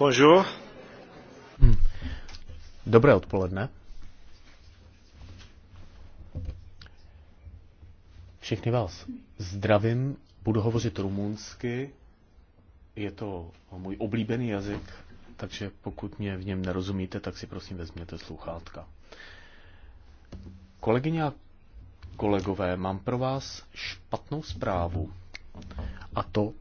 Bonjour. Hm. Dobré odpoledne. Všechny vás zdravím, budu hovořit rumunsky. Je to můj oblíbený jazyk, takže pokud mě v něm nerozumíte, tak si prosím vezměte sluchátka. Kolegyně a kolegové, mám pro vás špatnou zprávu. A to,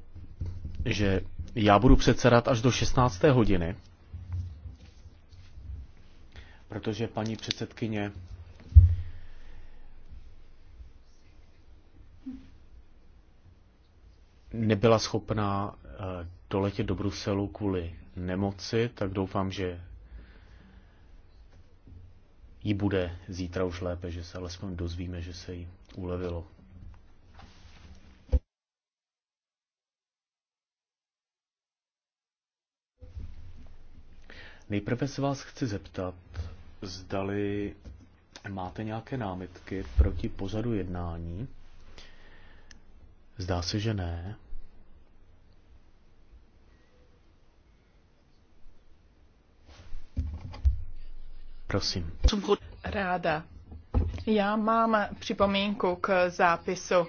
že já budu předsedat až do 16. hodiny, protože paní předsedkyně nebyla schopná eh, doletět do Bruselu kvůli nemoci, tak doufám, že jí bude zítra už lépe, že se alespoň dozvíme, že se jí ulevilo. Nejprve se vás chci zeptat, zdali máte nějaké námitky proti pozadu jednání. Zdá se, že ne. Prosím. Ráda. Já mám připomínku k zápisu.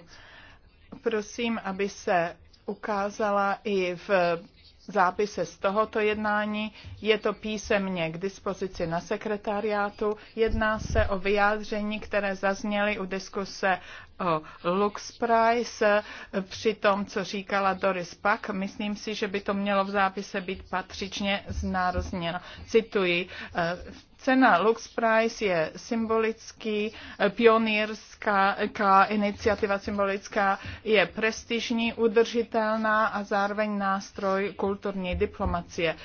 Prosím, aby se ukázala i v zápise z tohoto jednání. Je to písemně k dispozici na sekretariátu. Jedná se o vyjádření, které zazněly u diskuse o Lux Price. Při tom, co říkala Doris Pak, myslím si, že by to mělo v zápise být patřičně znározněno. Cituji, v eh, Cena LuxPrice je symbolický, eh, pionýrská eh, iniciativa symbolická je prestižní, udržitelná a zároveň nástroj kulturní diplomacie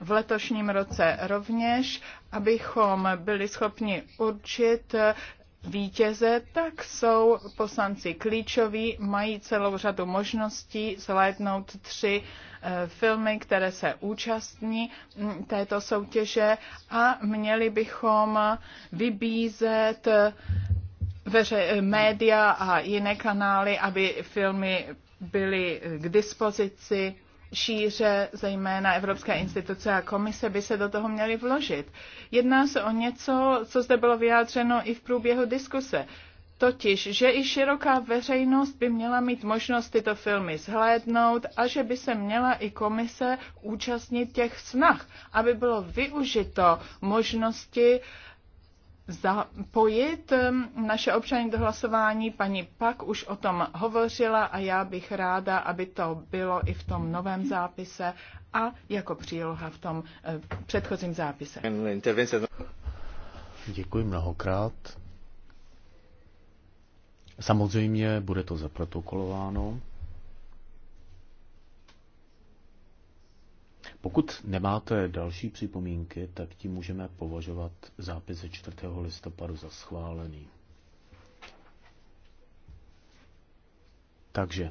v letošním roce rovněž, abychom byli schopni určit eh, vítěze, tak jsou poslanci klíčoví, mají celou řadu možností zhlédnout tři uh, Eh, filmy, které se účastní mm, této soutěže a měli bychom vybízet veře- média a jiné kanály, aby filmy byly k dispozici šíře, zejména Evropské instituce a komise by se do toho měly vložit. Jedná se o něco, co zde bylo vyjádřeno i v průběhu diskuse. Totiž, že i široká veřejnost by měla mít možnost tyto filmy zhlédnout a že by se měla i komise účastnit těch snah, aby bylo využito možnosti zapojit um, naše občany do hlasování. Paní Pak už o tom hovořila a já bych ráda, aby to bylo i v tom novém zápise a jako příloha v tom eh, předchozím zápise. Děkuji mnohokrát. Samozřejmě bude to zaprotokolováno. Pokud nemáte další připomínky, tak ti můžeme považovat zápis ze 4. listopadu za schválený. Takže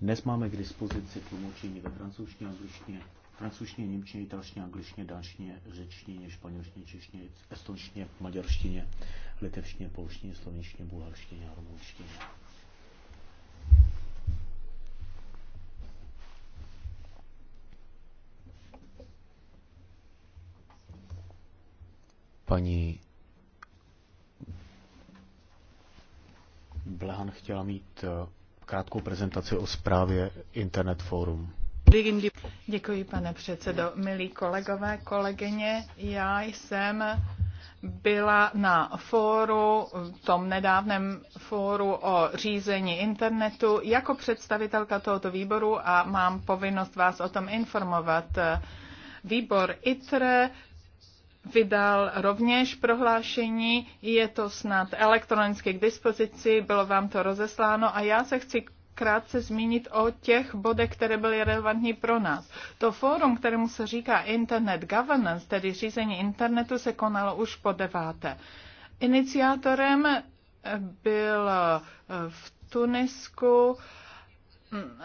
dnes máme k dispozici tlumočení ve francouzštině, angličtině, francouzštině, němčině, italštině, angličtině, dánštině, řečtině, španělštině, češtině, estonštině, maďarštině litevštině, polštině, slovenštině, bulharštině a rumunštině. Paní Blehan chtěla mít eh, krátkou prezentaci o zprávě Internet Forum. Děkuji, pane předsedo. Milí kolegové, kolegyně, já jsem byla na fóru, v tom nedávném fóru o řízení internetu jako představitelka tohoto výboru a mám povinnost vás o tom informovat. Výbor ITRE vydal rovněž prohlášení, je to snad elektronicky k dispozici, bylo vám to rozesláno a já se chci krátce zmínit o těch bodech, které byly relevantní pro nás. To fórum, kterému se říká Internet Governance, tedy řízení internetu, se konalo už po deváté. Iniciátorem byl v Tunisku hm,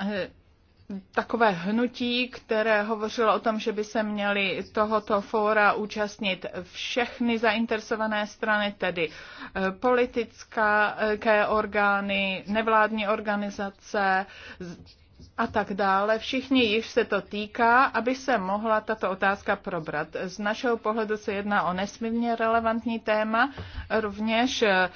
takové hnutí, které hovořilo o tom, že by se měly tohoto fóra účastnit všechny zainteresované strany, tedy eh, politické orgány, nevládní organizace a tak dále. Všichni již se to týká, aby se mohla tato otázka probrat. Z našeho pohledu se jedná o nesmírně relevantní téma, rovněž eh,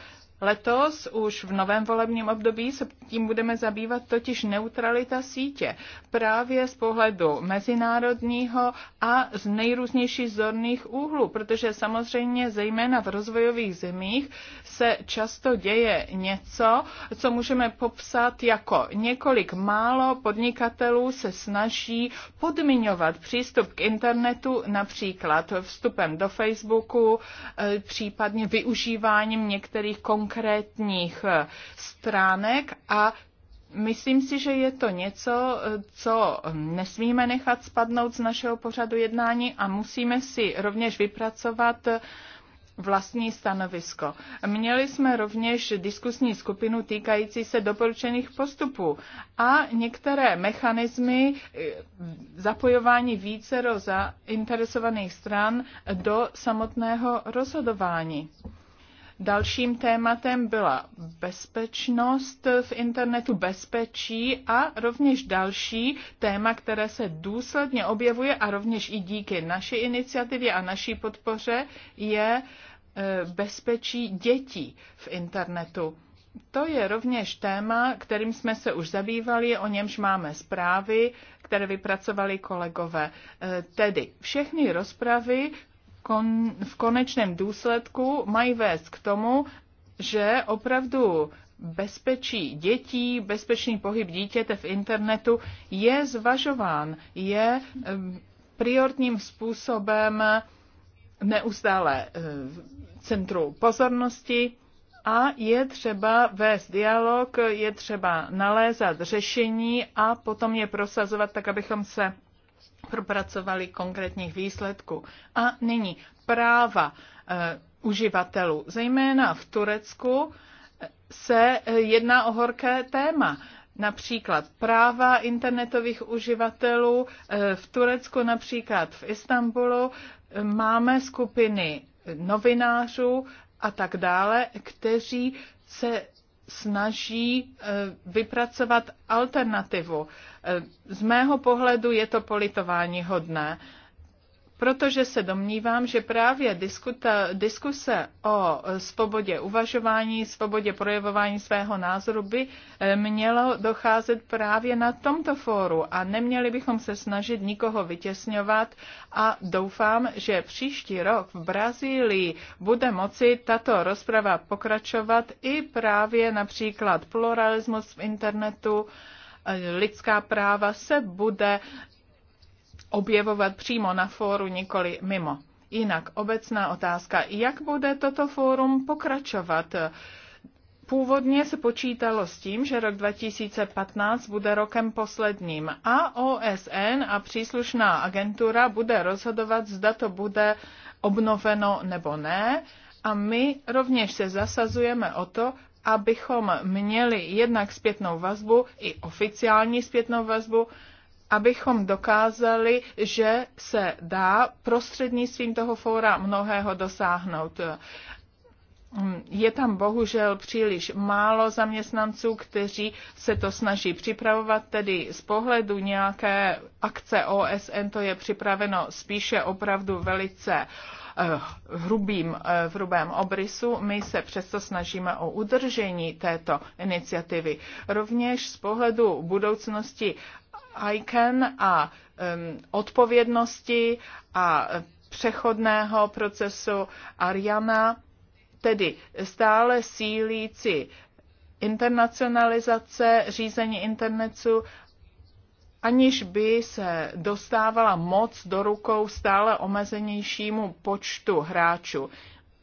Letos už v novém volebním období se tím budeme zabývat totiž neutralita sítě právě z pohledu mezinárodního a z nejrůznějších zorných úhlů, protože samozřejmě zejména v rozvojových zemích se často děje něco, co můžeme popsat jako několik málo podnikatelů se snaží podmiňovat přístup k internetu například vstupem do Facebooku, eh, případně využíváním některých konkrétních konkrétních eh, stránek a Myslím si, že je to něco, eh, co nesmíme nechat spadnout z našeho pořadu jednání a musíme si rovněž vypracovat eh, vlastní stanovisko. Měli jsme rovněž diskusní skupinu týkající se doporučených postupů a některé mechanismy zapojování vícero zainteresovaných stran do samotného rozhodování. Dalším tématem byla bezpečnost v internetu, bezpečí a rovněž další téma, které se důsledně objevuje a rovněž i díky naší iniciativě a naší podpoře je e, bezpečí dětí v internetu. To je rovněž téma, kterým jsme se už zabývali, o němž máme zprávy, které vypracovali kolegové. E, tedy všechny rozpravy kon, v konečném důsledku mají vést k tomu, že opravdu bezpečí dětí, bezpečný pohyb dítěte v internetu je zvažován, je prioritním způsobem neustále eh, v centru pozornosti a je třeba vést dialog, je třeba nalézat řešení a potom je prosazovat tak, abychom se propracovali konkrétních výsledků. A nyní práva e, uživatelů, zejména v Turecku, eh, se eh, jedná o horké téma. Například práva internetových uživatelů v Turecku, například v Istanbulu, máme skupiny novinářů a tak dále, kteří se snaží vypracovat alternativu z mého pohledu je to politování hodné, protože se domnívám, že právě diskuta, diskuse o svobodě uvažování, svobodě projevování svého názoru by eh, mělo docházet právě na tomto fóru a neměli bychom se snažit nikoho vytěsňovat a doufám, že příští rok v Brazílii bude moci tato rozprava pokračovat i právě například pluralismus v internetu, lidská práva se bude objevovat přímo na fóru, nikoli mimo. Jinak obecná otázka, jak bude toto fórum pokračovat? Původně se počítalo s tím, že rok 2015 bude rokem posledním a OSN a příslušná agentura bude rozhodovat, zda to bude obnoveno nebo ne. A my rovněž se zasazujeme o to, abychom měli jednak zpětnou vazbu, i oficiální zpětnou vazbu, abychom dokázali, že se dá prostřednictvím toho fóra mnohého dosáhnout. Je tam bohužel příliš málo zaměstnanců, kteří se to snaží připravovat, tedy z pohledu nějaké akce OSN to je připraveno spíše opravdu velice uh, Eh, hrubým, eh, v hrubém obrysu. My se přesto snažíme o udržení této iniciativy. Rovněž z pohledu budoucnosti ICANN a eh, odpovědnosti a přechodného procesu Ariana, tedy stále sílící internacionalizace řízení internetu aniž by se dostávala moc do rukou stále omezenějšímu počtu hráčů.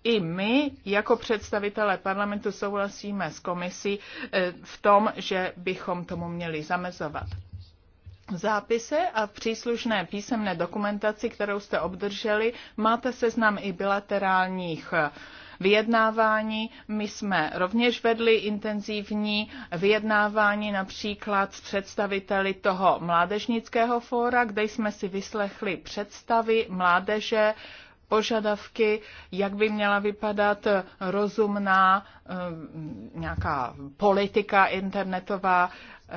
I my jako představitelé parlamentu souhlasíme s komisí eh, v tom, že bychom tomu měli zamezovat. V zápise a v příslušné písemné dokumentaci, kterou jste obdrželi, máte seznam i bilaterálních uh, vyjednávání. My jsme rovněž vedli intenzivní vyjednávání například s představiteli toho mládežnického fóra, kde jsme si vyslechli představy mládeže, požadavky, jak by měla vypadat rozumná eh, nějaká politika internetová, eh,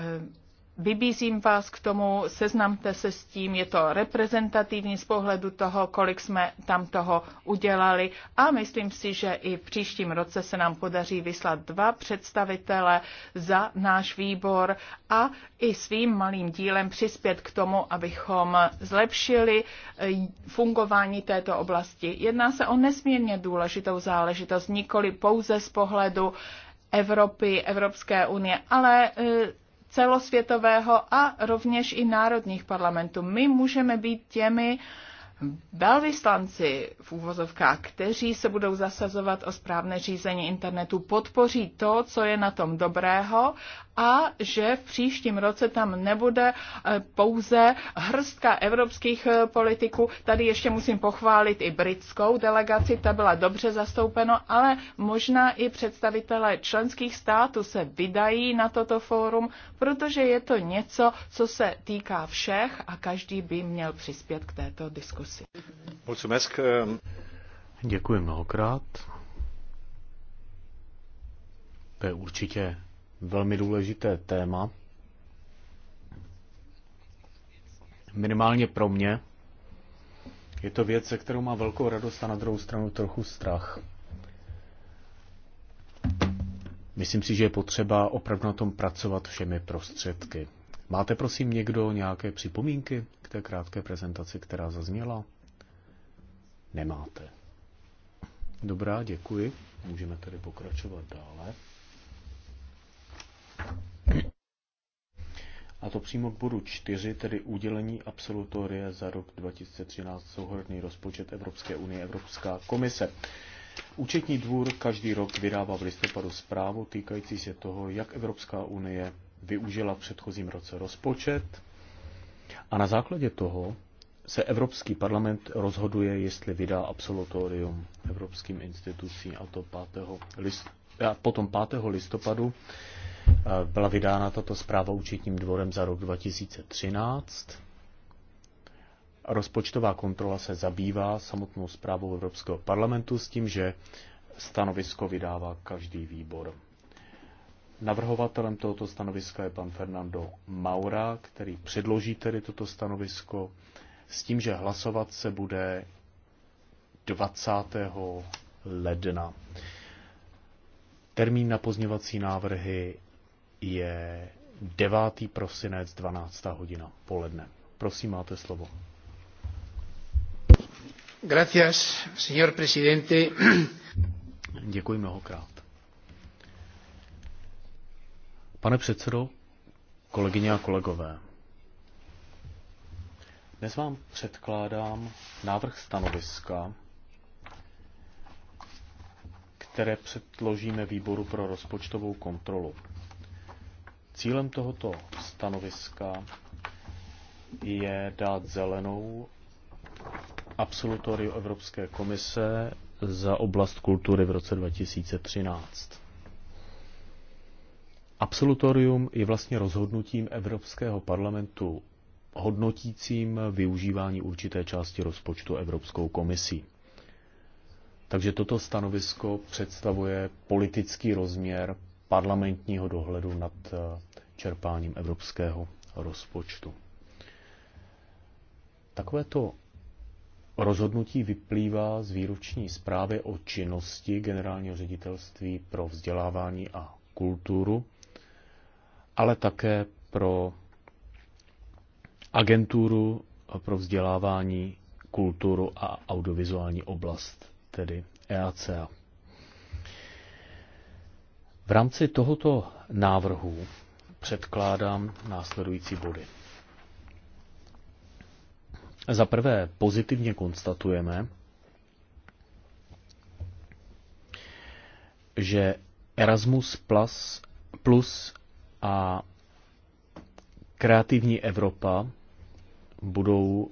Vybízím vás k tomu, seznamte se s tím, je to reprezentativní z pohledu toho, kolik jsme tam toho udělali a myslím si, že i v příštím roce se nám podaří vyslat dva představitele za náš výbor a i svým malým dílem přispět k tomu, abychom zlepšili eh, fungování této oblasti. Jedná se o nesmírně důležitou záležitost, nikoli pouze z pohledu Evropy, Evropské unie, ale eh, celosvětového a rovněž i národních parlamentů. My můžeme být těmi velvyslanci v úvozovkách, kteří se budou zasazovat o správné řízení internetu, podpoří to, co je na tom dobrého a že v příštím roce tam nebude eh, pouze hrstka evropských eh, politiků. Tady ještě musím pochválit i britskou delegaci, ta byla dobře zastoupena, ale možná i představitelé členských států se vydají na toto fórum, protože je to něco, co se týká všech a každý by měl přispět k této diskusi. Děkuji mnohokrát. To je určitě velmi důležité téma. Minimálně pro mě. Je to věc, se kterou má velkou radost a na druhou stranu trochu strach. Myslím si, že je potřeba opravdu na tom pracovat všemi prostředky. Máte prosím někdo nějaké připomínky k té krátké prezentaci, která zazněla? Nemáte. Dobrá, děkuji. Můžeme tedy pokračovat dále. A to přímo k bodu 4, tedy udělení absolutoria za rok 2013 souhrný rozpočet Evropské unie, Evropská komise. Účetní dvůr každý rok vydává v listopadu zprávu týkající se toho, jak Evropská unie využila v předchozím roce rozpočet. A na základě toho se Evropský parlament rozhoduje, jestli vydá absolutorium evropským institucím, a to 5. List, a potom 5. listopadu byla vydána tato zpráva účetním dvorem za rok 2013. Rozpočtová kontrola se zabývá samotnou zprávou Evropského parlamentu s tím, že stanovisko vydává každý výbor. Navrhovatelem tohoto stanoviska je pan Fernando Maura, který předloží tedy toto stanovisko s tím, že hlasovat se bude 20. ledna. Termín na pozněvací návrhy je 9. prosinec 12. hodina poledne. Prosím, máte slovo. Gracias, señor presidente. Děkuji mnohokrát. Pane předsedo, kolegyně a kolegové, dnes vám předkládám návrh stanoviska, které předložíme výboru pro rozpočtovou kontrolu. Cílem tohoto stanoviska je dát zelenou absolutoriu Evropské komise za oblast kultury v roce 2013. Absolutorium je vlastně rozhodnutím Evropského parlamentu hodnotícím využívání určité části rozpočtu Evropskou komisí. Takže toto stanovisko představuje politický rozměr parlamentního dohledu nad eh, čerpáním evropského rozpočtu. Takovéto rozhodnutí vyplývá z výroční zprávy o činnosti Generálního ředitelství pro vzdělávání a kulturu, ale také pro agenturu pro vzdělávání, kulturu a audiovizuální oblast, tedy EACA. V rámci tohoto návrhu předkládám následující body. Za prvé pozitivně konstatujeme, že Erasmus Plus, plus a kreativní Evropa budou,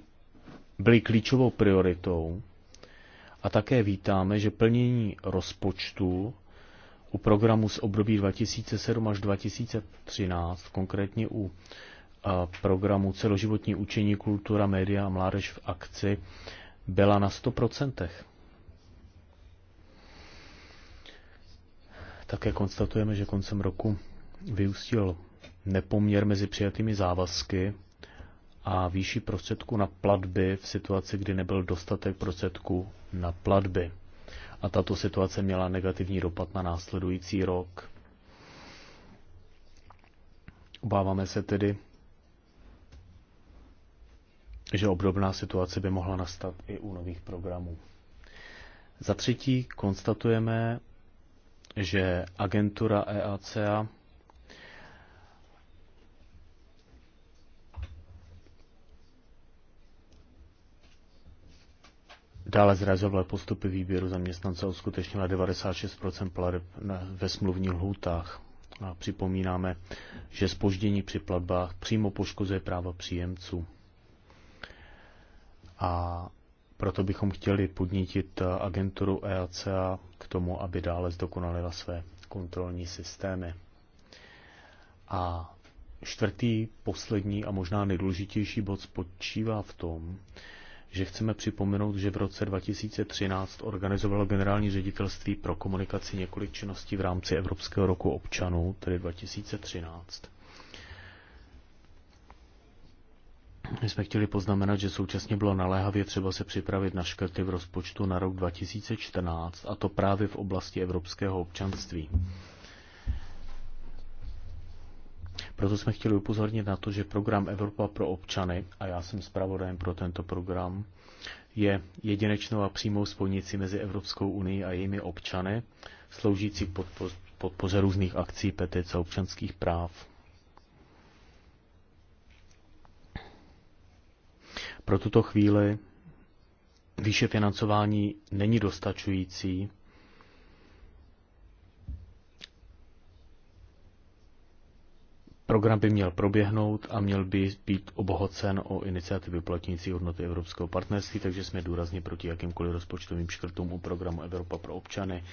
byly klíčovou prioritou a také vítáme, že plnění rozpočtu u programu z období 2007 až 2013, konkrétně u eh, programu Celoživotní učení, kultura, média a mládež v akci, byla na 100%. Také konstatujeme, že koncem roku vyústil nepoměr mezi přijatými závazky a výši prostředků na platby v situaci, kdy nebyl dostatek prostředků na platby a tato situace měla negativní dopad na následující rok. Obáváme se tedy, že obdobná situace by mohla nastat i u nových programů. Za třetí konstatujeme, že agentura EACA Dále zrazovalé postupy výběru zaměstnance uskutečnila 96% plateb ve smluvních lhůtách. A připomínáme, že spoždění při platbách přímo poškozuje práva příjemců. A proto bychom chtěli podnítit agenturu EACA k tomu, aby dále zdokonalila své kontrolní systémy. A čtvrtý, poslední a možná nejdůležitější bod spočívá v tom, že chceme připomenout, že v roce 2013 organizovalo generální ředitelství pro komunikaci několik činností v rámci Evropského roku občanů, tedy 2013. My jsme chtěli poznamenat, že současně bylo naléhavě třeba se připravit na škrty v rozpočtu na rok 2014, a to právě v oblasti evropského občanství. Proto jsme chtěli upozornit na to, že program Evropa pro občany, a já jsem zpravodajem pro tento program, je jedinečnou a přímou spojnici mezi Evropskou unii a jejími občany, sloužící k podpoře různých akcí, petice a občanských práv. Pro tuto chvíli výše financování není dostačující Program by měl proběhnout a měl by být obohocen o iniciativy platnící hodnoty Evropského partnerství, takže jsme důrazně proti jakýmkoliv rozpočtovým škrtům u programu Evropa pro občany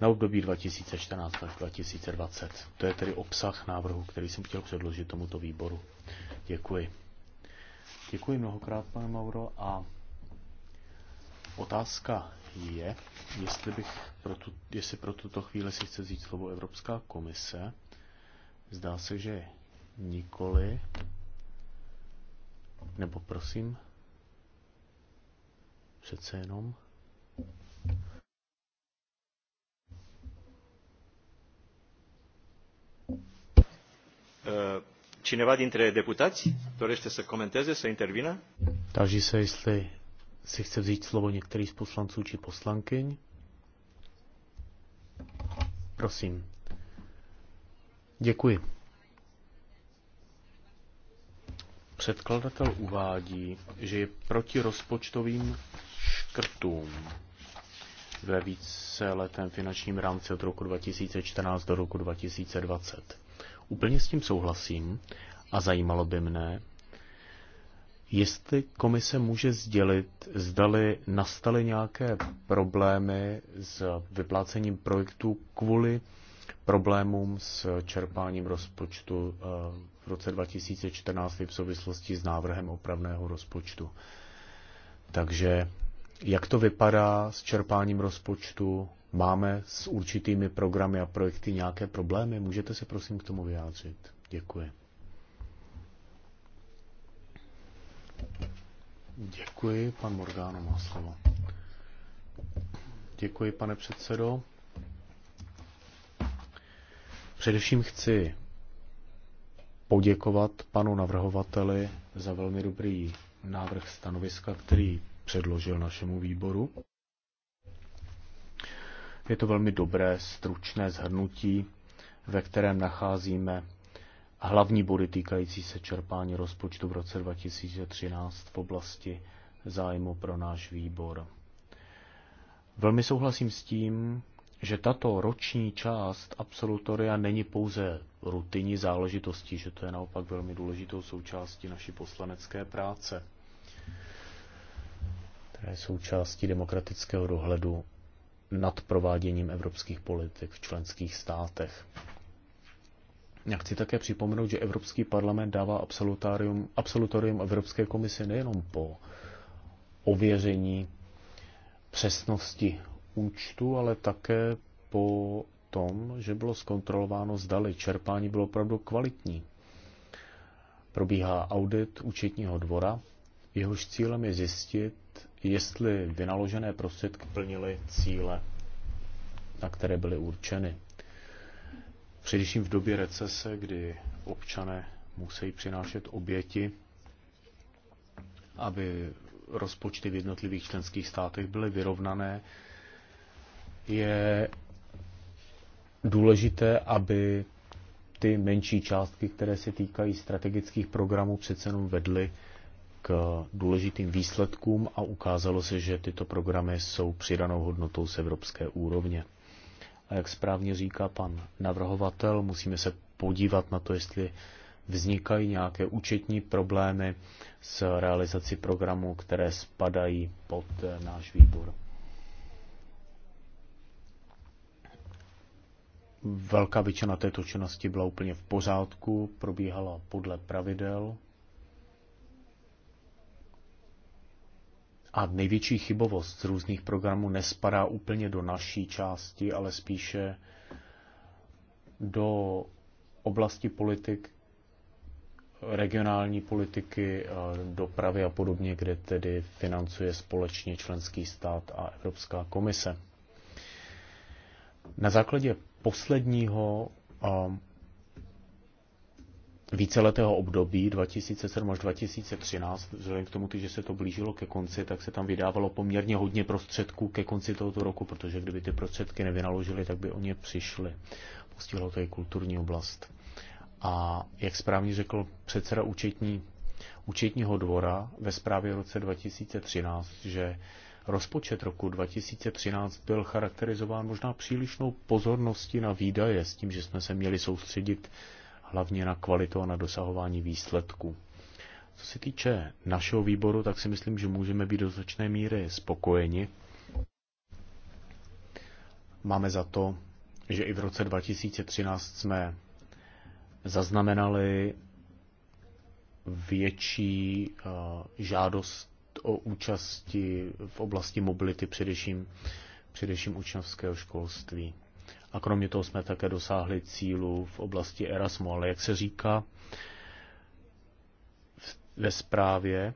na období 2014 až 2020. To je tedy obsah návrhu, který jsem chtěl předložit tomuto výboru. Děkuji. Děkuji mnohokrát, pane Mauro. A otázka je, jestli, bych pro tu, jestli pro tuto chvíli si chce vzít slovo Evropská komise. Zdá se, že Nikoli. Nebo prosím. Přece jenom. Eh, cineva dintre deputați dorește să comenteze, să intervină? Táží se, jestli si chce vzít slovo některý z poslanců či poslankyň. Prosím. Děkuji. Předkladatel uvádí, že je proti rozpočtovým škrtům ve víceletém finančním rámci od roku 2014 do roku 2020. Úplně s tím souhlasím a zajímalo by mne, jestli komise může sdělit, zdali nastaly nějaké problémy s vyplácením projektů kvůli problémům s čerpáním rozpočtu eh, roce 2014 i v souvislosti s návrhem opravného rozpočtu. Takže jak to vypadá s čerpáním rozpočtu? Máme s určitými programy a projekty nějaké problémy? Můžete se prosím k tomu vyjádřit? Děkuji. Děkuji, pan Morgáno má slovo. Děkuji, pane předsedo. Především chci poděkovat panu navrhovateli za velmi dobrý návrh stanoviska, který předložil našemu výboru. Je to velmi dobré, stručné zhrnutí, ve kterém nacházíme hlavní body týkající se čerpání rozpočtu v roce 2013 v oblasti zájmu pro náš výbor. Velmi souhlasím s tím, že tato roční část absolutoria není pouze rutinní záležitostí, že to je naopak velmi důležitou součástí naší poslanecké práce, která je součástí demokratického dohledu nad prováděním evropských politik v členských státech. Já chci také připomenout, že Evropský parlament dává absolutorium, absolutorium Evropské komisi nejenom po ověření přesnosti účtu, ale také po tom, že bylo zkontrolováno, zdali čerpání bylo opravdu kvalitní. Probíhá audit účetního dvora, jehož cílem je zjistit, jestli vynaložené prostředky plnily cíle, na které byly určeny. Především v době recese, kdy občané musí přinášet oběti, aby rozpočty v jednotlivých členských státech byly vyrovnané, je důležité, aby ty menší částky, které se týkají strategických programů, přece jenom vedly k důležitým výsledkům a ukázalo se, že tyto programy jsou přidanou hodnotou z evropské úrovně. A jak správně říká pan navrhovatel, musíme se podívat na to, jestli vznikají nějaké účetní problémy s realizací programů, které spadají pod náš výbor. Velká většina této činnosti byla úplně v pořádku, probíhala podle pravidel. A největší chybovost z různých programů nespadá úplně do naší části, ale spíše do oblasti politik, regionální politiky, eh, dopravy a podobně, kde tedy financuje společně členský stát a Evropská komise. Na základě posledního víceletého období 2007 až 2013, vzhledem k tomu, že se to blížilo ke konci, tak se tam vydávalo poměrně hodně prostředků ke konci tohoto roku, protože kdyby ty prostředky nevynaložili, tak by o ně přišli. Postihlo to i kulturní oblast. A jak správně řekl předseda účetní, účetního dvora ve zprávě roce 2013, že Rozpočet roku 2013 byl charakterizován možná přílišnou pozorností na výdaje, s tím, že jsme se měli soustředit hlavně na kvalitu a na dosahování výsledků. Co se týče našeho výboru, tak si myslím, že můžeme být do značné míry spokojeni. Máme za to, že i v roce 2013 jsme zaznamenali větší eh, žádost o účasti v oblasti mobility, především, především učňovského školství. A kromě toho jsme také dosáhli cílu v oblasti Erasmu, ale jak se říká ve zprávě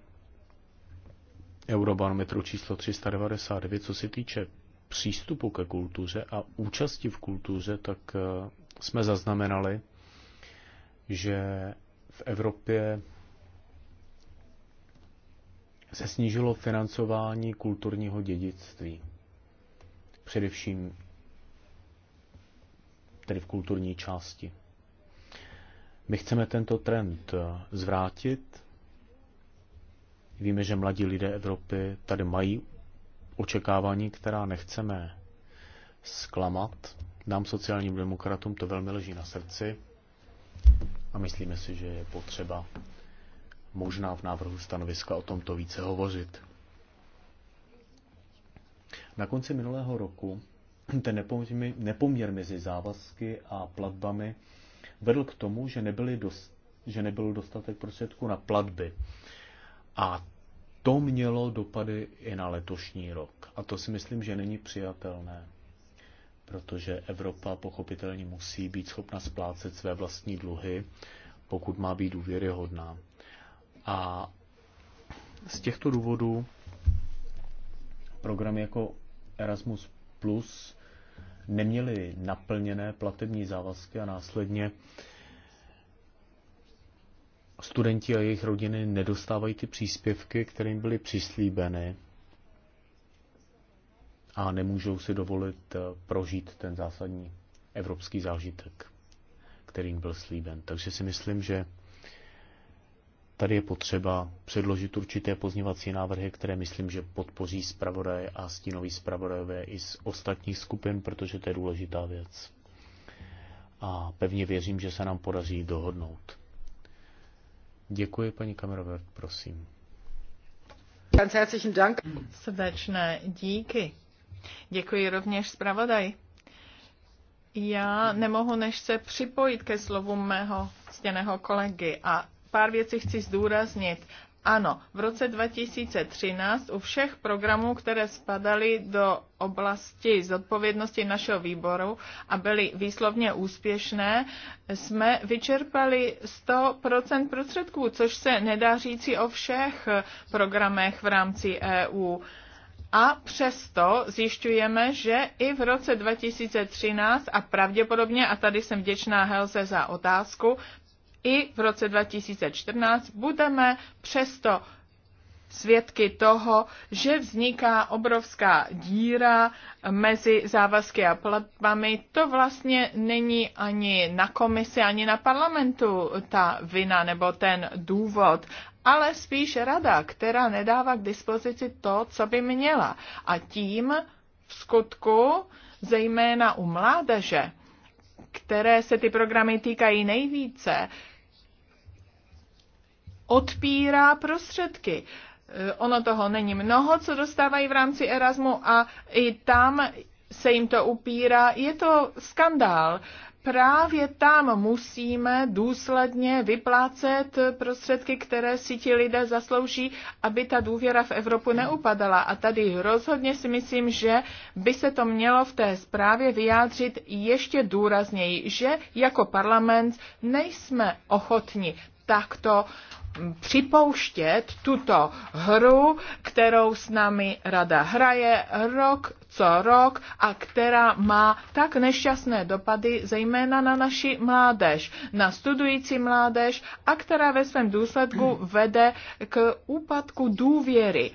Eurobarometru číslo 399, co se týče přístupu ke kultuře a účasti v kultuře, tak eh, jsme zaznamenali, že v Evropě se snížilo financování kulturního dědictví. Především tedy v kulturní části. My chceme tento trend eh, zvrátit. Víme, že mladí lidé Evropy tady mají očekávání, která nechceme zklamat. Nám sociálním demokratům to velmi leží na srdci a myslíme si, že je potřeba možná v návrhu stanoviska o tomto více hovořit. Na konci minulého roku ten nepoměr mezi závazky a platbami vedl k tomu, že, nebyly dost, že nebyl dostatek prostředků na platby. A to mělo dopady i na letošní rok. A to si myslím, že není přijatelné, protože Evropa pochopitelně musí být schopna splácet své vlastní dluhy, pokud má být důvěryhodná. A z těchto důvodů programy jako Erasmus Plus neměly naplněné platební závazky a následně studenti a jejich rodiny nedostávají ty příspěvky, které jim byly přislíbeny a nemůžou si dovolit eh, prožít ten zásadní evropský zážitek, který jim byl slíben. Takže si myslím, že Tady je potřeba předložit určité pozněvací návrhy, které myslím, že podpoří zpravodaje a stínoví zpravodajové i z ostatních skupin, protože to je důležitá věc. A pevně věřím, že se nám podaří dohodnout. Děkuji, paní Kamerové, prosím. Ganz herzlichen Dank. Srdečné díky. Děkuji rovněž zpravodaj. Já nemohu než se připojit ke slovům mého ctěného kolegy a pár věcí chci zdůraznit. Ano, v roce 2013 u všech programů, které spadaly do oblasti zodpovědnosti našeho výboru a byly výslovně úspěšné, jsme vyčerpali 100% prostředků, což se nedá říci o všech programech v rámci EU. A přesto zjišťujeme, že i v roce 2013 a pravděpodobně, a tady jsem vděčná Helze za otázku, i v roce 2014 budeme přesto svědky toho, že vzniká obrovská díra mezi závazky a platbami. To vlastně není ani na komisi, ani na parlamentu ta vina nebo ten důvod, ale spíš rada, která nedává k dispozici to, co by měla. A tím v skutku, zejména u mládeže, které se ty programy týkají nejvíce, odpírá prostředky. E, ono toho není mnoho, co dostávají v rámci Erasmu a i tam se jim to upírá. Je to skandál. Právě tam musíme důsledně vyplácet prostředky, které si ti lidé zaslouží, aby ta důvěra v Evropu neupadala. A tady rozhodně si myslím, že by se to mělo v té zprávě vyjádřit ještě důrazněji, že jako parlament nejsme ochotni takto připouštět tuto hru, kterou s námi rada hraje rok co rok a která má tak nešťastné dopady zejména na naši mládež, na studující mládež a která ve svém důsledku vede k úpadku důvěry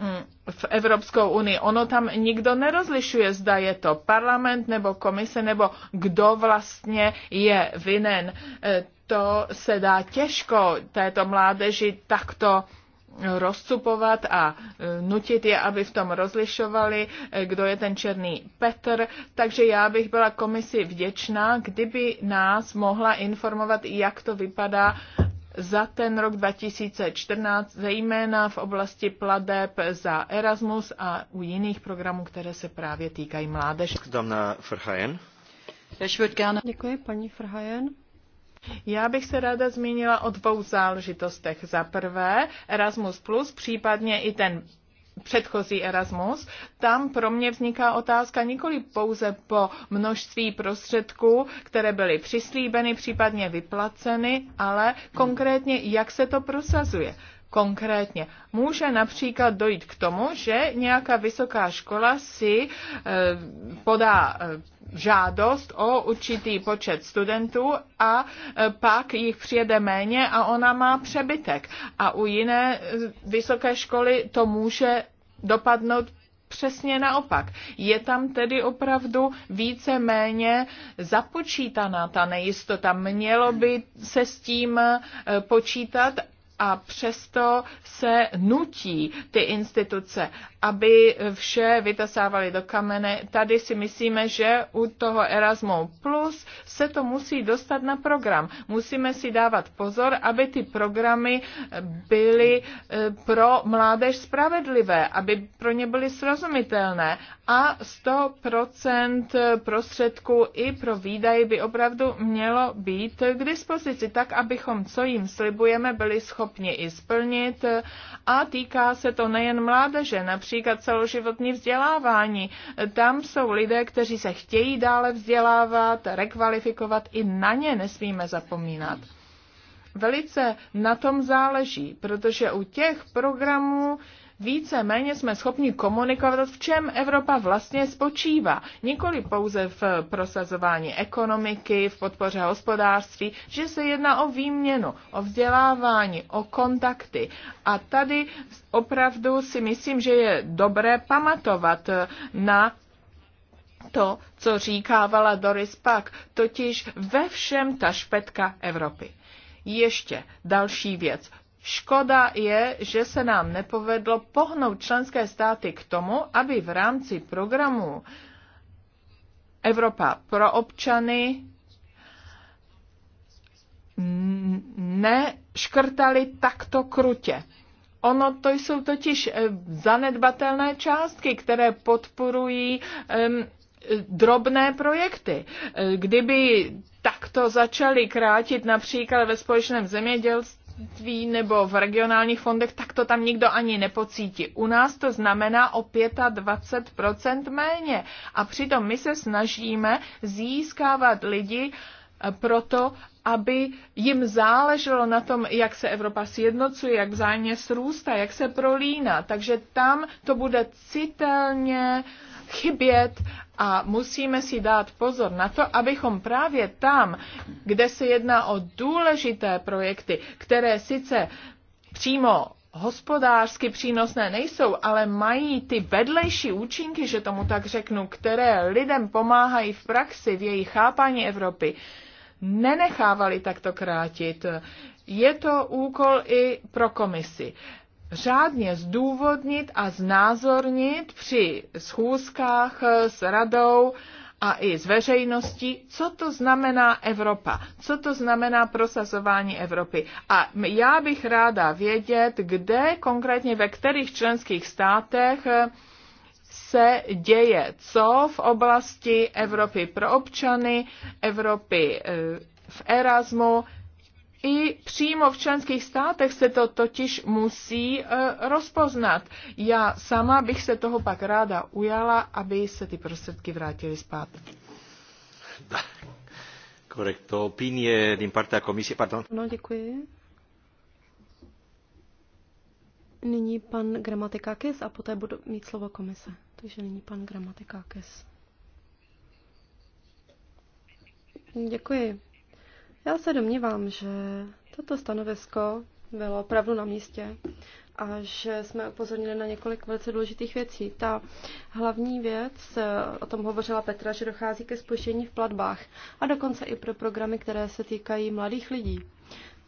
mm, v Evropskou unii. Ono tam nikdo nerozlišuje, zda je to parlament nebo komise, nebo kdo vlastně je vinen eh, to se dá těžko této mládeži takto rozcupovat a e, nutit je, aby v tom rozlišovali, e, kdo je ten černý Petr. Takže já bych byla komisi vděčná, kdyby nás mohla informovat, jak to vypadá za ten rok 2014, zejména v oblasti pladeb za Erasmus a u jiných programů, které se právě týkají mládeže. Děkuji, paní Frhajen. Já bych se ráda zmínila o dvou záležitostech. Za prvé Erasmus+, Plus, případně i ten předchozí Erasmus, tam pro mě vzniká otázka nikoli pouze po množství prostředků, které byly přislíbeny, případně vyplaceny, ale konkrétně, jak se to prosazuje konkrétně. Může například dojít k tomu, že nějaká vysoká škola si e, podá e, žádost o určitý počet studentů a e, pak jich přijede méně a ona má přebytek. A u jiné vysoké školy to může dopadnout přesně naopak. Je tam tedy opravdu více méně započítaná ta nejistota. Mělo by se s tím počítat a přesto se nutí ty instituce, aby vše vytasávali do kamene. Tady si myslíme, že u toho Erasmu Plus se to musí dostat na program. Musíme si dávat pozor, aby ty programy byly eh, pro mládež spravedlivé, aby pro ně byly srozumitelné a 100% prostředků i pro výdaje by opravdu mělo být k dispozici, tak abychom, co jim slibujeme, byli schopni i splnit. A týká se to nejen mládeže, například například celoživotní vzdělávání. Tam jsou lidé, kteří se chtějí dále vzdělávat, rekvalifikovat, i na ně nesmíme zapomínat velice na tom záleží, protože u těch programů více méně jsme schopni komunikovat, v čem Evropa vlastně spočívá. Nikoli pouze v prosazování ekonomiky, v podpoře hospodářství, že se jedná o výměnu, o vzdělávání, o kontakty. A tady opravdu si myslím, že je dobré pamatovat na to, co říkávala Doris Pak, totiž ve všem ta špetka Evropy. Ještě další věc. Škoda je, že se nám nepovedlo pohnout členské státy k tomu, aby v rámci programu Evropa pro občany neškrtali takto krutě. Ono to jsou totiž eh, zanedbatelné částky, které podporují um, drobné projekty. Eh, kdyby takto začali krátit například ve společném zemědělství, odvětví nebo v regionálních fondech, tak to tam nikdo ani nepocítí. U nás to znamená o 25% méně. A přitom my se snažíme získávat lidi eh, proto, aby jim záleželo na tom, jak se Evropa sjednocuje, jak vzájemně srůstá, jak se prolíná. Takže tam to bude citelně chybět a musíme si dát pozor na to, abychom právě tam, kde se jedná o důležité projekty, které sice přímo hospodářsky přínosné nejsou, ale mají ty vedlejší účinky, že tomu tak řeknu, které lidem pomáhají v praxi, v jejich chápání Evropy, nenechávali takto krátit. Je to úkol i pro komisi řádně zdůvodnit a znázornit při schůzkách s radou a i s veřejností, co to znamená Evropa, co to znamená prosazování Evropy. A já bych ráda vědět, kde konkrétně ve kterých členských státech se děje co v oblasti Evropy pro občany, Evropy eh, v Erasmu. I přímo v členských státech se to totiž musí eh, rozpoznat. Já sama bych se toho pak ráda ujala, aby se ty prostředky vrátily zpátky. Korekto. Opinie din partea Comisiei. Pardon. No, děkuji. Nyní pan Kis a poté budu mít slovo komise. Takže nyní pan Kes. Děkuji. Já se domnívám, že toto stanovisko bylo opravdu na místě a že jsme upozornili na několik velice důležitých věcí. Ta hlavní věc, o tom hovořila Petra, že dochází ke spuštění v platbách a dokonce i pro programy, které se týkají mladých lidí.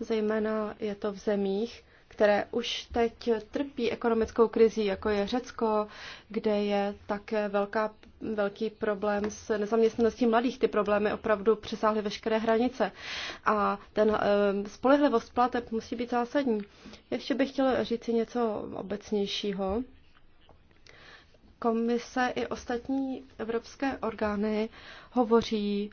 Zejména je to v zemích, které už teď trpí ekonomickou krizí, jako je Řecko, kde je také velká, velký problém s nezaměstnaností mladých. Ty problémy opravdu přesáhly veškeré hranice. A ten eh, spolehlivost plateb musí být zásadní. Ještě bych chtěla říct si něco obecnějšího. Komise i ostatní evropské orgány hovoří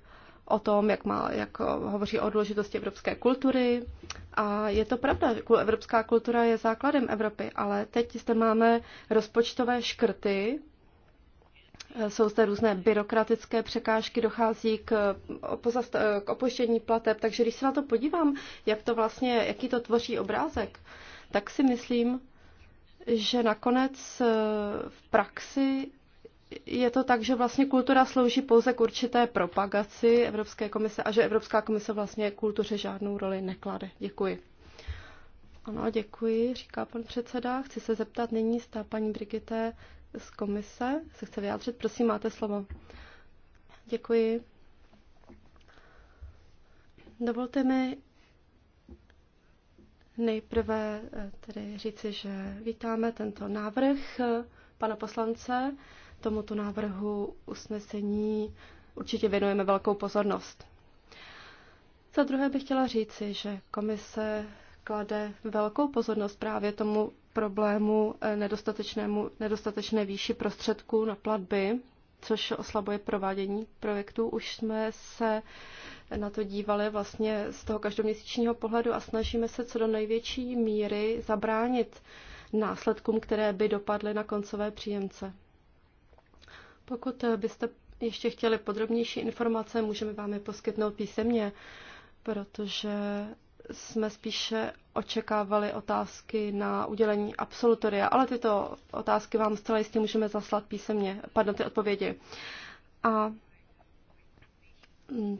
o tom, jak, má, jak eh, hovoří o důležitosti evropské kultury. A je to pravda, evropská kultura je základem Evropy, ale teď zde máme rozpočtové škrty, eh, jsou zde různé byrokratické překážky, dochází k, eh, pozast- k opuštění plateb, takže když se na to podívám, jak to vlastně, jaký to tvoří obrázek, tak si myslím, že nakonec v praxi je to tak, že vlastně kultura slouží pouze k určité propagaci Evropské komise a že Evropská komise vlastně kultuře žádnou roli neklade. Děkuji. Ano, děkuji, říká pan předseda. Chci se zeptat nyní, zda paní Brigitte z komise se chce vyjádřit. Prosím, máte slovo. Děkuji. Dovolte mi nejprve eh, tedy říci, že vítáme tento návrh eh, pana poslance tomuto návrhu usnesení určitě věnujeme velkou pozornost. Za druhé bych chtěla říci, že komise klade velkou pozornost právě tomu problému eh, nedostatečnému, nedostatečné výši prostředků na platby, což oslabuje provádění projektů. Už jsme se na to dívali vlastně z toho každoměsíčního pohledu a snažíme se co do největší míry zabránit následkům, které by dopadly na koncové příjemce. Pokud byste ještě chtěli podrobnější informace, můžeme vám je poskytnout písemně, protože jsme spíše očekávali otázky na udělení absolutoria, ale tyto otázky vám zcela jistě můžeme zaslat písemně, pardon, ty odpovědi. A mm,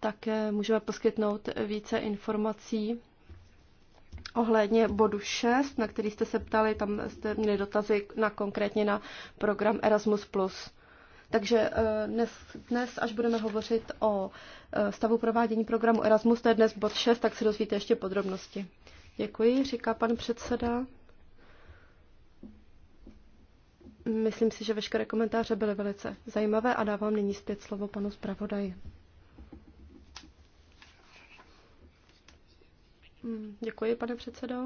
také můžeme poskytnout více informací ohledně bodu 6, na který jste se ptali, tam jste měli dotazy na konkrétně na program Erasmus+. Takže eh, dnes, dnes, až budeme hovořit o eh, stavu provádění programu Erasmus, to je dnes bod 6, tak se dozvíte ještě podrobnosti. Děkuji, říká pan předseda. Myslím si, že veškeré komentáře byly velice zajímavé a dávám nyní zpět slovo panu zpravodaji. Hmm, děkuji, pane předsedo.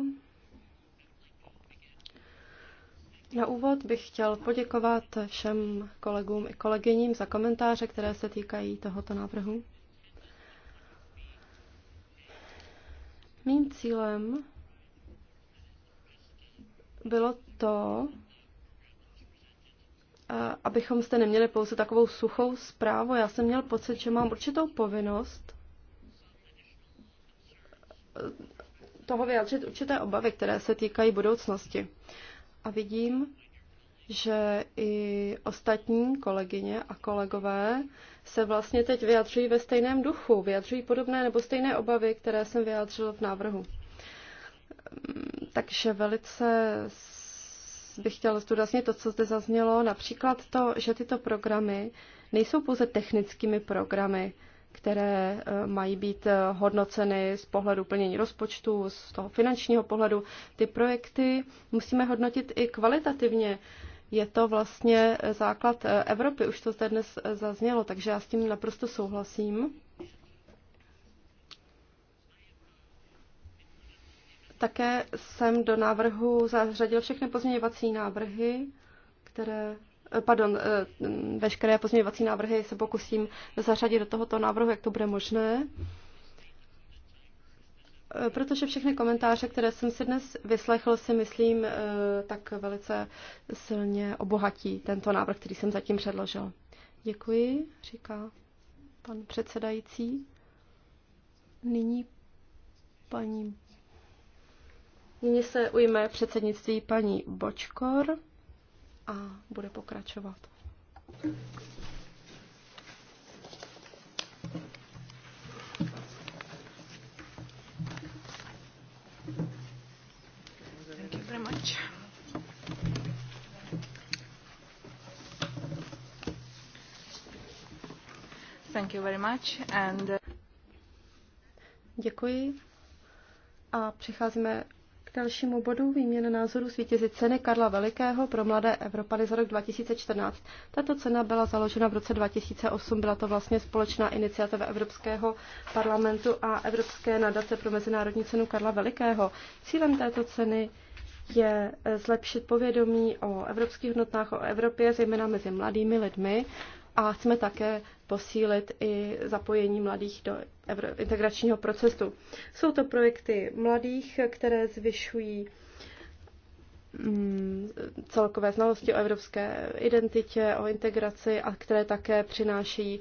Na úvod bych chtěl poděkovat všem kolegům i kolegyním za komentáře, které se týkají tohoto návrhu. Mým cílem bylo to, abychom jste neměli pouze takovou suchou zprávu. Já jsem měl pocit, že mám určitou povinnost toho vyjádřit určité obavy, které se týkají budoucnosti a vidím, že i ostatní kolegyně a kolegové se vlastně teď vyjadřují ve stejném duchu, vyjadřují podobné nebo stejné obavy, které jsem vyjádřila v návrhu. Mm, takže velice bych chtěla zdůraznit to, co zde zaznělo, například to, že tyto programy nejsou pouze technickými programy, které eh, mají být eh, hodnoceny z pohledu plnění rozpočtu, z toho finančního pohledu. Ty projekty musíme hodnotit i kvalitativně. Je to vlastně eh, základ Evropy, už to zde dnes zaznělo, takže já s tím naprosto souhlasím. Také jsem do návrhu zařadil všechny pozměňovací návrhy, které pardon, eh, veškeré pozměňovací návrhy se pokusím zařadit do tohoto návrhu, jak to bude možné. Eh, protože všechny komentáře, které jsem si dnes vyslechl, si myslím, eh, tak velice silně obohatí tento návrh, který jsem zatím předložil. Děkuji, říká pan předsedající. Nyní paní. Nyní se ujme předsednictví paní Bočkor a bude pokračovat. Thank you very much. Thank you very much and uh, Děkuji. A přecházíme dalšímu bodu výměna názoru svítězi ceny Karla Velikého pro mladé Evropany za rok 2014. Tato cena byla založena v roce 2008, byla to vlastně společná iniciativa Evropského parlamentu a Evropské nadace pro mezinárodní cenu Karla Velikého. Cílem této ceny je eh, zlepšit povědomí o evropských hodnotách, o Evropě, zejména mezi mladými lidmi, a chceme také posílit i zapojení mladých do integračního procesu. Jsou to projekty mladých, které zvyšují mm, celkové znalosti o evropské identitě, o integraci a které také přináší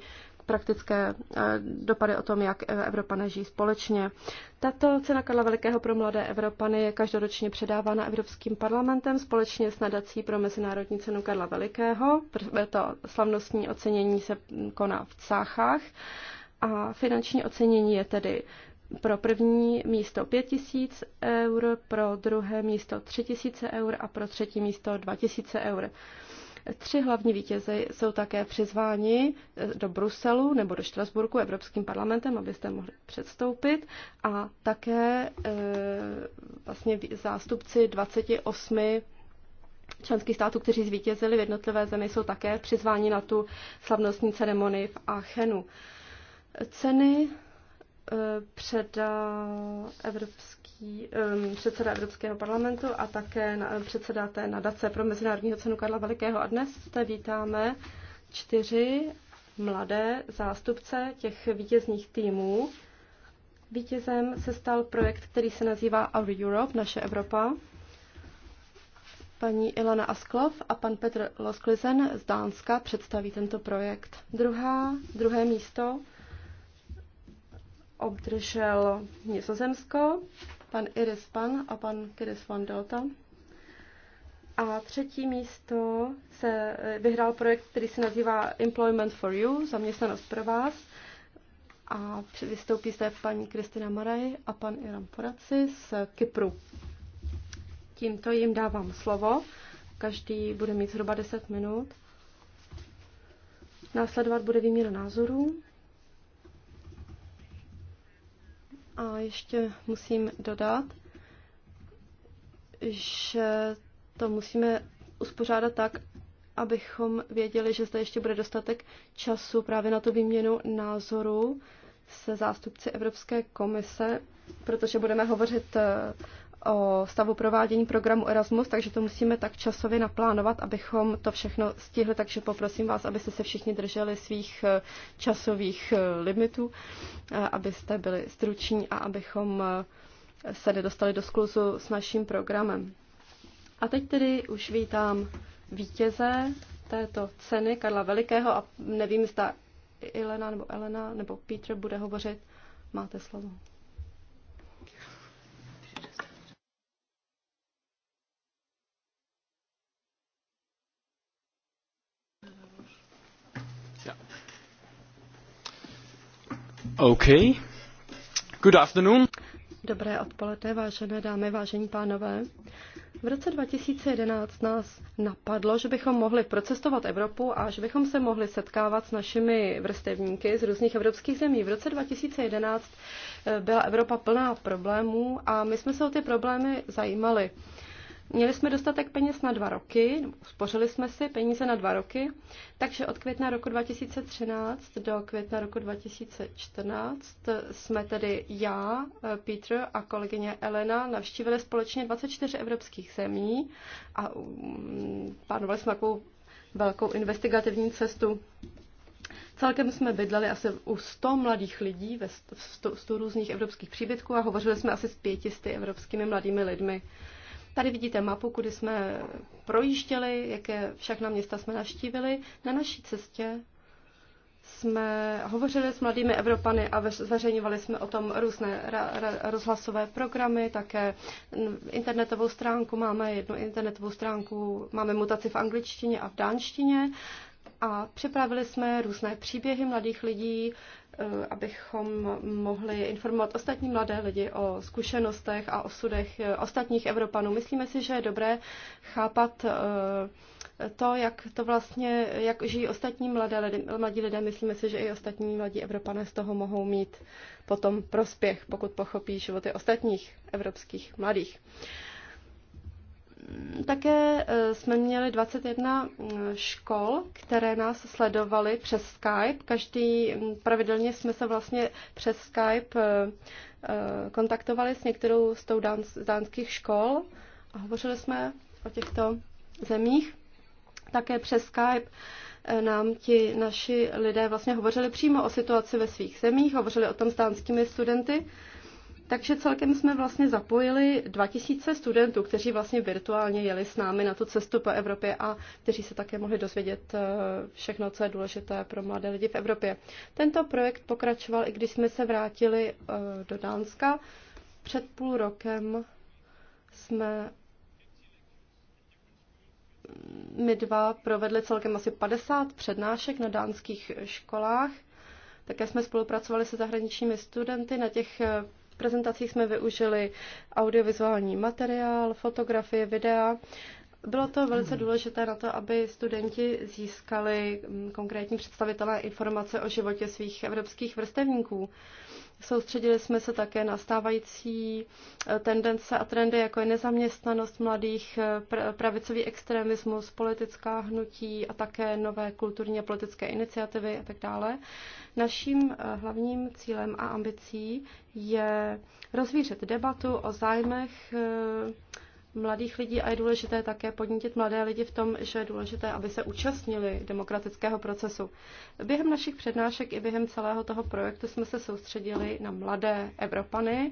praktické eh, dopady o tom, jak eh, Evropané žijí společně. Tato cena Karla Velikého pro mladé Evropany je každoročně předávána Evropským parlamentem společně s nadací pro Mezinárodní cenu Karla Velikého. To slavnostní ocenění se koná v Cáchách a finanční ocenění je tedy pro první místo 5000 eur, pro druhé místo 3000 eur a pro třetí místo 2000 eur. Tři hlavní vítěze jsou také přizváni eh, do Bruselu nebo do Štrasburku Evropským parlamentem, abyste mohli předstoupit a také eh, vlastně zástupci 28 členských států, kteří zvítězili v jednotlivé zemi, jsou také přizváni na tu slavnostní ceremonii v Aachenu. Ceny eh, předá Evropský Evropský, um, ehm, předseda Evropského parlamentu a také na, předseda té nadace pro Mezinárodního cenu Karla Velikého. A dnes zde vítáme čtyři mladé zástupce těch vítězných týmů. Vítězem se stal projekt, který se nazývá Our Europe, naše Evropa. Paní Ilona Asklov a pan Petr Losklizen z Dánska představí tento projekt. Druhá, druhé místo obdržel Nizozemsko pan Iris Pan a pan Kiris van Delta. A třetí místo se eh, vyhrál projekt, který se nazývá Employment for You, zaměstnanost pro vás. A vystoupí zde paní Kristina Maraj a pan Iram Poraci z Kypru. Tímto jim dávám slovo. Každý bude mít zhruba 10 minut. Následovat bude výměna názorů. A ještě musím dodat, že to musíme uspořádat tak, abychom věděli, že zde ještě bude dostatek času právě na tu výměnu názoru se zástupci Evropské komise, protože budeme hovořit eh, o stavu provádění programu Erasmus, takže to musíme tak časově naplánovat, abychom to všechno stihli, takže poprosím vás, abyste se všichni drželi svých eh, časových eh, limitů, eh, abyste byli struční a abychom se nedostali do skluzu s naším programem. A teď tedy už vítám vítěze této ceny Karla Velikého a nevím, zda Elena nebo Elena nebo Petr bude hovořit. Máte slovo. Okay. Good afternoon. Dobré odpoledne, vážené dámy, vážení pánové. V roce 2011 nás napadlo, že bychom mohli procestovat Evropu a že bychom se mohli setkávat s našimi vrstevníky z různých evropských zemí. V roce 2011 eh, byla Evropa plná problémů a my jsme se o ty problémy zajímali. Měli jsme dostatek peněz na dva roky, uspořili jsme si peníze na dva roky, takže od května roku 2013 do května roku 2014 jsme tedy já, eh, Petr a kolegyně Elena navštívili společně 24 evropských zemí a mm, plánovali jsme takovou velkou investigativní cestu. Celkem jsme bydleli asi u 100 mladých lidí ve 100, 100 různých evropských příbytků a hovořili jsme asi s 500 evropskými mladými lidmi. Tady vidíte mapu, kudy jsme projížděli, jaké všechna města jsme navštívili. Na naší cestě jsme hovořili s mladými Evropany a zveřejňovali jsme o tom různé rozhlasové programy, také internetovou stránku máme, jednu internetovou stránku, máme mutaci v angličtině a v dánštině a připravili jsme různé příběhy mladých lidí, eh, abychom mohli informovat ostatní mladé lidi o zkušenostech a osudech eh, ostatních Evropanů. Myslíme si, že je dobré chápat eh, to, jak to vlastně, jak žijí ostatní mladé lidi, mladí lidé. Myslíme si, že i ostatní mladí Evropané z toho mohou mít potom prospěch, pokud pochopí životy ostatních evropských mladých. Také e, jsme měli 21 e, škol, které nás sledovaly přes Skype. Každý pravidelně jsme se vlastně přes Skype e, kontaktovali s některou z tou dánských škol a hovořili jsme o těchto zemích. Také přes Skype nám ti naši lidé vlastně hovořili přímo o situaci ve svých zemích, hovořili o tom s dánskými studenty. Takže celkem jsme vlastně zapojili 2000 studentů, kteří vlastně virtuálně jeli s námi na tu cestu po Evropě a kteří se také mohli dozvědět eh, všechno, co je důležité pro mladé lidi v Evropě. Tento projekt pokračoval, i když jsme se vrátili eh, do Dánska. Před půl rokem jsme mm, my dva provedli celkem asi 50 přednášek na dánských školách. Také jsme spolupracovali se zahraničními studenty na těch eh, prezentacích jsme využili audiovizuální materiál, fotografie, videa. Bylo to velice důležité na to, aby studenti získali mm, konkrétní představitelé informace o životě svých evropských vrstevníků. Soustředili jsme se také na stávající eh, tendence a trendy, jako je nezaměstnanost mladých, eh, pravicový extremismus, politická hnutí a také nové kulturní a politické iniciativy a tak dále. Naším eh, hlavním cílem a ambicí je rozvířet debatu o zájmech mladých lidí a je důležité také podnítit mladé lidi v tom, že je důležité, aby se účastnili demokratického procesu. Během našich přednášek i během celého toho projektu jsme se soustředili na mladé Evropany.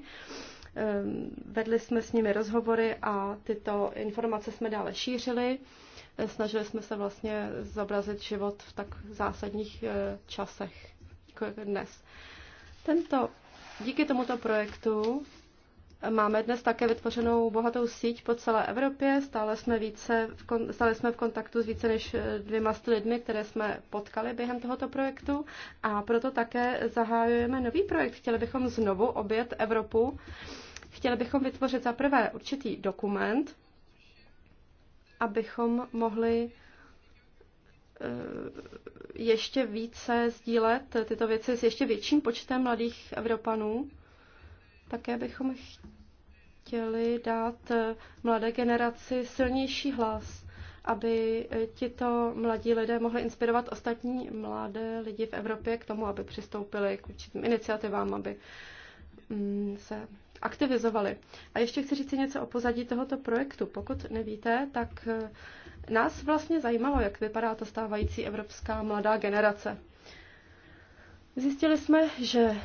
Ehm, vedli jsme s nimi rozhovory a tyto informace jsme dále šířili. Snažili jsme se vlastně zobrazit život v tak zásadních e, časech jako dnes. Tento, díky tomuto projektu Máme dnes také vytvořenou bohatou síť po celé Evropě. Stále jsme, více v kon, stále jsme v kontaktu s více než eh, dvěma lidmi, které jsme potkali během tohoto projektu. A proto také zahájujeme nový projekt. Chtěli bychom znovu obět Evropu. Chtěli bychom vytvořit za prvé určitý dokument, abychom mohli eh, ještě více sdílet tyto věci s ještě větším počtem mladých Evropanů také bychom chtěli dát eh, mladé generaci silnější hlas, aby eh, tito mladí lidé mohli inspirovat ostatní mladé lidi v Evropě k tomu, aby přistoupili k určitým iniciativám, aby mm, se aktivizovali. A ještě chci říct něco o pozadí tohoto projektu. Pokud nevíte, tak eh, nás vlastně zajímalo, jak vypadá ta stávající evropská mladá generace. Zjistili jsme, že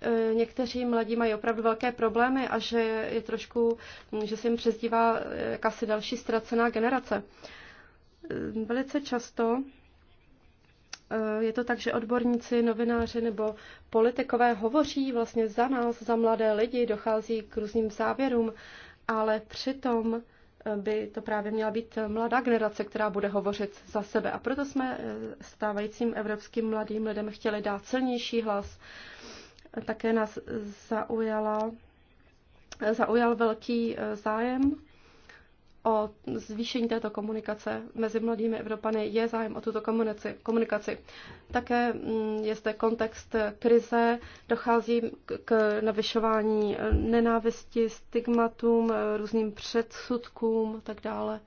E, někteří mladí mají opravdu velké problémy a že je trošku, že se jim přezdívá e, jakási další ztracená generace. E, velice často je to tak, že odborníci, novináři nebo politikové hovoří vlastně za nás, za mladé lidi, dochází k různým závěrům, ale přitom by to právě měla být mladá generace, která bude hovořit za sebe. A proto jsme stávajícím evropským mladým lidem chtěli dát silnější hlas, také nás zaujala, zaujal velký eh, zájem o zvýšení této komunikace mezi mladými Evropany je zájem o tuto komunici, komunikaci. Také mm, je zde kontext krize, dochází k navyšování eh, nenávisti, stigmatům, eh, různým předsudkům a tak dále.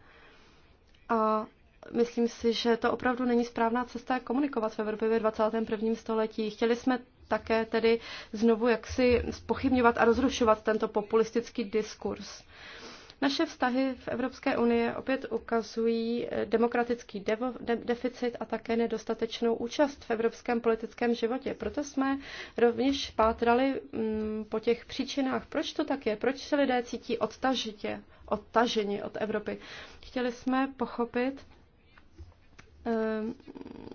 A myslím si, že to opravdu není správná cesta, jak komunikovat v Evropě ve 21. století. Chtěli jsme také tedy znovu jaksi spochybňovat a rozrušovat tento populistický diskurs. Naše vztahy v Evropské unii opět ukazují demokratický devo, de, deficit a také nedostatečnou účast v evropském politickém životě. Proto jsme rovněž pátrali mm, po těch příčinách, proč to tak je, proč se lidé cítí odtažitě, odtaženi od Evropy. Chtěli jsme pochopit, Eh,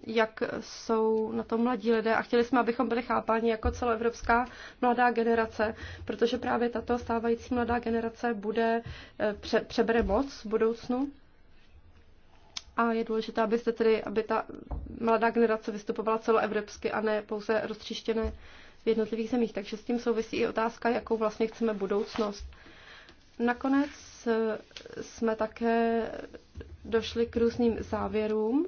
jak jsou na to mladí lidé a chtěli jsme, abychom byli chápáni jako celoevropská mladá generace, protože právě tato stávající mladá generace bude, eh, pře, přebere moc v budoucnu a je důležité, aby, se tedy, aby ta mladá generace vystupovala celoevropsky a ne pouze roztříštěné v jednotlivých zemích. Takže s tím souvisí i otázka, jakou vlastně chceme budoucnost. Nakonec eh, jsme také došli k různým závěrům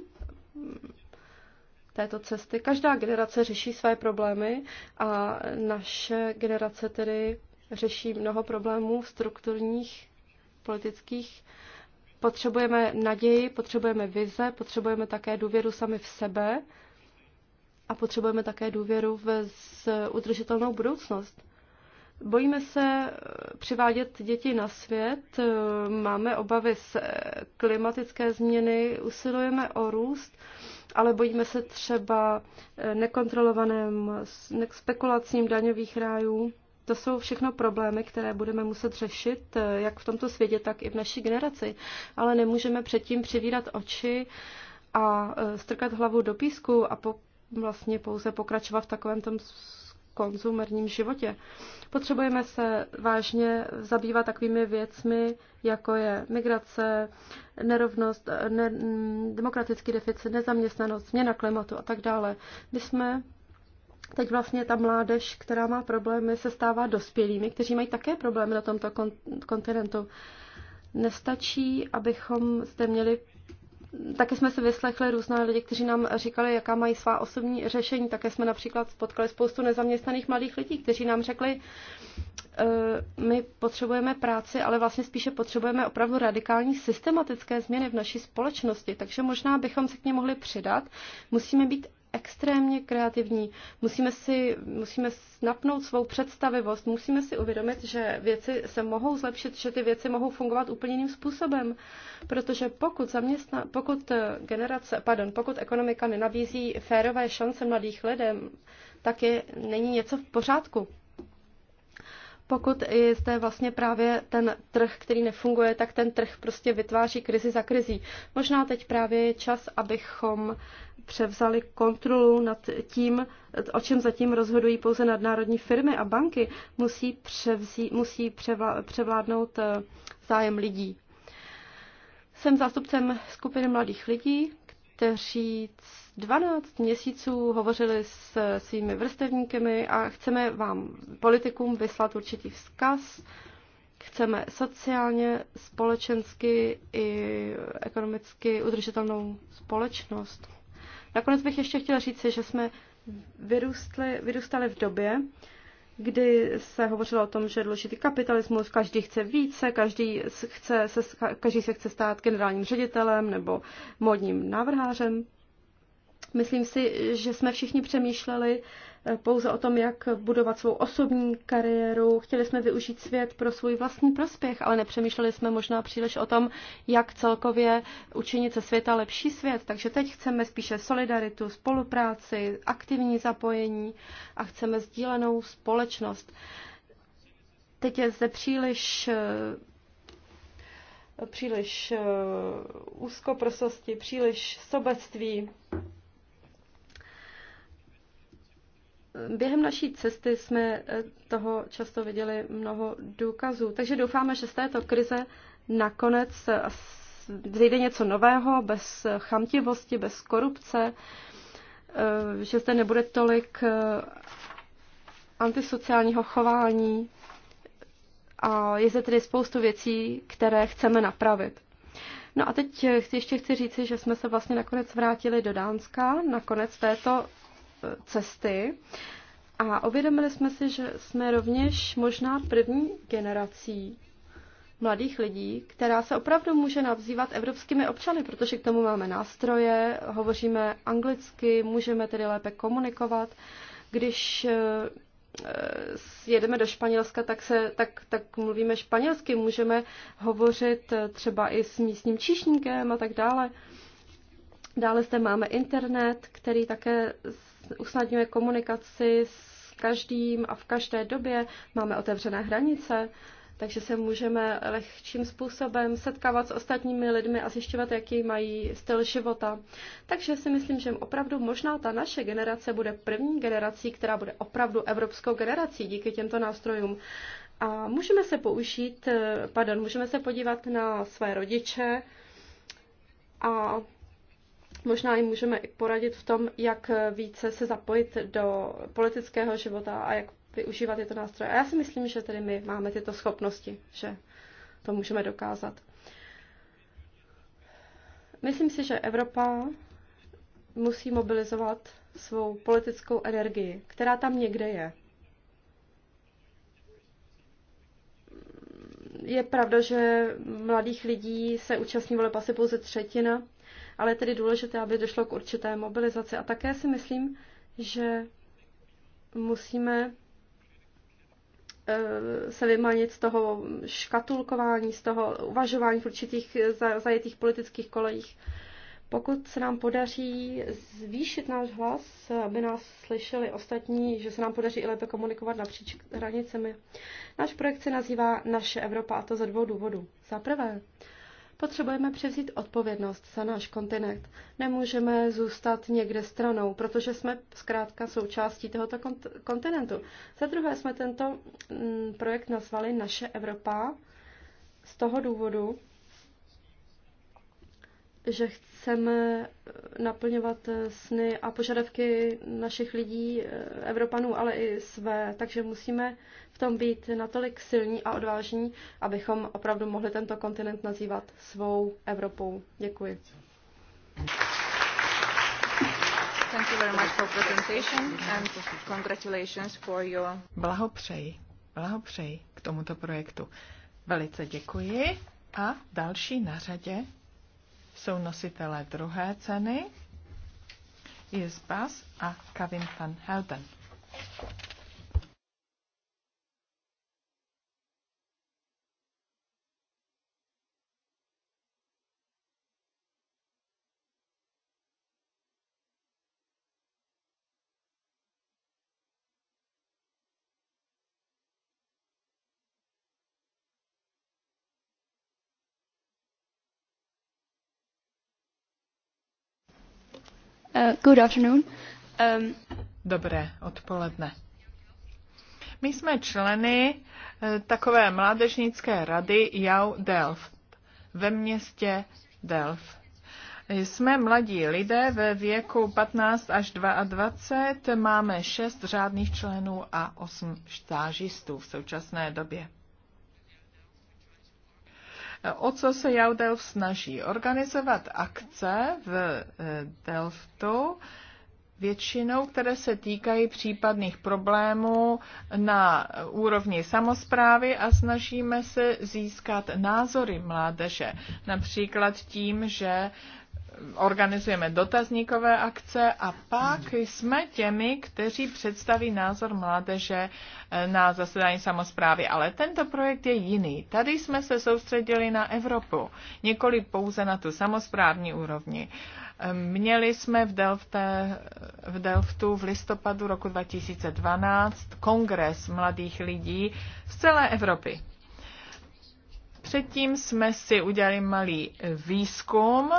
této cesty. Každá generace řeší své problémy a naše generace tedy řeší mnoho problémů strukturních, politických. Potřebujeme naději, potřebujeme vize, potřebujeme také důvěru sami v sebe a potřebujeme také důvěru v udržitelnou budoucnost. Bojíme se eh, přivádět děti na svět, eh, máme obavy z eh, klimatické změny, usilujeme o růst, ale bojíme se třeba nekontrolovaným spekulacím daňových rájů. To jsou všechno problémy, které budeme muset řešit, jak v tomto světě, tak i v naší generaci. Ale nemůžeme předtím přivírat oči a strkat hlavu do písku a po, vlastně pouze pokračovat v takovém tom konzumerním životě. Potřebujeme se vážně zabývat takovými věcmi, jako je migrace, nerovnost, ne, demokratický deficit, nezaměstnanost, změna klimatu a tak dále. My jsme Teď vlastně ta mládež, která má problémy, se stává dospělými, kteří mají také problémy na tomto kontinentu. Nestačí, abychom zde měli také jsme si vyslechli různé lidi, kteří nám říkali, jaká mají svá osobní řešení. Také jsme například spotkali spoustu nezaměstnaných mladých lidí, kteří nám řekli, eh, my potřebujeme práci, ale vlastně spíše potřebujeme opravdu radikální systematické změny v naší společnosti, takže možná bychom se k ně mohli přidat. Musíme být extrémně kreativní. Musíme si musíme snapnout svou představivost, musíme si uvědomit, že věci se mohou zlepšit, že ty věci mohou fungovat úplně jiným způsobem, protože pokud zaměstna, pokud eh, generace, pardon, pokud ekonomika nenabízí férové šance mladých lidem, tak je, není něco v pořádku pokud jste vlastně právě ten trh, který nefunguje, tak ten trh prostě vytváří krizi za krizí. Možná teď právě je čas, abychom převzali kontrolu nad tím, o čem zatím rozhodují pouze nadnárodní firmy a banky, musí, převzí, musí převla, převládnout eh, zájem lidí. Jsem zástupcem skupiny mladých lidí, kteří 12 měsíců hovořili s svými vrstevníky a chceme vám, politikům, vyslat určitý vzkaz. Chceme sociálně, společensky i ekonomicky udržitelnou společnost. Nakonec bych ještě chtěla říct, že jsme vyrůstli, vyrůstali v době, kdy se hovořilo o tom, že je důležitý kapitalismus, každý chce více, každý, chce se, každý se chce stát generálním ředitelem nebo modním návrhářem. Myslím si, že jsme všichni přemýšleli eh, pouze o tom, jak budovat svou osobní kariéru. Chtěli jsme využít svět pro svůj vlastní prospěch, ale nepřemýšleli jsme možná příliš o tom, jak celkově učinit ze světa lepší svět. Takže teď chceme spíše solidaritu, spolupráci, aktivní zapojení a chceme sdílenou společnost. Teď je zde příliš eh, příliš eh, úzkoprsosti, příliš sobectví, Během naší cesty jsme eh, toho často viděli mnoho důkazů, takže doufáme, že z této krize nakonec eh, vzejde něco nového, bez chamtivosti, bez korupce, eh, že zde nebude tolik antisociálního chování a je zde tedy spoustu věcí, které chceme napravit. No a teď ještě chci říci, že jsme se vlastně nakonec vrátili do Dánska, nakonec této cesty a uvědomili jsme si, že jsme rovněž možná první generací mladých lidí, která se opravdu může navzývat evropskými občany, protože k tomu máme nástroje, hovoříme anglicky, můžeme tedy lépe komunikovat. Když eh, eh, jedeme do Španělska, tak, se, tak, tak mluvíme španělsky, můžeme hovořit eh, třeba i s místním číšníkem a tak dále. Uh, Dále zde máme internet, který také usnadňuje komunikaci s každým a v každé době. Máme otevřené hranice, takže se můžeme lehčím způsobem setkávat s ostatními lidmi a zjišťovat, jaký mají styl života. Takže si myslím, že opravdu možná ta naše generace bude první generací, která bude opravdu evropskou generací díky těmto nástrojům. A můžeme se použít, eh, pardon, můžeme se podívat na své rodiče a Možná jim můžeme i poradit v tom, jak více se zapojit do politického života a jak využívat tyto nástroje. A já si myslím, že tedy my máme tyto schopnosti, že to můžeme dokázat. Myslím si, že Evropa musí mobilizovat svou politickou energii, která tam někde je. Je pravda, že mladých lidí se účastní voleb asi pouze třetina ale je tedy důležité, aby došlo k určité mobilizaci. A také si myslím, že musíme eh, se vymanit z toho škatulkování, z toho uvažování v určitých zajetých politických kolejích. Pokud se nám podaří zvýšit náš hlas, aby nás slyšeli ostatní, že se nám podaří i lépe komunikovat napříč hranicemi. Náš projekt se nazývá Naše Evropa a to ze dvou důvodů. Za prvé, Potřebujeme převzít odpovědnost za náš kontinent. Nemůžeme zůstat někde stranou, protože jsme zkrátka součástí tohoto kont- kontinentu. Za druhé jsme tento mm, projekt nazvali Naše Evropa z toho důvodu, že chceme eh, naplňovat eh, sny a požadavky našich lidí, eh, Evropanů, ale i své. Takže musíme v tom být natolik silní a odvážní, abychom opravdu mohli tento kontinent nazývat svou Evropou. Děkuji. Thank you very much for presentation and congratulations for your... Blahopřeji, blahopřeji k tomuto projektu. Velice děkuji a další na řadě jsou nositelé druhé ceny Jisbas a Kevin van Helden. Uh, good afternoon. Um... Dobré odpoledne. My jsme členy eh, takové mládežnické rady Jau Delft ve městě Delft. Jsme mladí lidé ve věku 15 až 22, máme 6 řádných členů a 8 stážistů v současné době. O co se Jau Delft snaží? Organizovat akce v eh, Delftu, většinou, které se týkají případných problémů na úrovni samozprávy a snažíme se získat názory mládeže. Například tím, že organizujeme dotazníkové akce a pak jsme těmi, kteří představí názor mládeže eh, na zasedání samozprávy. Ale tento projekt je jiný. Tady jsme se soustředili na Evropu, nikoli pouze na tu samozprávní úrovni. Ehm, měli jsme v, Delfte, v Delftu v listopadu roku 2012 kongres mladých lidí z celé Evropy. Předtím jsme si udělali malý výzkum,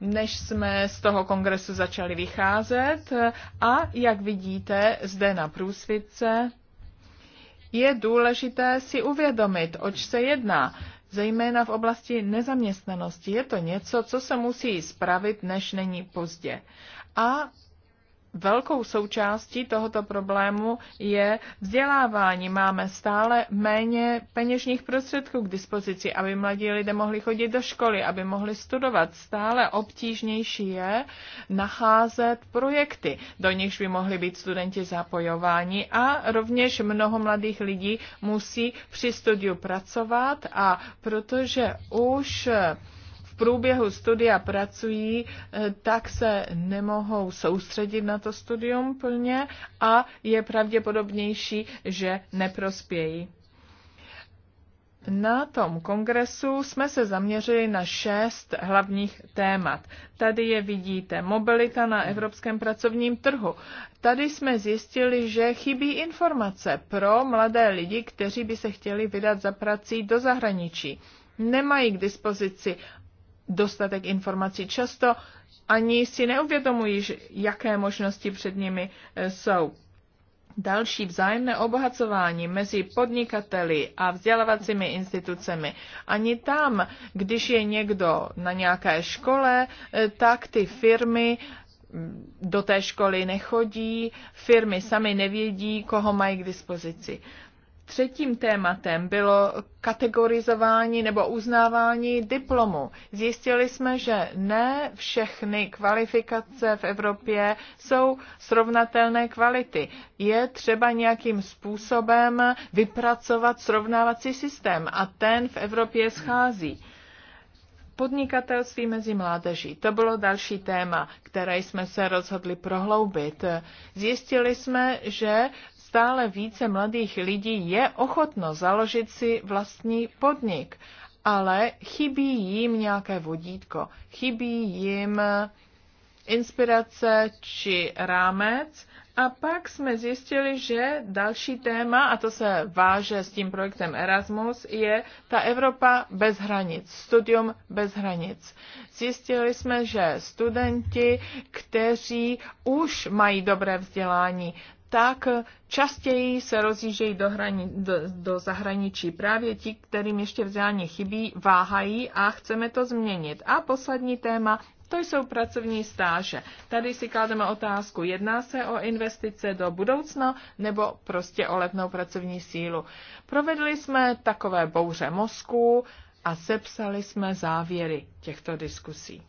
než jsme z toho kongresu začali vycházet a jak vidíte zde na průsvitce, je důležité si uvědomit, oč se jedná, zejména v oblasti nezaměstnanosti. Je to něco, co se musí spravit, než není pozdě. A velkou součástí tohoto problému je vzdělávání. Máme stále méně peněžních prostředků k dispozici, aby mladí lidé mohli chodit do školy, aby mohli studovat. Stále obtížnější je nacházet projekty, do nichž by mohli být studenti zapojováni a rovněž mnoho mladých lidí musí při studiu pracovat a protože už průběhu studia pracují, eh, tak se nemohou soustředit na to studium plně a je pravděpodobnější, že neprospějí. Na tom kongresu jsme se zaměřili na šest hlavních témat. Tady je vidíte mobilita na evropském pracovním trhu. Tady jsme zjistili, že chybí informace pro mladé lidi, kteří by se chtěli vydat za prací do zahraničí. Nemají k dispozici dostatek informací. Často ani si neuvědomují, jaké možnosti před nimi eh, jsou. Další vzájemné obohacování mezi podnikateli a vzdělávacími institucemi. Ani tam, když je někdo na nějaké škole, eh, tak ty firmy mm, do té školy nechodí, firmy sami nevědí, koho mají k dispozici. Třetím tématem bylo kategorizování nebo uznávání diplomu. Zjistili jsme, že ne všechny kvalifikace v Evropě jsou srovnatelné kvality. Je třeba nějakým způsobem vypracovat srovnávací systém a ten v Evropě schází. Podnikatelství mezi mládeží. To bylo další téma, které jsme se rozhodli prohloubit. Zjistili jsme, že stále více mladých lidí je ochotno založit si vlastní podnik, ale chybí jim nějaké vodítko, chybí jim inspirace či rámec. A pak jsme zjistili, že další téma, a to se váže s tím projektem Erasmus, je ta Evropa bez hranic, studium bez hranic. Zjistili jsme, že studenti, kteří už mají dobré vzdělání, tak častěji se rozjíždějí do, hrani, do, do zahraničí. Právě ti, kterým ještě vzdělání chybí, váhají a chceme to změnit. A poslední téma, to jsou pracovní stáže. Tady si klademe otázku, jedná se o investice do budoucna nebo prostě o levnou pracovní sílu. Provedli jsme takové bouře mozku a sepsali jsme závěry těchto diskusí.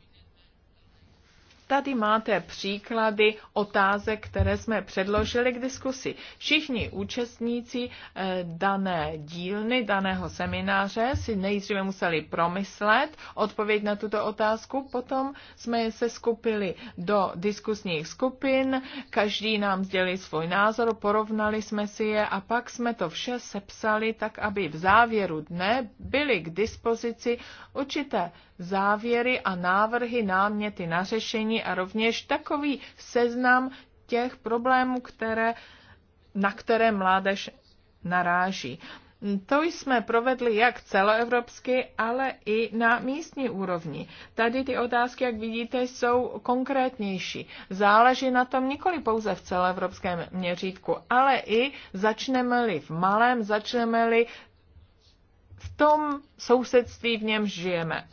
Tady máte příklady otázek, které jsme předložili k diskusi. Všichni účastníci eh, dané dílny, daného semináře si nejdříve museli promyslet odpověď na tuto otázku, potom jsme se skupili do diskusních skupin, každý nám sdělil svůj názor, porovnali jsme si je a pak jsme to vše sepsali tak, aby v závěru dne byly k dispozici určité závěry a návrhy, náměty na řešení a rovněž takový seznam těch problémů, které, na které mládež naráží. To jsme provedli jak celoevropsky, ale i na místní úrovni. Tady ty otázky, jak vidíte, jsou konkrétnější. Záleží na tom nikoli pouze v celoevropském měřítku, ale i začneme-li v malém, začneme-li v tom sousedství, v něm žijeme.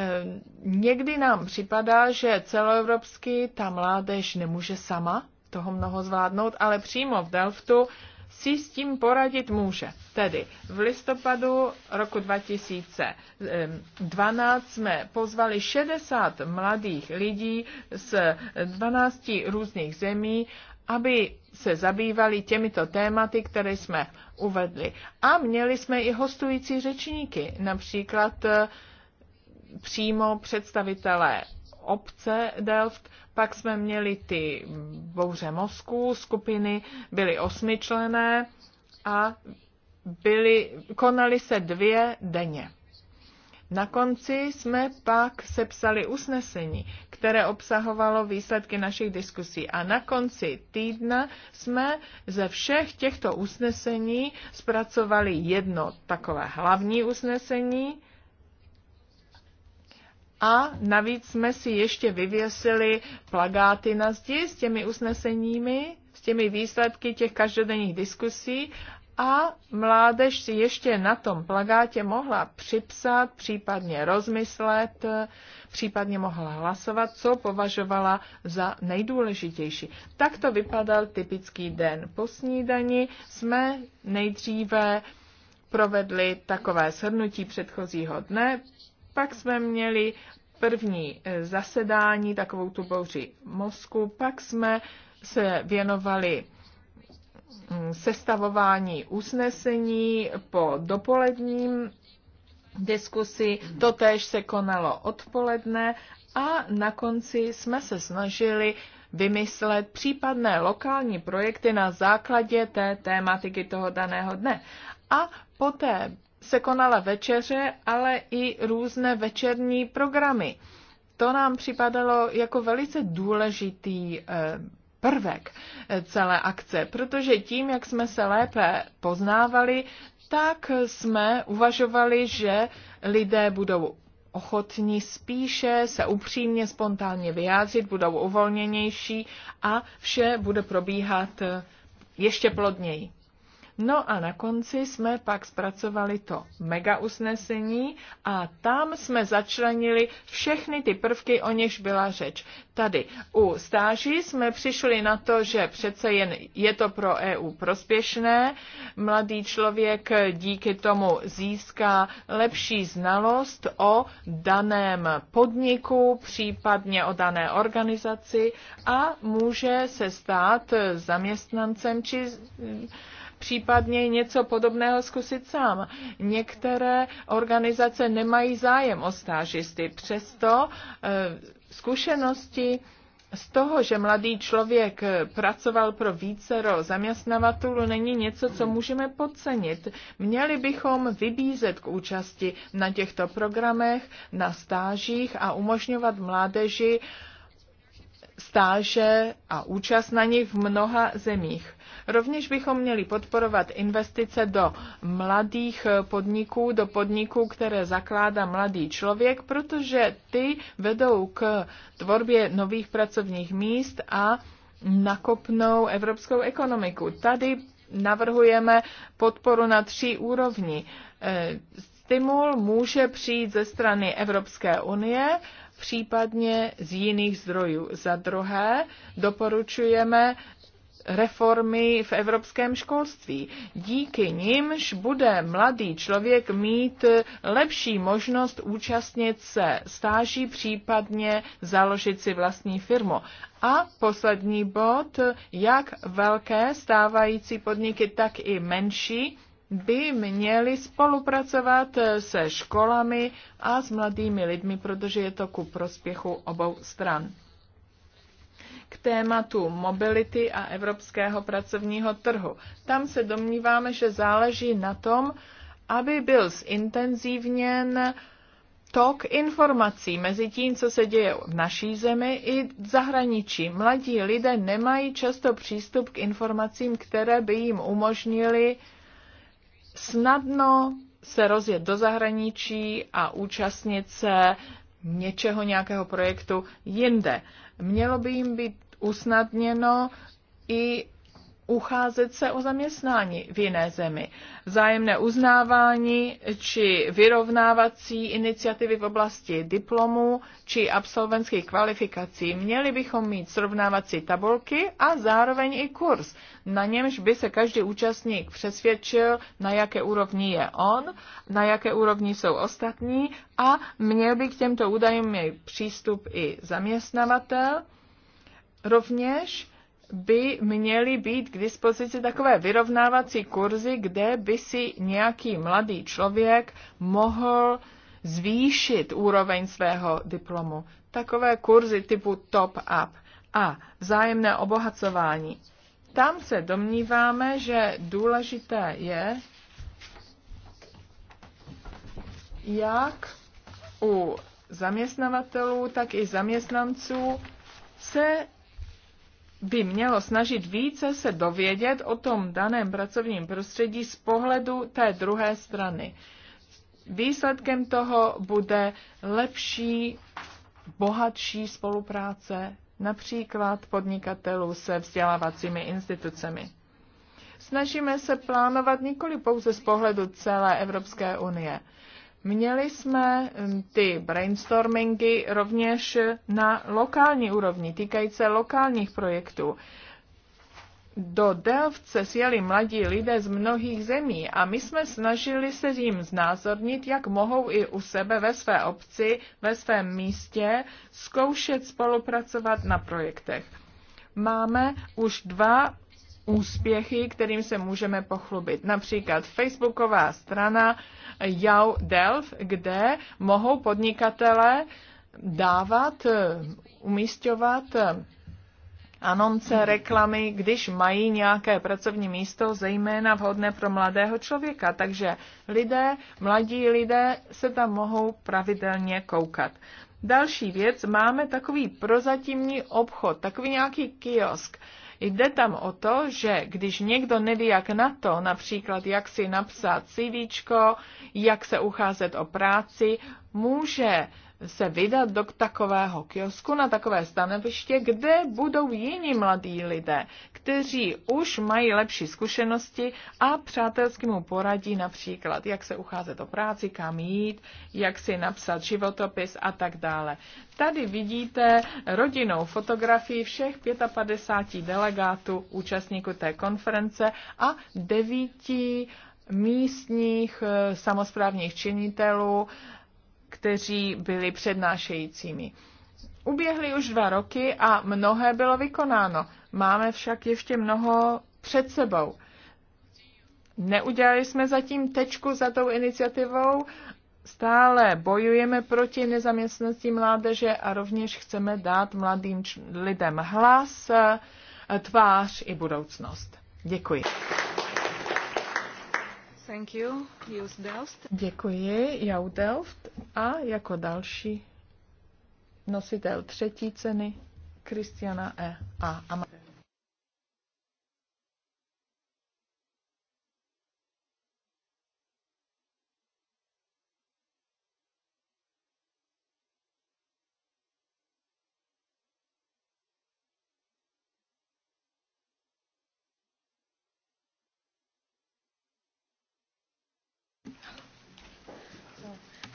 Ehm, někdy nám připadá, že celoevropsky ta mládež nemůže sama toho mnoho zvládnout, ale přímo v Delftu si s tím poradit může. Tedy v listopadu roku 2012 jsme pozvali 60 mladých lidí z 12 různých zemí, aby se zabývali těmito tématy, které jsme uvedli. A měli jsme i hostující řečníky, například přímo představitelé obce Delft, pak jsme měli ty bouře mozků, skupiny byly osmičlené a byly, konaly se dvě denně. Na konci jsme pak sepsali usnesení, které obsahovalo výsledky našich diskusí. A na konci týdna jsme ze všech těchto usnesení zpracovali jedno takové hlavní usnesení, a navíc jsme si ještě vyvěsili plagáty na zdi s těmi usneseními, s těmi výsledky těch každodenních diskusí a mládež si ještě na tom plagátě mohla připsat, případně rozmyslet, případně mohla hlasovat, co považovala za nejdůležitější. Tak to vypadal typický den. Po snídani jsme nejdříve provedli takové shrnutí předchozího dne, pak jsme měli první eh, zasedání, takovou tu bouři mozku, pak jsme se věnovali mm, sestavování usnesení po dopoledním diskusi, totéž se konalo odpoledne a na konci jsme se snažili vymyslet případné lokální projekty na základě té tématiky toho daného dne. A poté se konala večeře, ale i různé večerní programy. To nám připadalo jako velice důležitý eh, prvek eh, celé akce, protože tím, jak jsme se lépe poznávali, tak jsme uvažovali, že lidé budou ochotní spíše se upřímně, spontánně vyjádřit, budou uvolněnější a vše bude probíhat eh, ještě plodněji. No a na konci jsme pak zpracovali to mega usnesení a tam jsme začlenili všechny ty prvky, o něž byla řeč. Tady u stáží jsme přišli na to, že přece jen je to pro EU prospěšné. Mladý člověk díky tomu získá lepší znalost o daném podniku, případně o dané organizaci a může se stát zaměstnancem či případně něco podobného zkusit sám. Některé organizace nemají zájem o stážisty, přesto eh, zkušenosti z toho, že mladý člověk pracoval pro vícero zaměstnavatelů, není něco, co můžeme podcenit. Měli bychom vybízet k účasti na těchto programech, na stážích a umožňovat mládeži stáže a účast na nich v mnoha zemích. Rovněž bychom měli podporovat investice do mladých podniků, do podniků, které zakládá mladý člověk, protože ty vedou k tvorbě nových pracovních míst a nakopnou evropskou ekonomiku. Tady navrhujeme podporu na tří úrovni. E, stimul může přijít ze strany Evropské unie, případně z jiných zdrojů. Za druhé doporučujeme reformy v evropském školství. Díky nimž bude mladý člověk mít lepší možnost účastnit se stáží, případně založit si vlastní firmu. A poslední bod, jak velké stávající podniky, tak i menší by měli spolupracovat se školami a s mladými lidmi, protože je to ku prospěchu obou stran k tématu mobility a evropského pracovního trhu. Tam se domníváme, že záleží na tom, aby byl zintenzívněn tok informací mezi tím, co se děje v naší zemi i v zahraničí. Mladí lidé nemají často přístup k informacím, které by jim umožnili snadno se rozjet do zahraničí a účastnit se něčeho, nějakého projektu jinde. Mělo by jim být usnadněno i ucházet se o zaměstnání v jiné zemi. Zájemné uznávání či vyrovnávací iniciativy v oblasti diplomů či absolventských kvalifikací. Měli bychom mít srovnávací tabulky a zároveň i kurz, na němž by se každý účastník přesvědčil, na jaké úrovni je on, na jaké úrovni jsou ostatní a měl by k těmto údajům mít přístup i zaměstnavatel. Rovněž by měly být k dispozici takové vyrovnávací kurzy, kde by si nějaký mladý člověk mohl zvýšit úroveň svého diplomu. Takové kurzy typu top-up a vzájemné obohacování. Tam se domníváme, že důležité je, jak u zaměstnavatelů, tak i zaměstnanců se by mělo snažit více se dovědět o tom daném pracovním prostředí z pohledu té druhé strany. Výsledkem toho bude lepší, bohatší spolupráce například podnikatelů se vzdělávacími institucemi. Snažíme se plánovat nikoli pouze z pohledu celé Evropské unie. Měli jsme hm, ty brainstormingy rovněž na lokální úrovni, týkající se lokálních projektů. Do delvce sjeli mladí lidé z mnohých zemí a my jsme snažili se jim znázornit, jak mohou i u sebe ve své obci, ve svém místě zkoušet spolupracovat na projektech. Máme už dva úspěchy, kterým se můžeme pochlubit. Například facebooková strana Jau Delf, kde mohou podnikatele dávat, eh, umístovat eh, anonce, reklamy, když mají nějaké pracovní místo, zejména vhodné pro mladého člověka. Takže lidé, mladí lidé se tam mohou pravidelně koukat. Další věc, máme takový prozatímní obchod, takový nějaký kiosk, Jde tam o to, že když někdo neví, jak na to, například jak si napsat CV, jak se ucházet o práci, může se vydat do takového kiosku, na takové stanoviště, kde budou jiní mladí lidé, kteří už mají lepší zkušenosti a přátelsky mu poradí například, jak se ucházet o práci, kam jít, jak si napsat životopis a tak dále. Tady vidíte rodinnou fotografii všech 55 delegátů, účastníků té konference a devíti místních eh, samozprávních činitelů, kteří byli přednášejícími. Uběhly už dva roky a mnohé bylo vykonáno. Máme však ještě mnoho před sebou. Neudělali jsme zatím tečku za tou iniciativou, stále bojujeme proti nezaměstnanosti mládeže a rovněž chceme dát mladým lidem hlas, tvář i budoucnost. Děkuji. Thank you. Jus Delft. Děkuji, Jau Delft. A jako další nositel třetí ceny Kristiana E. A.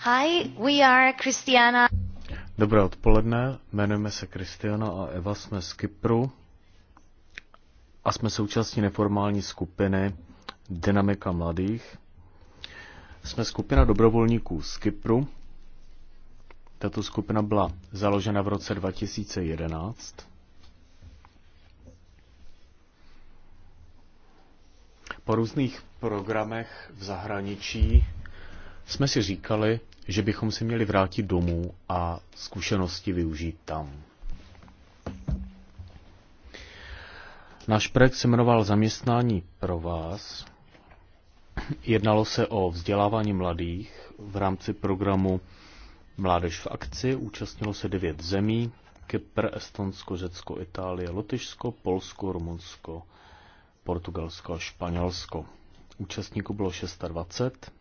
Hi, we are Christiana. Dobré odpoledne, jmenujeme se Kristiana a Eva, jsme z Kypru a jsme součástí neformální skupiny Dynamika mladých. Jsme skupina dobrovolníků z Kypru. Tato skupina byla založena v roce 2011. Po různých programech v zahraničí jsme si říkali, že bychom se měli vrátit domů a zkušenosti využít tam. Náš projekt se jmenoval Zaměstnání pro vás. Jednalo se o vzdělávání mladých v rámci programu Mládež v akci. Účastnilo se devět zemí. Kypr, Estonsko, Řecko, Itálie, Lotyšsko, Polsko, Rumunsko, Portugalsko a Španělsko. Účastníků bylo 620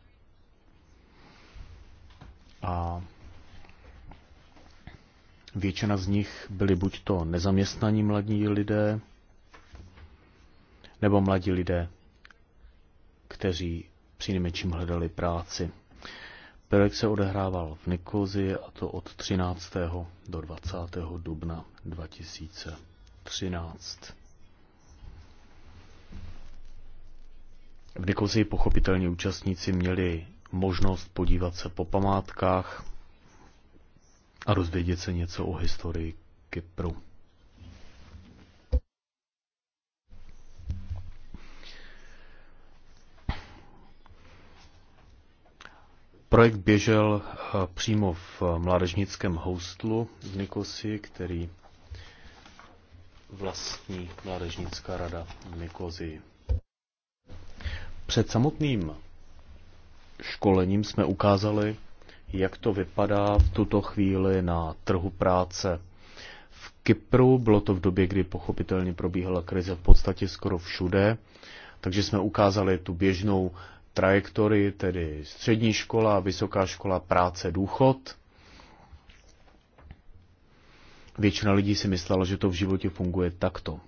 a většina z nich byli buď to nezaměstnaní mladí lidé, nebo mladí lidé, kteří přinejmenším hledali práci. Projekt se odehrával v Nikozi a to od 13. do 20. dubna 2013. V Nikozi pochopitelně účastníci měli možnost podívat se po památkách a rozvědět se něco o historii Kypru. Projekt běžel eh, přímo v mládežnickém hostlu v Nikosi, který vlastní mládežnická rada v Nikozii. Před samotným školením jsme ukázali, jak to vypadá v tuto chvíli na trhu práce. V Kypru bylo to v době, kdy pochopitelně probíhala krize v podstatě skoro všude, takže jsme ukázali tu běžnou trajektorii, tedy střední škola, vysoká škola, práce, důchod. Většina lidí si myslela, že to v životě funguje takto.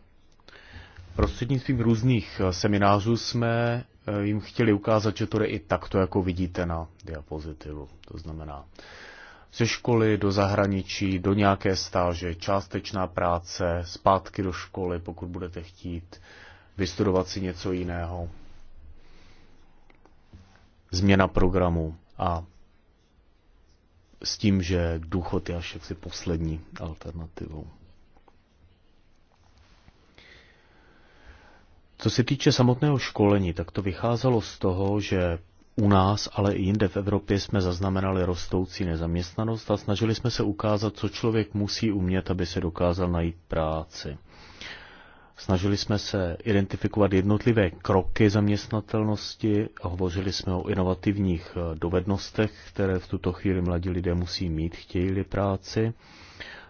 Prostřednictvím různých eh, seminářů jsme eh, jim chtěli ukázat, že to jde i takto, jako vidíte na diapozitivu. To znamená ze školy do zahraničí, do nějaké stáže, částečná práce, zpátky do školy, pokud budete chtít, vystudovat si něco jiného, změna programu a s tím, že důchod je až jaksi poslední alternativou. Co se týče samotného školení, tak to vycházelo z toho, že u nás, ale i jinde v Evropě jsme zaznamenali rostoucí nezaměstnanost a snažili jsme se ukázat, co člověk musí umět, aby se dokázal najít práci. Snažili jsme se identifikovat jednotlivé kroky zaměstnatelnosti, hovořili jsme o inovativních eh, dovednostech, které v tuto chvíli mladí lidé musí mít, chtějí práci.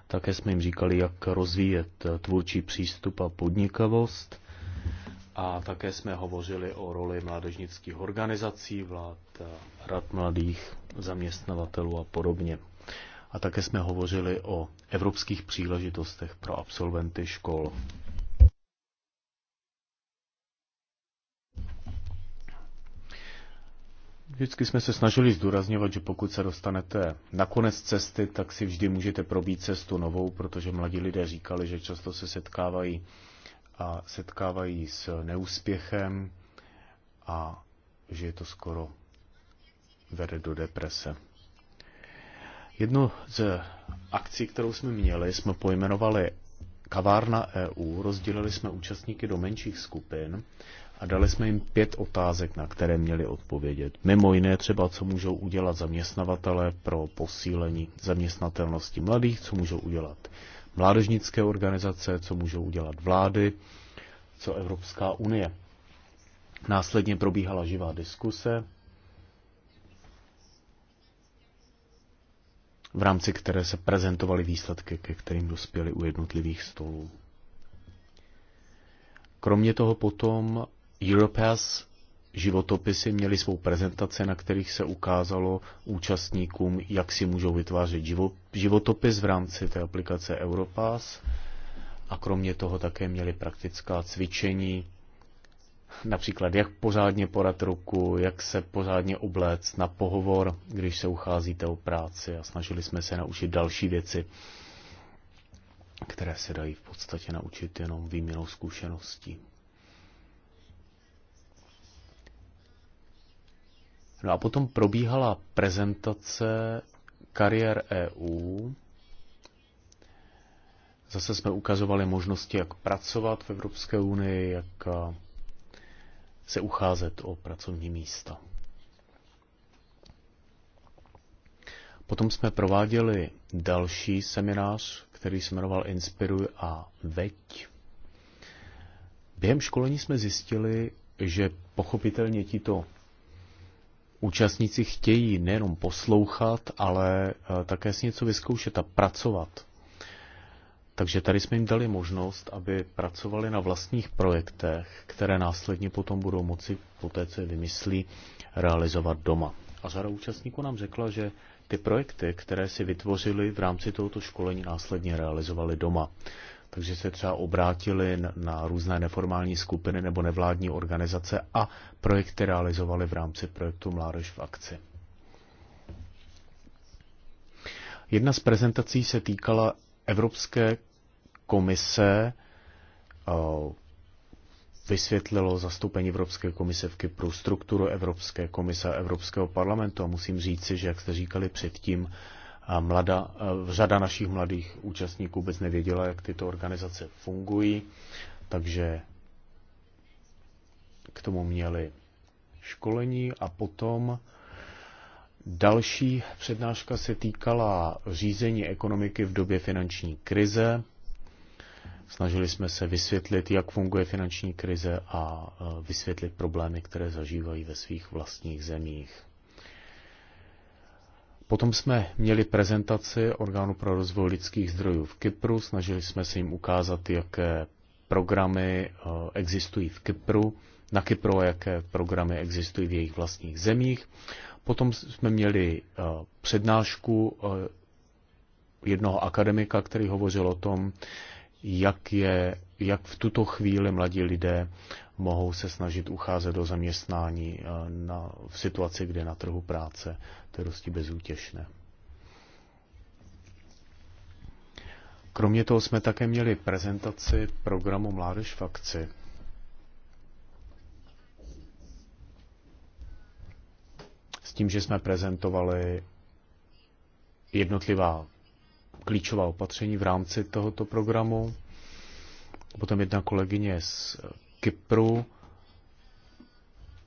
Také jsme jim říkali, jak rozvíjet eh, tvůrčí přístup a podnikavost. A také jsme hovořili o roli mládežnických organizací, vlád, rad mladých, zaměstnavatelů a podobně. A také jsme hovořili o evropských příležitostech pro absolventy škol. Vždycky jsme se snažili zdůrazňovat, že pokud se dostanete na konec cesty, tak si vždy můžete probít cestu novou, protože mladí lidé říkali, že často se setkávají a setkávají s neúspěchem a že je to skoro vede do deprese. Jedno z akcí, kterou jsme měli, jsme pojmenovali Kavárna EU, rozdělili jsme účastníky do menších skupin a dali jsme jim pět otázek, na které měli odpovědět. Mimo jiné třeba, co můžou udělat zaměstnavatele pro posílení zaměstnatelnosti mladých, co můžou udělat mládežnické organizace, co můžou udělat vlády, co Evropská unie. Následně probíhala živá diskuse, v rámci které se prezentovaly výsledky, ke kterým dospěly u jednotlivých stolů. Kromě toho potom Europass životopisy měly svou prezentaci, na kterých se ukázalo účastníkům, jak si můžou vytvářet životopis v rámci té aplikace Europass a kromě toho také měli praktická cvičení, například jak pořádně porat ruku, jak se pořádně obléct na pohovor, když se ucházíte o práci a snažili jsme se naučit další věci, které se dají v podstatě naučit jenom výměnou zkušeností. No a potom probíhala prezentace kariér EU. Zase jsme ukazovali možnosti, jak pracovat v Evropské unii, jak eh, se ucházet o pracovní místa. Potom jsme prováděli další seminář, který se jmenoval Inspiruj a veď. Během školení jsme zjistili, že pochopitelně tito účastníci chtějí nejenom poslouchat, ale eh, také si něco vyzkoušet a pracovat. Takže tady jsme jim dali možnost, aby pracovali na vlastních projektech, které následně potom budou moci, po té, co je vymyslí, realizovat doma. A řada účastníků nám řekla, že ty projekty, které si vytvořili v rámci tohoto školení, následně realizovali doma takže se třeba obrátili na různé neformální skupiny nebo nevládní organizace a projekty realizovali v rámci projektu Mládež v akci. Jedna z prezentací se týkala Evropské komise, eh, vysvětlilo zastoupení Evropské komise v Kypru, strukturu Evropské komise a Evropského parlamentu a musím říci, že jak jste říkali předtím, a mlada, eh, řada našich mladých účastníků vůbec nevěděla, jak tyto organizace fungují, takže k tomu měli školení a potom další přednáška se týkala řízení ekonomiky v době finanční krize. Snažili jsme se vysvětlit, jak funguje finanční krize a eh, vysvětlit problémy, které zažívají ve svých vlastních zemích. Potom jsme měli prezentaci orgánu pro rozvoj lidských zdrojů v Kypru. Snažili jsme se jim ukázat, jaké programy eh, existují v Kypru, na Kypru a jaké programy existují v jejich vlastních zemích. Potom jsme měli eh, přednášku eh, jednoho akademika, který hovořil o tom, jak je jak v tuto chvíli mladí lidé mohou se snažit ucházet do zaměstnání eh, na, v situaci, kde na trhu práce to je dosti bezútěšné. Kromě toho jsme také měli prezentaci programu Mládež v akci. S tím, že jsme prezentovali jednotlivá klíčová opatření v rámci tohoto programu, Potom jedna kolegyně z Kypru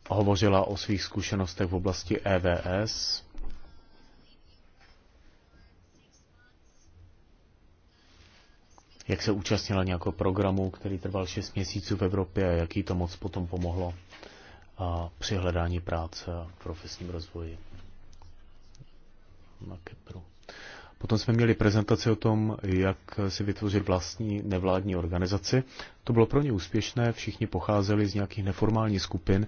hovořila o svých zkušenostech v oblasti EVS. Jak se účastnila nějakého programu, který trval 6 měsíců v Evropě a jaký to moc potom pomohlo a při hledání práce a profesním rozvoji na Kypru. Potom jsme měli prezentaci o tom, jak si vytvořit vlastní nevládní organizaci. To bylo pro ně úspěšné, všichni pocházeli z nějakých neformálních skupin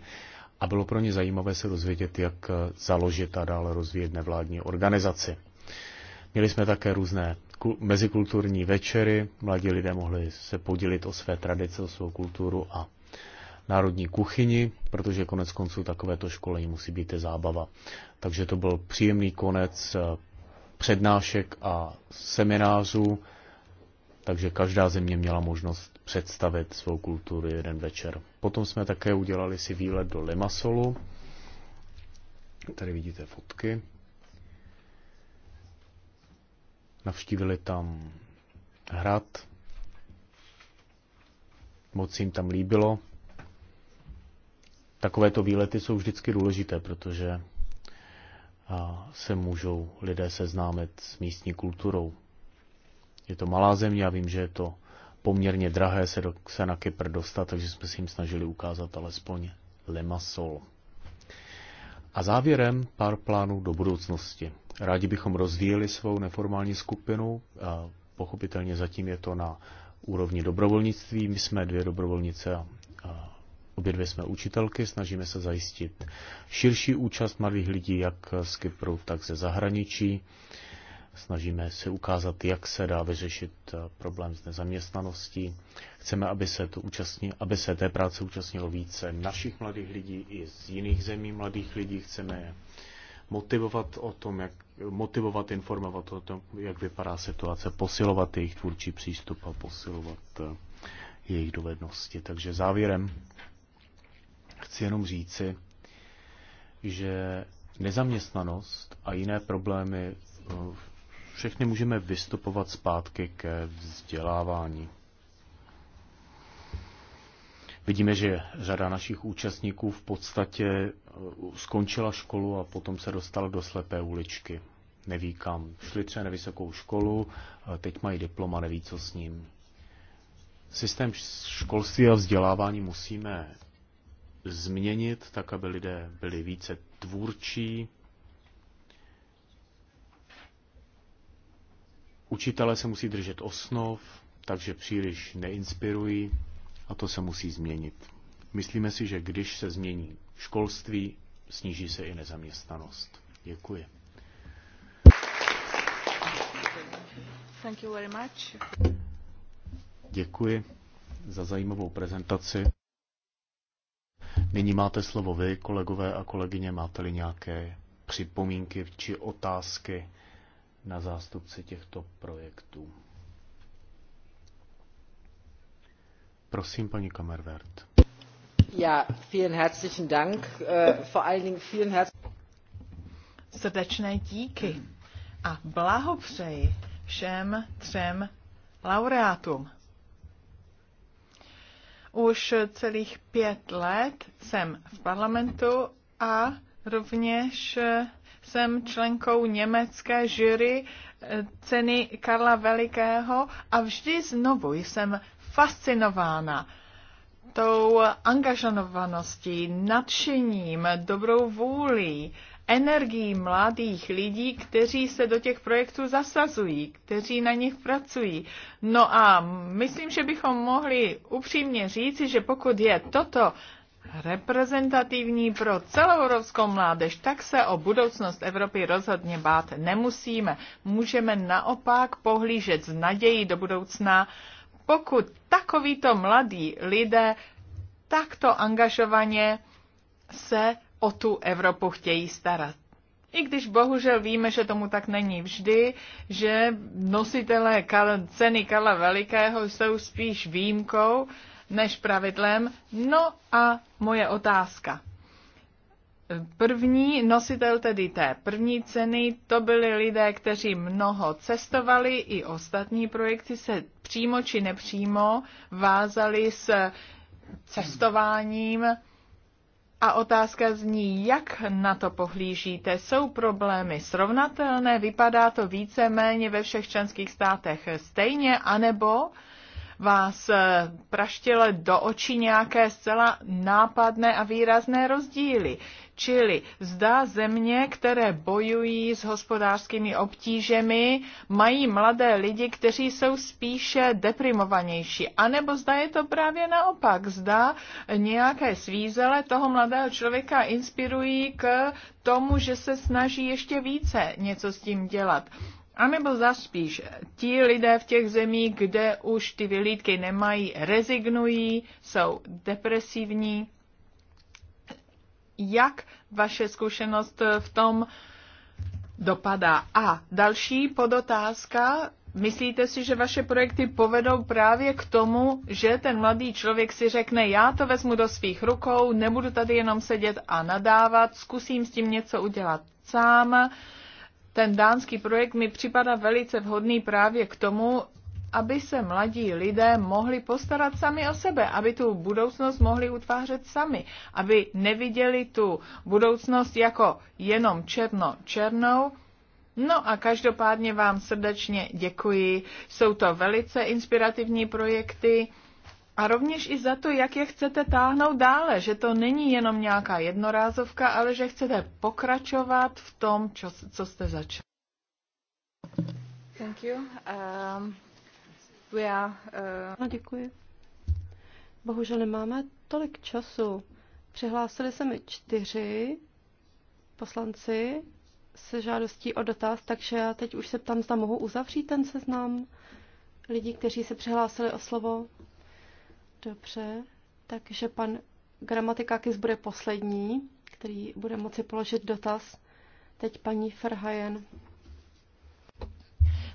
a bylo pro ně zajímavé se dozvědět, jak založit a dále rozvíjet nevládní organizaci. Měli jsme také různé mezikulturní večery, mladí lidé mohli se podělit o své tradice, o svou kulturu a národní kuchyni, protože konec konců takovéto školení musí být i zábava. Takže to byl příjemný konec přednášek a seminářů, takže každá země měla možnost představit svou kulturu jeden večer. Potom jsme také udělali si výlet do Limasolu. Tady vidíte fotky. Navštívili tam hrad. Moc jim tam líbilo. Takovéto výlety jsou vždycky důležité, protože se můžou lidé seznámit s místní kulturou. Je to malá země a vím, že je to poměrně drahé se, do, se na Kypr dostat, takže jsme si jim snažili ukázat alespoň Lemasol. A závěrem pár plánů do budoucnosti. Rádi bychom rozvíjeli svou neformální skupinu, pochopitelně zatím je to na úrovni dobrovolnictví. My jsme dvě dobrovolnice a Obě dvě jsme učitelky, snažíme se zajistit širší účast mladých lidí, jak z Kypru, tak ze zahraničí. Snažíme se ukázat, jak se dá vyřešit eh, problém s nezaměstnaností. Chceme, aby se, to účastní, aby se té práce účastnilo více našich mladých lidí i z jiných zemí mladých lidí. Chceme je motivovat o tom, jak motivovat, informovat o tom, jak vypadá situace, posilovat jejich tvůrčí přístup a posilovat eh, jejich dovednosti. Takže závěrem Chci jenom říci, že nezaměstnanost a jiné problémy eh, všechny můžeme vystupovat zpátky ke vzdělávání. Vidíme, že řada našich účastníků v podstatě eh, skončila školu a potom se dostala do slepé uličky. Neví kam. Šli třeba na vysokou školu, teď mají diplom a neví, co s ním. Systém školství a vzdělávání musíme změnit, tak aby lidé byli více tvůrčí. Učitelé se musí držet osnov, takže příliš neinspirují a to se musí změnit. Myslíme si, že když se změní školství, sníží se i nezaměstnanost. Děkuji. Thank you very much. Děkuji za zajímavou prezentaci. Nyní máte slovo vy, kolegové a kolegyně, máte-li nějaké připomínky či otázky na zástupce těchto projektů. Prosím, paní Kamervert. Ja, vielen herzlichen Dank. Äh, vor allen Dingen vielen herz... Srdečné díky a blahopřeji všem třem laureátům. Už celých pět let jsem v parlamentu a rovněž jsem členkou německé jury eh, ceny Karla Velikého a vždy znovu jsem fascinována tou angažovaností, nadšením, dobrou vůlí energií mladých lidí, kteří se do těch projektů zasazují, kteří na nich pracují. No a myslím, že bychom mohli upřímně říci, že pokud je toto reprezentativní pro celou evropskou mládež, tak se o budoucnost Evropy rozhodně bát nemusíme. Můžeme naopak pohlížet s nadějí do budoucna, pokud takovýto mladí lidé takto angažovaně se o tu Evropu chtějí starat. I když bohužel víme, že tomu tak není vždy, že nositelé ceny Karla Velikého jsou spíš výjimkou než pravidlem. No a moje otázka. První nositel tedy té první ceny, to byli lidé, kteří mnoho cestovali, i ostatní projekty se přímo či nepřímo vázali s cestováním a otázka zní, jak na to pohlížíte? Jsou problémy srovnatelné? Vypadá to více-méně ve všech členských státech stejně? anebo vás eh, praštily do očí nějaké zcela nápadné a výrazné rozdíly. Čili zda země, které bojují s hospodářskými obtížemi, mají mladé lidi, kteří jsou spíše deprimovanější. A nebo zda je to právě naopak. Zda nějaké svízele toho mladého člověka inspirují k tomu, že se snaží ještě více něco s tím dělat. A nebo zaspíš, ti lidé v těch zemích, kde už ty vyhlídky nemají, rezignují, jsou depresivní. Jak vaše zkušenost v tom dopadá? A další podotázka, Myslíte si, že vaše projekty povedou právě k tomu, že ten mladý člověk si řekne, já to vezmu do svých rukou, nebudu tady jenom sedět a nadávat, zkusím s tím něco udělat sám, ten dánský projekt mi připadá velice vhodný právě k tomu, aby se mladí lidé mohli postarat sami o sebe, aby tu budoucnost mohli utvářet sami, aby neviděli tu budoucnost jako jenom černo-černou. No a každopádně vám srdečně děkuji. Jsou to velice inspirativní projekty. A rovněž i za to, jak je chcete táhnout dále, že to není jenom nějaká jednorázovka, ale že chcete pokračovat v tom, čo, co jste začali. Thank you. Um, we are, uh... no, děkuji. Bohužel nemáme tolik času. Přihlásili se mi čtyři poslanci se žádostí o dotaz, takže já teď už se ptám, zda mohu uzavřít ten seznam lidí, kteří se přihlásili o slovo. Dobře, takže pan gramatikákis bude poslední, který bude moci položit dotaz. Teď paní Ferhajen.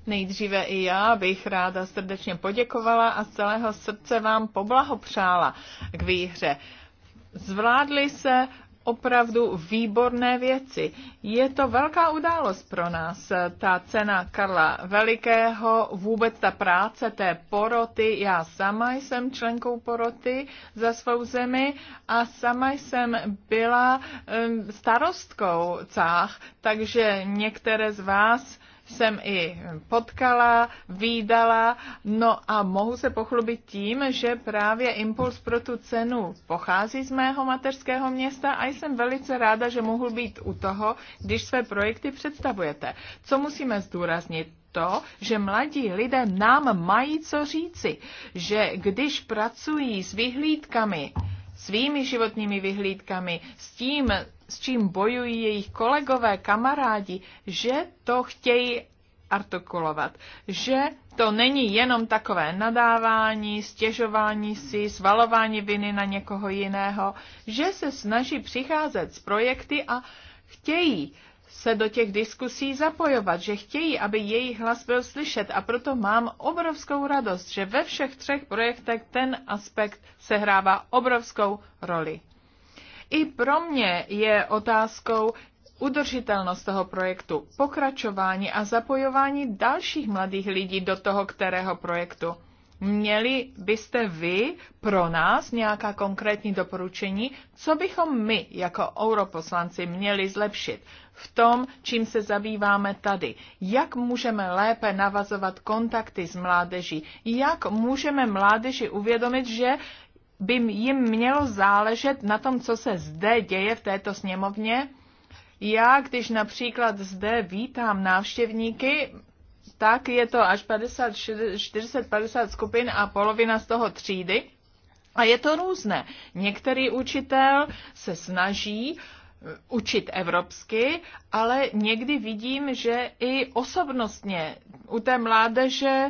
Nejdříve i já bych ráda srdečně poděkovala a z celého srdce vám poblahopřála k výhře. Zvládli se opravdu výborné věci. Je to velká událost pro nás, ta cena Karla Velikého, vůbec ta práce té poroty. Já sama jsem členkou poroty za svou zemi a sama jsem byla starostkou cách, takže některé z vás jsem i potkala, výdala, no a mohu se pochlubit tím, že právě impuls pro tu cenu pochází z mého mateřského města a jsem velice ráda, že mohu být u toho, když své projekty představujete. Co musíme zdůraznit? to, že mladí lidé nám mají co říci, že když pracují s vyhlídkami, svými životními vyhlídkami, s tím, s čím bojují jejich kolegové, kamarádi, že to chtějí artikulovat, že to není jenom takové nadávání, stěžování si, svalování viny na někoho jiného, že se snaží přicházet s projekty a chtějí se do těch diskusí zapojovat, že chtějí, aby jejich hlas byl slyšet a proto mám obrovskou radost, že ve všech třech projektech ten aspekt sehrává obrovskou roli. I pro mě je otázkou udržitelnost toho projektu, pokračování a zapojování dalších mladých lidí do toho kterého projektu. Měli byste vy pro nás nějaká konkrétní doporučení, co bychom my jako europoslanci měli zlepšit v tom, čím se zabýváme tady? Jak můžeme lépe navazovat kontakty s mládeží? Jak můžeme mládeži uvědomit, že by jim mělo záležet na tom, co se zde děje v této sněmovně? Já, když například zde vítám návštěvníky, tak je to až 50, 40-50 skupin a polovina z toho třídy. A je to různé. Některý učitel se snaží eh, učit evropsky, ale někdy vidím, že i osobnostně u té mládeže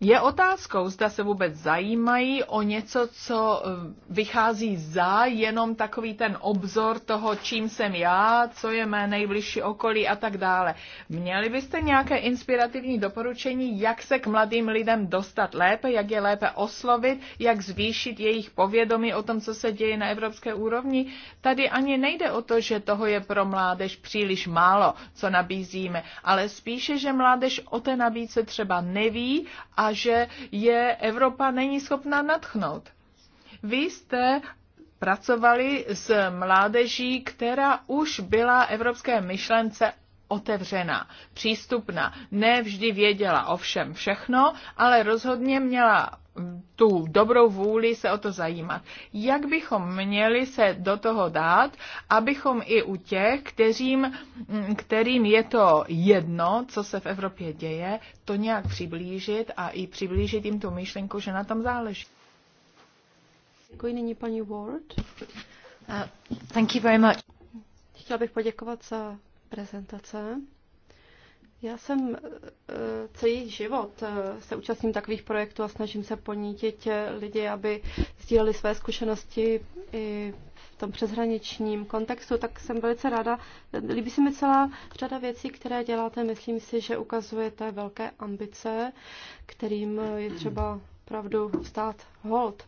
je otázkou, zda se vůbec zajímají o něco, co eh, vychází za jenom takový ten obzor toho, čím jsem já, co je mé nejbližší okolí a tak dále. Měli byste nějaké inspirativní doporučení, jak se k mladým lidem dostat lépe, jak je lépe oslovit, jak zvýšit jejich povědomí o tom, co se děje na evropské úrovni? Tady ani nejde o to, že toho je pro mládež příliš málo, co nabízíme, ale spíše, že mládež o té nabídce třeba neví a a že je Evropa není schopná nadchnout. Vy jste pracovali s mládeží, která už byla evropské myšlence otevřená, přístupná. Ne vždy věděla o všem všechno, ale rozhodně měla mm, tu dobrou vůli se o to zajímat. Jak bychom měli se do toho dát, abychom i u těch, kterým, mm, kterým je to jedno, co se v Evropě děje, to nějak přiblížit a i přiblížit jim tu myšlenku, že na tom záleží. Děkuji nyní paní Ward. Uh, thank you very much. Chtěla bych poděkovat za prezentace. Já jsem eh, celý život eh, se účastním takových projektů a snažím se ponítit eh, lidi, aby sdíleli své zkušenosti i v tom přeshraničním kontextu, tak jsem velice ráda. Líbí se mi celá řada věcí, které děláte. Myslím si, že ukazujete velké ambice, kterým je třeba pravdu stát hold.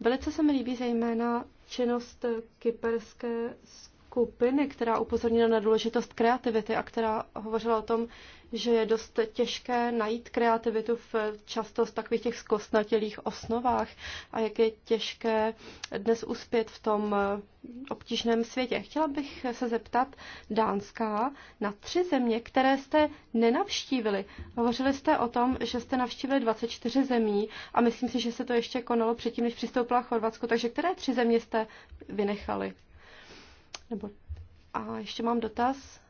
Velice se mi líbí zejména činnost kyperské skupiny skupiny, která upozornila na důležitost kreativity a která hovořila o tom, že je dost těžké najít kreativitu v často z takových těch zkostnatělých osnovách a jak je těžké dnes uspět v tom eh, obtížném světě. Chtěla bych se zeptat Dánská na tři země, které jste nenavštívili. Hovořili jste o tom, že jste navštívili 24 zemí a myslím si, že se to ještě konalo předtím, než přistoupila Chorvatsko. Takže které tři země jste vynechali? Nebo... A ještě mám dotaz.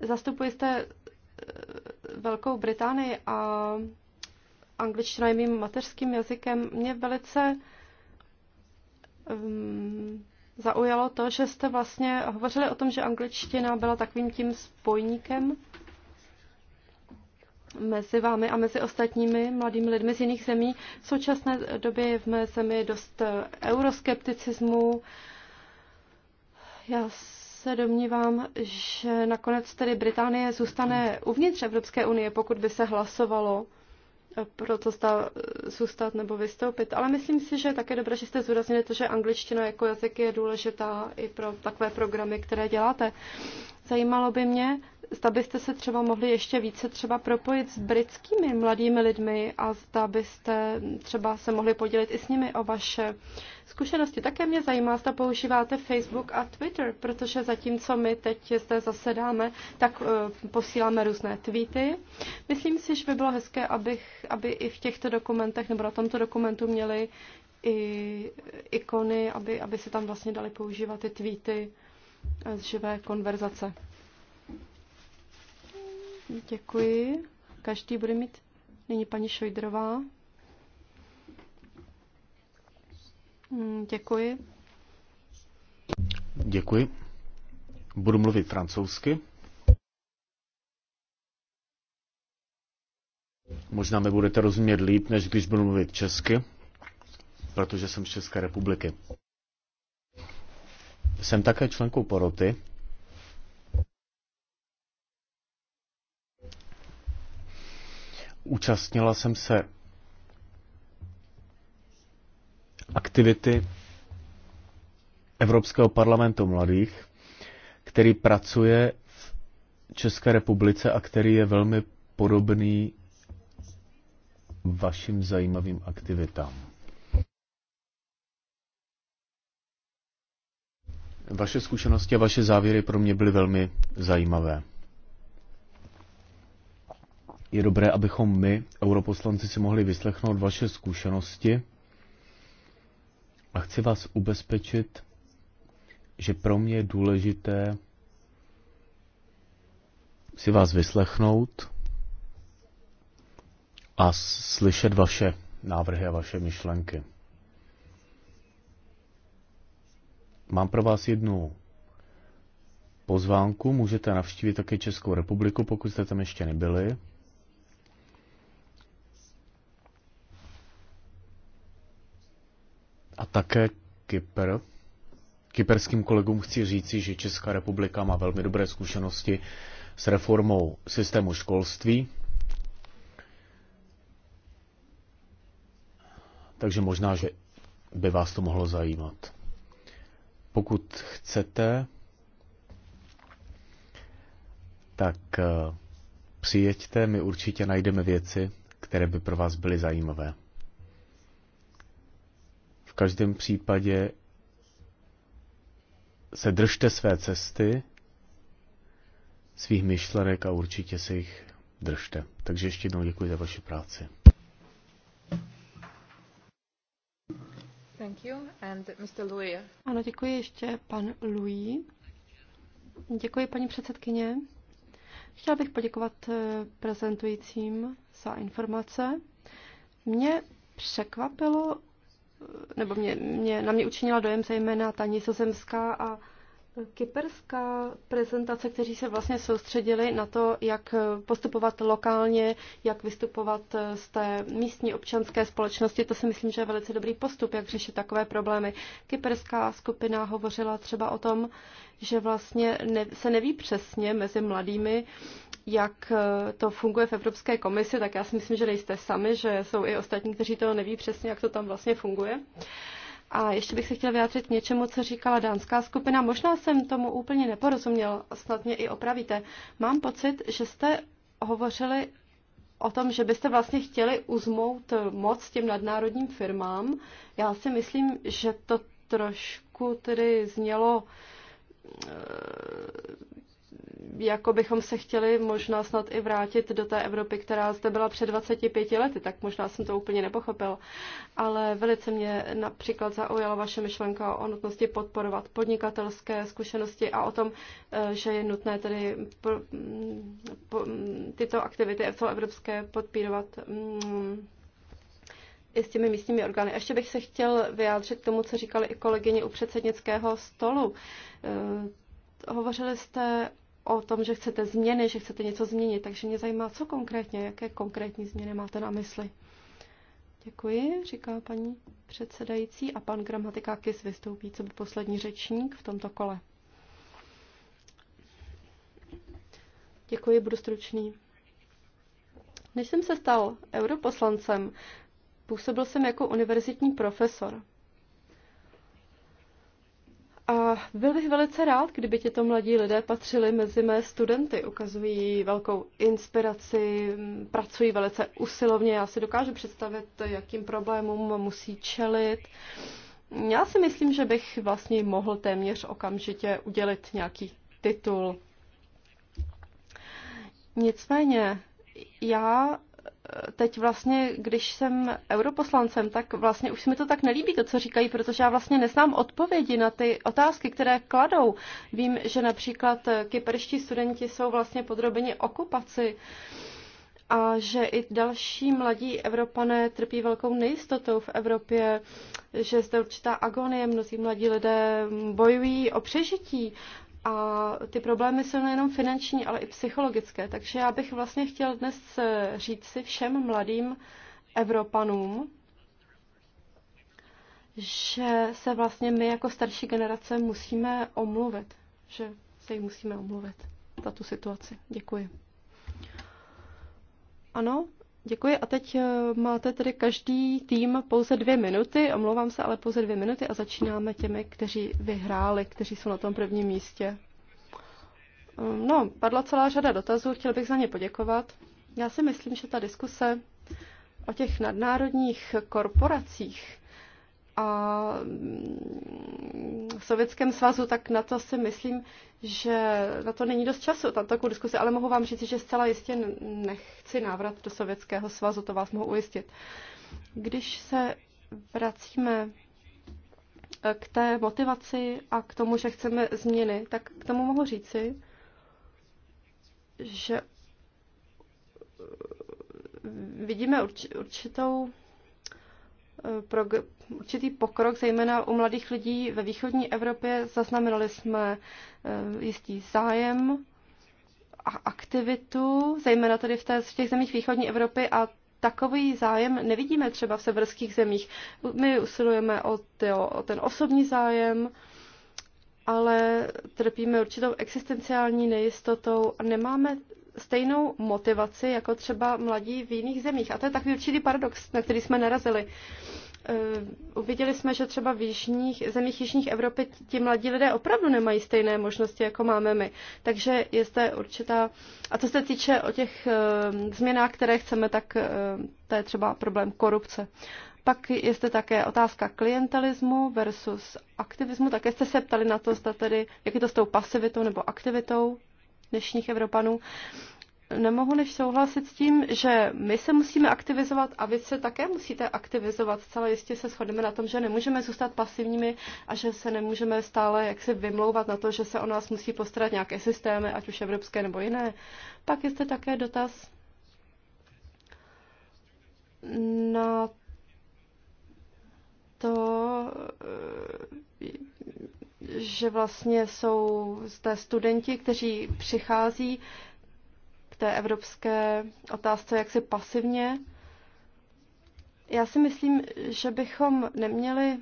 Zastupuji jste eh, Velkou Británii a angličtina je mým mateřským jazykem. Mě velice um, zaujalo to, že jste vlastně hovořili o tom, že angličtina byla takovým tím spojníkem mezi vámi a mezi ostatními mladými lidmi z jiných zemí. V současné době je v mé zemi dost euroskepticismu, já se domnívám, že nakonec tedy Británie zůstane uvnitř Evropské unie, pokud by se hlasovalo pro to zda zůstat nebo vystoupit. Ale myslím si, že je také dobré, že jste zúraznili to, že angličtina jako jazyk je důležitá i pro takové programy, které děláte. Zajímalo by mě, zda byste se třeba mohli ještě více třeba propojit s britskými mladými lidmi a zda byste třeba se mohli podělit i s nimi o vaše zkušenosti. Také mě zajímá, zda používáte Facebook a Twitter, protože zatímco my teď zde zasedáme, tak eh, posíláme různé tweety. Myslím si, že by bylo hezké, abych, aby i v těchto dokumentech nebo na tomto dokumentu měli i ikony, aby, aby se tam vlastně dali používat ty tweety z živé konverzace. Děkuji. Každý bude mít nyní paní Šojdrová. Hmm, děkuji. Děkuji. Budu mluvit francouzsky. Možná mi budete rozumět líp, než když budu mluvit česky, protože jsem z České republiky. Jsem také členkou poroty. Účastnila jsem se aktivity Evropského parlamentu mladých, který pracuje v České republice a který je velmi podobný vašim zajímavým aktivitám. Vaše zkušenosti a vaše závěry pro mě byly velmi zajímavé. Je dobré, abychom my, europoslanci, si mohli vyslechnout vaše zkušenosti a chci vás ubezpečit, že pro mě je důležité si vás vyslechnout a slyšet vaše návrhy a vaše myšlenky. Mám pro vás jednu pozvánku, můžete navštívit také Českou republiku, pokud jste tam ještě nebyli. A také Kypr. Kyperským kolegům chci říci, že Česká republika má velmi dobré zkušenosti s reformou systému školství. Takže možná, že by vás to mohlo zajímat. Pokud chcete, tak eh, přijeďte, my určitě najdeme věci, které by pro vás byly zajímavé. V každém případě se držte své cesty, svých myšlenek a určitě se jich držte. Takže ještě jednou děkuji za vaši práci. Thank you. And Mr. Louis. Ano, děkuji ještě pan Louis. Děkuji, paní předsedkyně. Chtěla bych poděkovat eh, prezentujícím za informace. Mě překvapilo, eh, nebo mě, mě, na mě učinila dojem zejména ta nizozemská a Kyperská prezentace, kteří se vlastně soustředili na to, jak postupovat lokálně, jak vystupovat z té místní občanské společnosti, to si myslím, že je velice dobrý postup, jak řešit takové problémy. Kyperská skupina hovořila třeba o tom, že vlastně ne, se neví přesně mezi mladými, jak to funguje v Evropské komisi, tak já si myslím, že nejste sami, že jsou i ostatní, kteří to neví přesně, jak to tam vlastně funguje. Uh, a ještě bych se chtěl vyjádřit k něčemu, co říkala dánská skupina. Možná jsem tomu úplně neporozuměl, snad mě i opravíte. Mám pocit, že jste hovořili o tom, že byste vlastně chtěli uzmout moc těm nadnárodním firmám. Já si myslím, že to trošku tedy znělo eh, jako bychom se chtěli možná snad i vrátit do té Evropy, která zde byla před 25 lety, tak možná jsem to úplně nepochopil. Ale velice mě například zaujala vaše myšlenka o nutnosti podporovat podnikatelské zkušenosti a o tom, eh, že je nutné tedy mm, mm, tyto aktivity celoevropské podpírovat mm, i s těmi místními orgány. Ještě bych se chtěl vyjádřit k tomu, co říkali i kolegyně u předsednického stolu. Eh, hovořili jste o tom, že chcete změny, že chcete něco změnit, takže mě zajímá, co konkrétně, jaké konkrétní změny máte na mysli. Děkuji, říká paní předsedající a pan Kis vystoupí, co by poslední řečník v tomto kole. Děkuji, budu stručný. Než jsem se stal europoslancem, působil jsem jako univerzitní profesor. A byl bych velice rád, kdyby těto mladí lidé patřili mezi mé studenty. Ukazují velkou inspiraci, pracují velice usilovně. Já si dokážu představit, jakým problémům musí čelit. Já si myslím, že bych vlastně mohl téměř okamžitě udělit nějaký titul. Nicméně, já teď vlastně, když jsem europoslancem, tak vlastně už se mi to tak nelíbí, to, co říkají, protože já vlastně neznám odpovědi na ty otázky, které kladou. Vím, že například kyperští studenti jsou vlastně podrobeni okupaci a že i další mladí Evropané trpí velkou nejistotou v Evropě, že zde určitá agonie, mnozí mladí lidé bojují o přežití. A ty problémy jsou nejenom finanční, ale i psychologické. Takže já bych vlastně chtěl dnes eh, říct si všem mladým Evropanům, že se vlastně my jako starší generace musíme omluvit, že se jich musíme omluvit za tu situaci. Děkuji. Ano, Děkuji a teď eh, máte tedy každý tým pouze dvě minuty, omlouvám se, ale pouze dvě minuty a začínáme těmi, kteří vyhráli, kteří jsou na tom prvním místě. Ehm, no, padla celá řada dotazů, chtěl bych za ně poděkovat. Já si myslím, že ta diskuse o těch nadnárodních korporacích a v mm, Sovětském svazu, tak na to si myslím, že na to není dost času, na takovou diskusi, ale mohu vám říct, že zcela jistě nechci návrat do Sovětského svazu, to vás mohu ujistit. Když se vracíme e, k té motivaci a k tomu, že chceme změny, tak k tomu mohu říci, že e, vidíme určitou Eh, pro určitý pokrok, zejména u mladých lidí ve východní Evropě. Zaznamenali jsme eh, jistý zájem a aktivitu, zejména tedy v, té, v těch zemích východní Evropy a takový zájem nevidíme třeba v severských zemích. My usilujeme o, ty, o ten osobní zájem, ale trpíme určitou existenciální nejistotou a nemáme stejnou motivaci jako třeba mladí v jiných zemích. A to je takový určitý paradox, na který jsme narazili. Eh, uviděli jsme, že třeba v jižních, zemích jižních Evropy ti mladí lidé opravdu nemají stejné možnosti, jako máme my. Takže je zde určitá... A co se týče o těch eh, změnách, které chceme, tak eh, to je třeba problém korupce. Pak je zde také otázka klientelismu versus aktivismu. Také jste se ptali na to, zda tedy, jak je to s tou pasivitou nebo aktivitou dnešních Evropanů. Nemohu než souhlasit s tím, že my se musíme aktivizovat a vy se také musíte aktivizovat. Celé jistě se shodneme na tom, že nemůžeme zůstat pasivními a že se nemůžeme stále jaksi vymlouvat na to, že se o nás musí postarat nějaké systémy, ať už evropské nebo jiné. Pak je zde také dotaz na to, že vlastně jsou zde studenti, kteří přichází k té evropské otázce jaksi pasivně. Já si myslím, že bychom neměli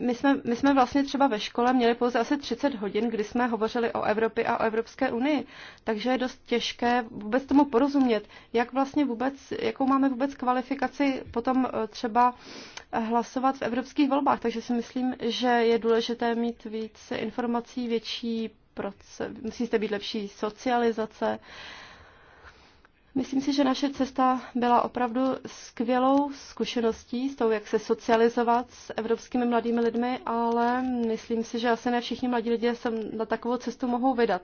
my jsme, my jsme vlastně třeba ve škole měli pouze asi 30 hodin, kdy jsme hovořili o Evropě a o Evropské unii, takže je dost těžké vůbec tomu porozumět, jak vlastně vůbec, jakou máme vůbec kvalifikaci potom eh, třeba eh, hlasovat v evropských volbách, takže si myslím, že je důležité mít více informací, větší proces, musíte být lepší socializace, uh, Myslím si, že naše cesta byla opravdu skvělou zkušeností s tou, jak se socializovat s evropskými mladými lidmi, ale myslím si, že asi ne všichni mladí lidé se na takovou cestu mohou vydat.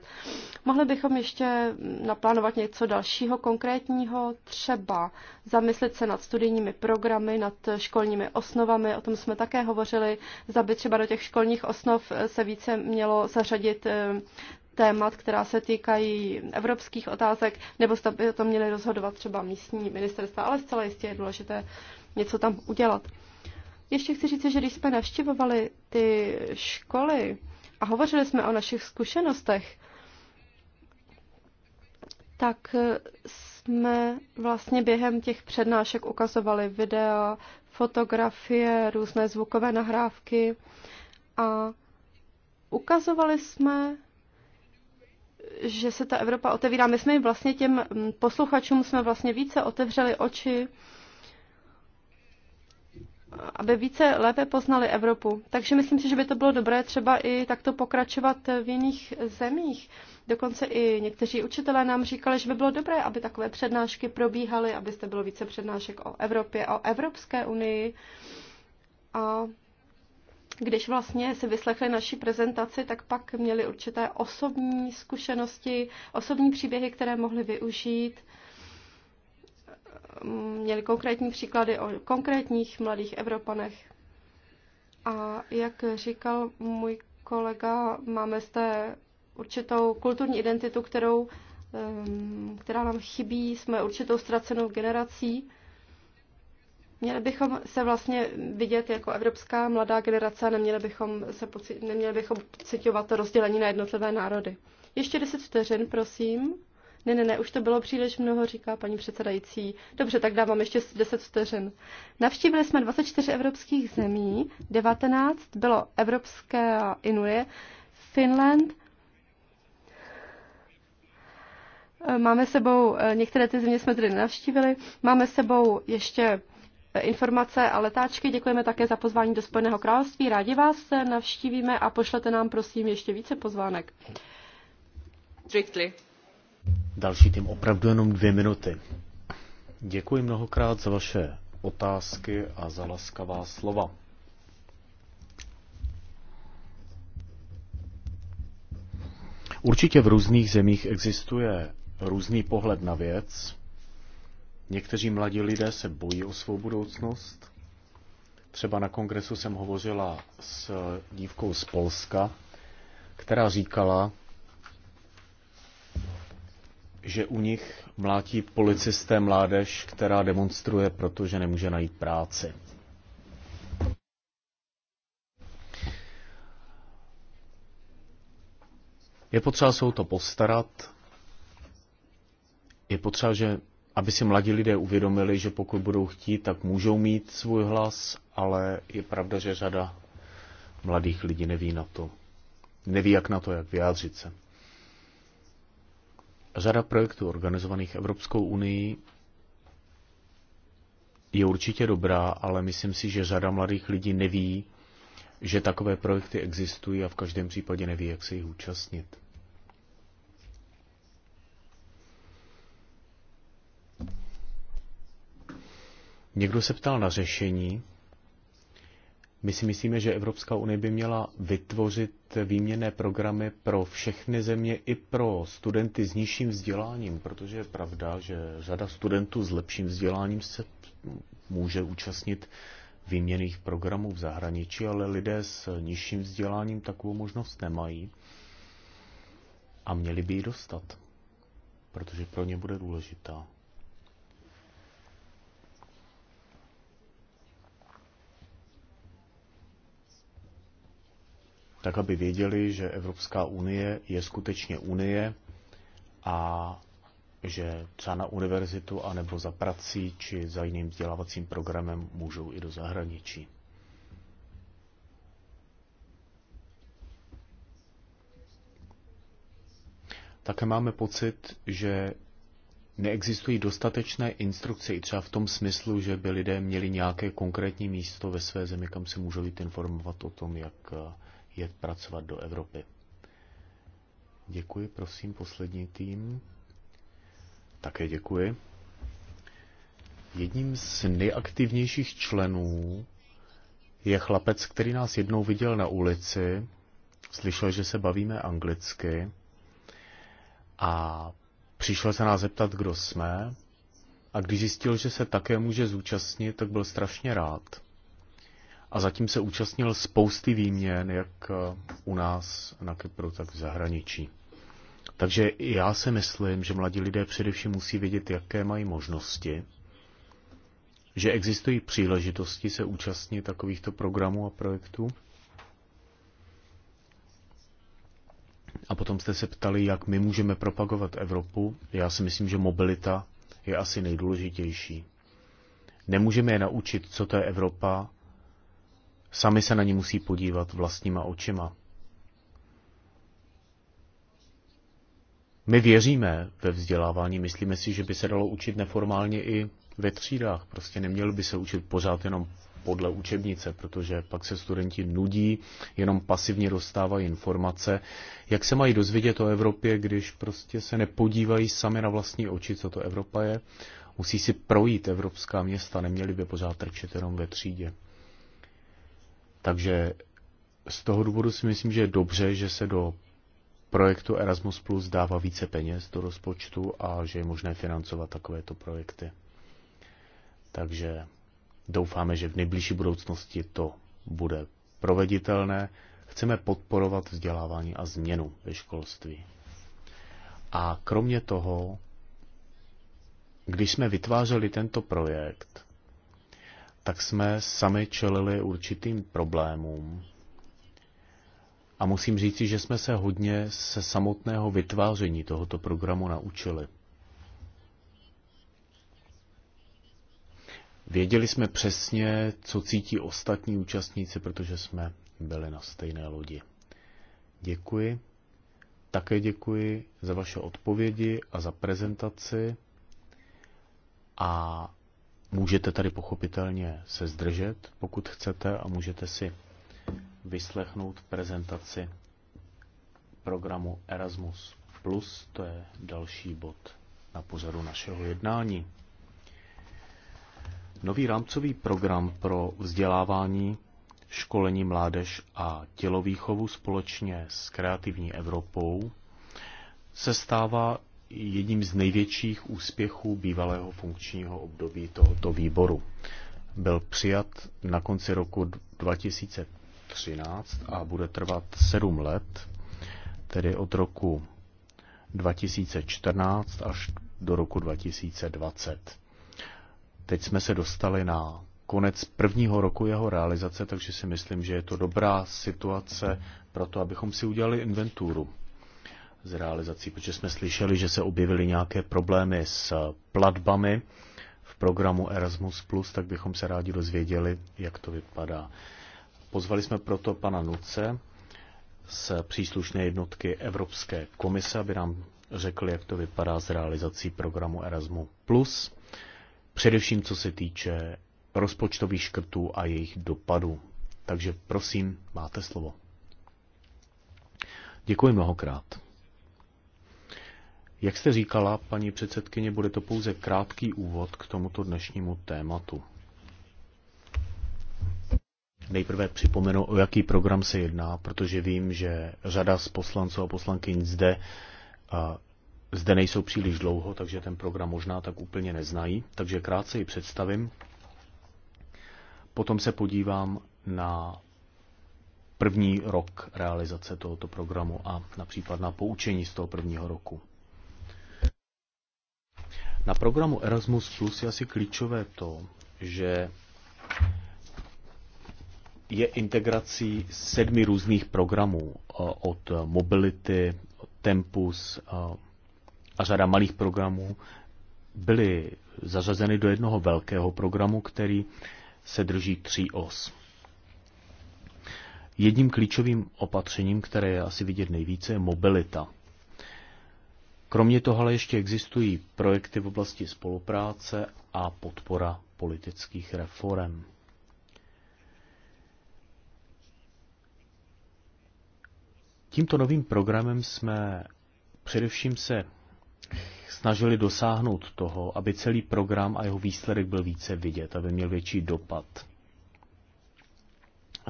Mohli bychom ještě naplánovat něco dalšího konkrétního, třeba zamyslet se nad studijními programy, nad školními osnovami, o tom jsme také hovořili, zda by třeba do těch školních osnov se více mělo zařadit eh, témat, která se týkají evropských otázek, nebo jste by to měly rozhodovat třeba místní ministerstva, ale zcela jistě je důležité něco tam udělat. Ještě chci říct, že když jsme navštěvovali ty školy a hovořili jsme o našich zkušenostech, tak jsme vlastně během těch přednášek ukazovali videa, fotografie, různé zvukové nahrávky a ukazovali jsme že se ta Evropa otevírá. My jsme jim vlastně těm mm, posluchačům jsme vlastně více otevřeli oči, aby více lépe poznali Evropu. Takže myslím si, že by to bylo dobré třeba i takto pokračovat v jiných zemích. Dokonce i někteří učitelé nám říkali, že by bylo dobré, aby takové přednášky probíhaly, abyste bylo více přednášek o Evropě, o Evropské unii. A když vlastně si vyslechli naši prezentaci, tak pak měli určité osobní zkušenosti, osobní příběhy, které mohli využít. Měli konkrétní příklady o konkrétních mladých Evropanech. A jak říkal můj kolega, máme zde určitou kulturní identitu, kterou, která nám chybí, jsme určitou ztracenou generací. Měli bychom se vlastně vidět jako evropská mladá generace a neměli bychom, se poci- neměli bychom pocitovat to rozdělení na jednotlivé národy. Ještě 10 vteřin, prosím. Ne, ne, ne, už to bylo příliš mnoho, říká paní předsedající. Dobře, tak dávám ještě 10 vteřin. Navštívili jsme 24 evropských zemí, 19 bylo evropské Inuje, Finland, Máme sebou, eh, některé ty země jsme tedy navštívili, máme sebou ještě informace a letáčky. Děkujeme také za pozvání do Spojeného království. Rádi vás navštívíme a pošlete nám prosím ještě více pozvánek. Strictly. Další tým opravdu jenom dvě minuty. Děkuji mnohokrát za vaše otázky a za laskavá slova. Určitě v různých zemích existuje různý pohled na věc, Někteří mladí lidé se bojí o svou budoucnost. Třeba na kongresu jsem hovořila s dívkou z Polska, která říkala, že u nich mlátí policisté mládež, která demonstruje, protože nemůže najít práci. Je potřeba se o to postarat. Je potřeba, že aby si mladí lidé uvědomili, že pokud budou chtít, tak můžou mít svůj hlas, ale je pravda, že řada mladých lidí neví na to. Neví, jak na to, jak vyjádřit se. Řada projektů organizovaných Evropskou unii je určitě dobrá, ale myslím si, že řada mladých lidí neví, že takové projekty existují a v každém případě neví, jak se jich účastnit. Někdo se ptal na řešení. My si myslíme, že Evropská unie by měla vytvořit výměné programy pro všechny země i pro studenty s nižším vzděláním, protože je pravda, že řada studentů s lepším vzděláním se může účastnit výměných programů v zahraničí, ale lidé s nižším vzděláním takovou možnost nemají a měli by ji dostat, protože pro ně bude důležitá. tak aby věděli, že Evropská unie je skutečně unie a že třeba na univerzitu anebo za prací či za jiným vzdělávacím programem můžou i do zahraničí. Také máme pocit, že neexistují dostatečné instrukce i třeba v tom smyslu, že by lidé měli nějaké konkrétní místo ve své zemi, kam se můžou jít informovat o tom, jak jet pracovat do Evropy. Děkuji, prosím, poslední tým. Také děkuji. Jedním z nejaktivnějších členů je chlapec, který nás jednou viděl na ulici, slyšel, že se bavíme anglicky a přišel se nás zeptat, kdo jsme. A když zjistil, že se také může zúčastnit, tak byl strašně rád a zatím se účastnil spousty výměn, jak eh, u nás na Kypru, tak v zahraničí. Takže já si myslím, že mladí lidé především musí vědět, jaké mají možnosti, že existují příležitosti se účastnit takovýchto programů a projektů. A potom jste se ptali, jak my můžeme propagovat Evropu. Já si myslím, že mobilita je asi nejdůležitější. Nemůžeme je naučit, co to je Evropa, sami se na ní musí podívat vlastníma očima. My věříme ve vzdělávání, myslíme si, že by se dalo učit neformálně i ve třídách. Prostě neměl by se učit pořád jenom podle učebnice, protože pak se studenti nudí, jenom pasivně dostávají informace. Jak se mají dozvědět o Evropě, když prostě se nepodívají sami na vlastní oči, co to Evropa je? Musí si projít evropská města, neměli by pořád trčet jenom ve třídě. Takže z toho důvodu si myslím, že je dobře, že se do projektu Erasmus Plus dává více peněz do rozpočtu a že je možné financovat takovéto projekty. Takže doufáme, že v nejbližší budoucnosti to bude proveditelné. Chceme podporovat vzdělávání a změnu ve školství. A kromě toho, když jsme vytvářeli tento projekt, tak jsme sami čelili určitým problémům. A musím říci, že jsme se hodně se samotného vytváření tohoto programu naučili. Věděli jsme přesně, co cítí ostatní účastníci, protože jsme byli na stejné lodi. Děkuji. Také děkuji za vaše odpovědi a za prezentaci. A Můžete tady pochopitelně se zdržet, pokud chcete, a můžete si vyslechnout prezentaci programu Erasmus+, Plus, to je další bod na pozoru našeho jednání. Nový rámcový program pro vzdělávání, školení mládež a tělovýchovu společně s Kreativní Evropou se stává jedním z největších úspěchů bývalého funkčního období tohoto výboru. Byl přijat na konci roku 2013 a bude trvat 7 let, tedy od roku 2014 až do roku 2020. Teď jsme se dostali na konec prvního roku jeho realizace, takže si myslím, že je to dobrá situace pro to, abychom si udělali inventuru s realizací, protože jsme slyšeli, že se objevily nějaké problémy s platbami v programu Erasmus+, tak bychom se rádi dozvěděli, jak to vypadá. Pozvali jsme proto pana Nuce z příslušné jednotky Evropské komise, aby nám řekl, jak to vypadá s realizací programu Erasmus+, především co se týče rozpočtových škrtů a jejich dopadů. Takže prosím, máte slovo. Děkuji mnohokrát. Jak jste říkala, paní předsedkyně, bude to pouze krátký úvod k tomuto dnešnímu tématu. Nejprve připomenu, o jaký program se jedná, protože vím, že řada z poslanců a poslankyň zde, a zde nejsou příliš dlouho, takže ten program možná tak úplně neznají, takže krátce ji představím. Potom se podívám na první rok realizace tohoto programu a například na poučení z toho prvního roku. Na programu Erasmus Plus je asi klíčové to, že je integrací sedmi různých programů eh, od mobility, tempus eh, a řada malých programů byly zařazeny do jednoho velkého programu, který se drží tří os. Jedním klíčovým opatřením, které je asi vidět nejvíce, je mobilita. Kromě toho ale ještě existují projekty v oblasti spolupráce a podpora politických reform. Tímto novým programem jsme především se snažili dosáhnout toho, aby celý program a jeho výsledek byl více vidět, aby měl větší dopad.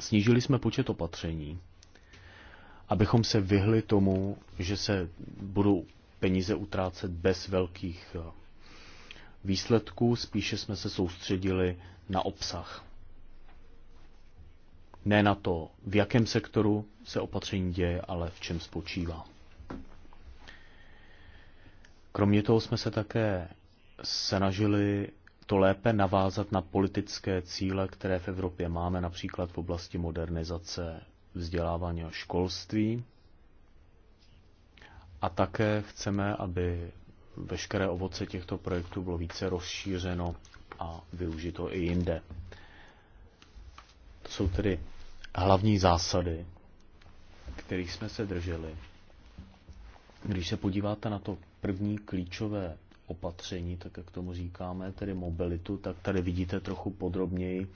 Snížili jsme počet opatření, abychom se vyhli tomu, že se budou peníze utrácet bez velkých eh, výsledků, spíše jsme se soustředili na obsah. Ne na to, v jakém sektoru se opatření děje, ale v čem spočívá. Kromě toho jsme se také snažili to lépe navázat na politické cíle, které v Evropě máme, například v oblasti modernizace vzdělávání a školství. A také chceme, aby veškeré ovoce těchto projektů bylo více rozšířeno a využito i jinde. To jsou tedy hlavní zásady, kterých jsme se drželi. Když se podíváte na to první klíčové opatření, tak jak tomu říkáme, tedy mobilitu, tak tady vidíte trochu podrobněji,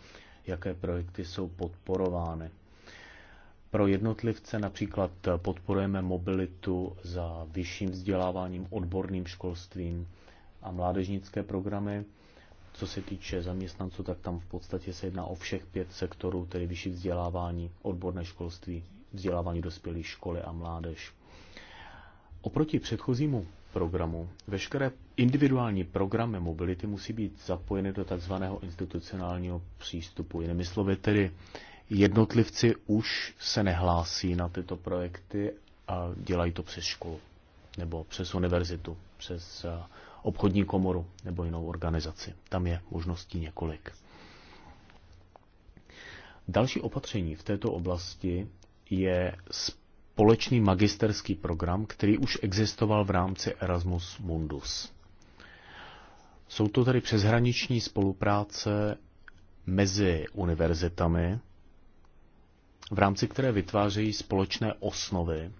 jaké projekty jsou podporovány. Pro jednotlivce například podporujeme mobilitu za vyšším vzděláváním, odborným školstvím a mládežnické programy. Co se týče zaměstnanců, tak tam v podstatě se jedná o všech pět sektorů, tedy vyšší vzdělávání, odborné školství, vzdělávání dospělých, školy a mládež. Oproti předchozímu programu, veškeré individuální programy mobility musí být zapojeny do tzv. institucionálního přístupu. Jinými slovy tedy jednotlivci už se nehlásí na tyto projekty a dělají to přes školu nebo přes univerzitu, přes eh, obchodní komoru nebo jinou organizaci. Tam je možností několik. Další opatření v této oblasti je společný magisterský program, který už existoval v rámci Erasmus Mundus. Jsou to tedy přeshraniční spolupráce mezi univerzitami, v rámci které vytvářejí společné osnovy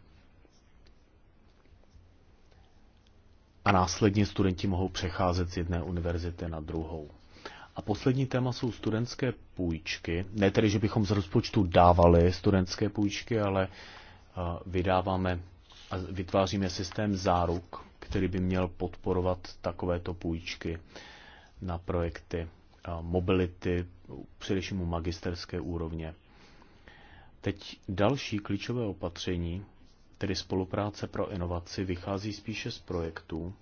a následně studenti mohou přecházet z jedné univerzity na druhou. A poslední téma jsou studentské půjčky. Ne tedy, že bychom z rozpočtu dávali studentské půjčky, ale vydáváme a vytváříme systém záruk, který by měl podporovat takovéto půjčky na projekty mobility, především u magisterské úrovně. Teď další klíčové opatření, tedy spolupráce pro inovaci, vychází spíše z projektů.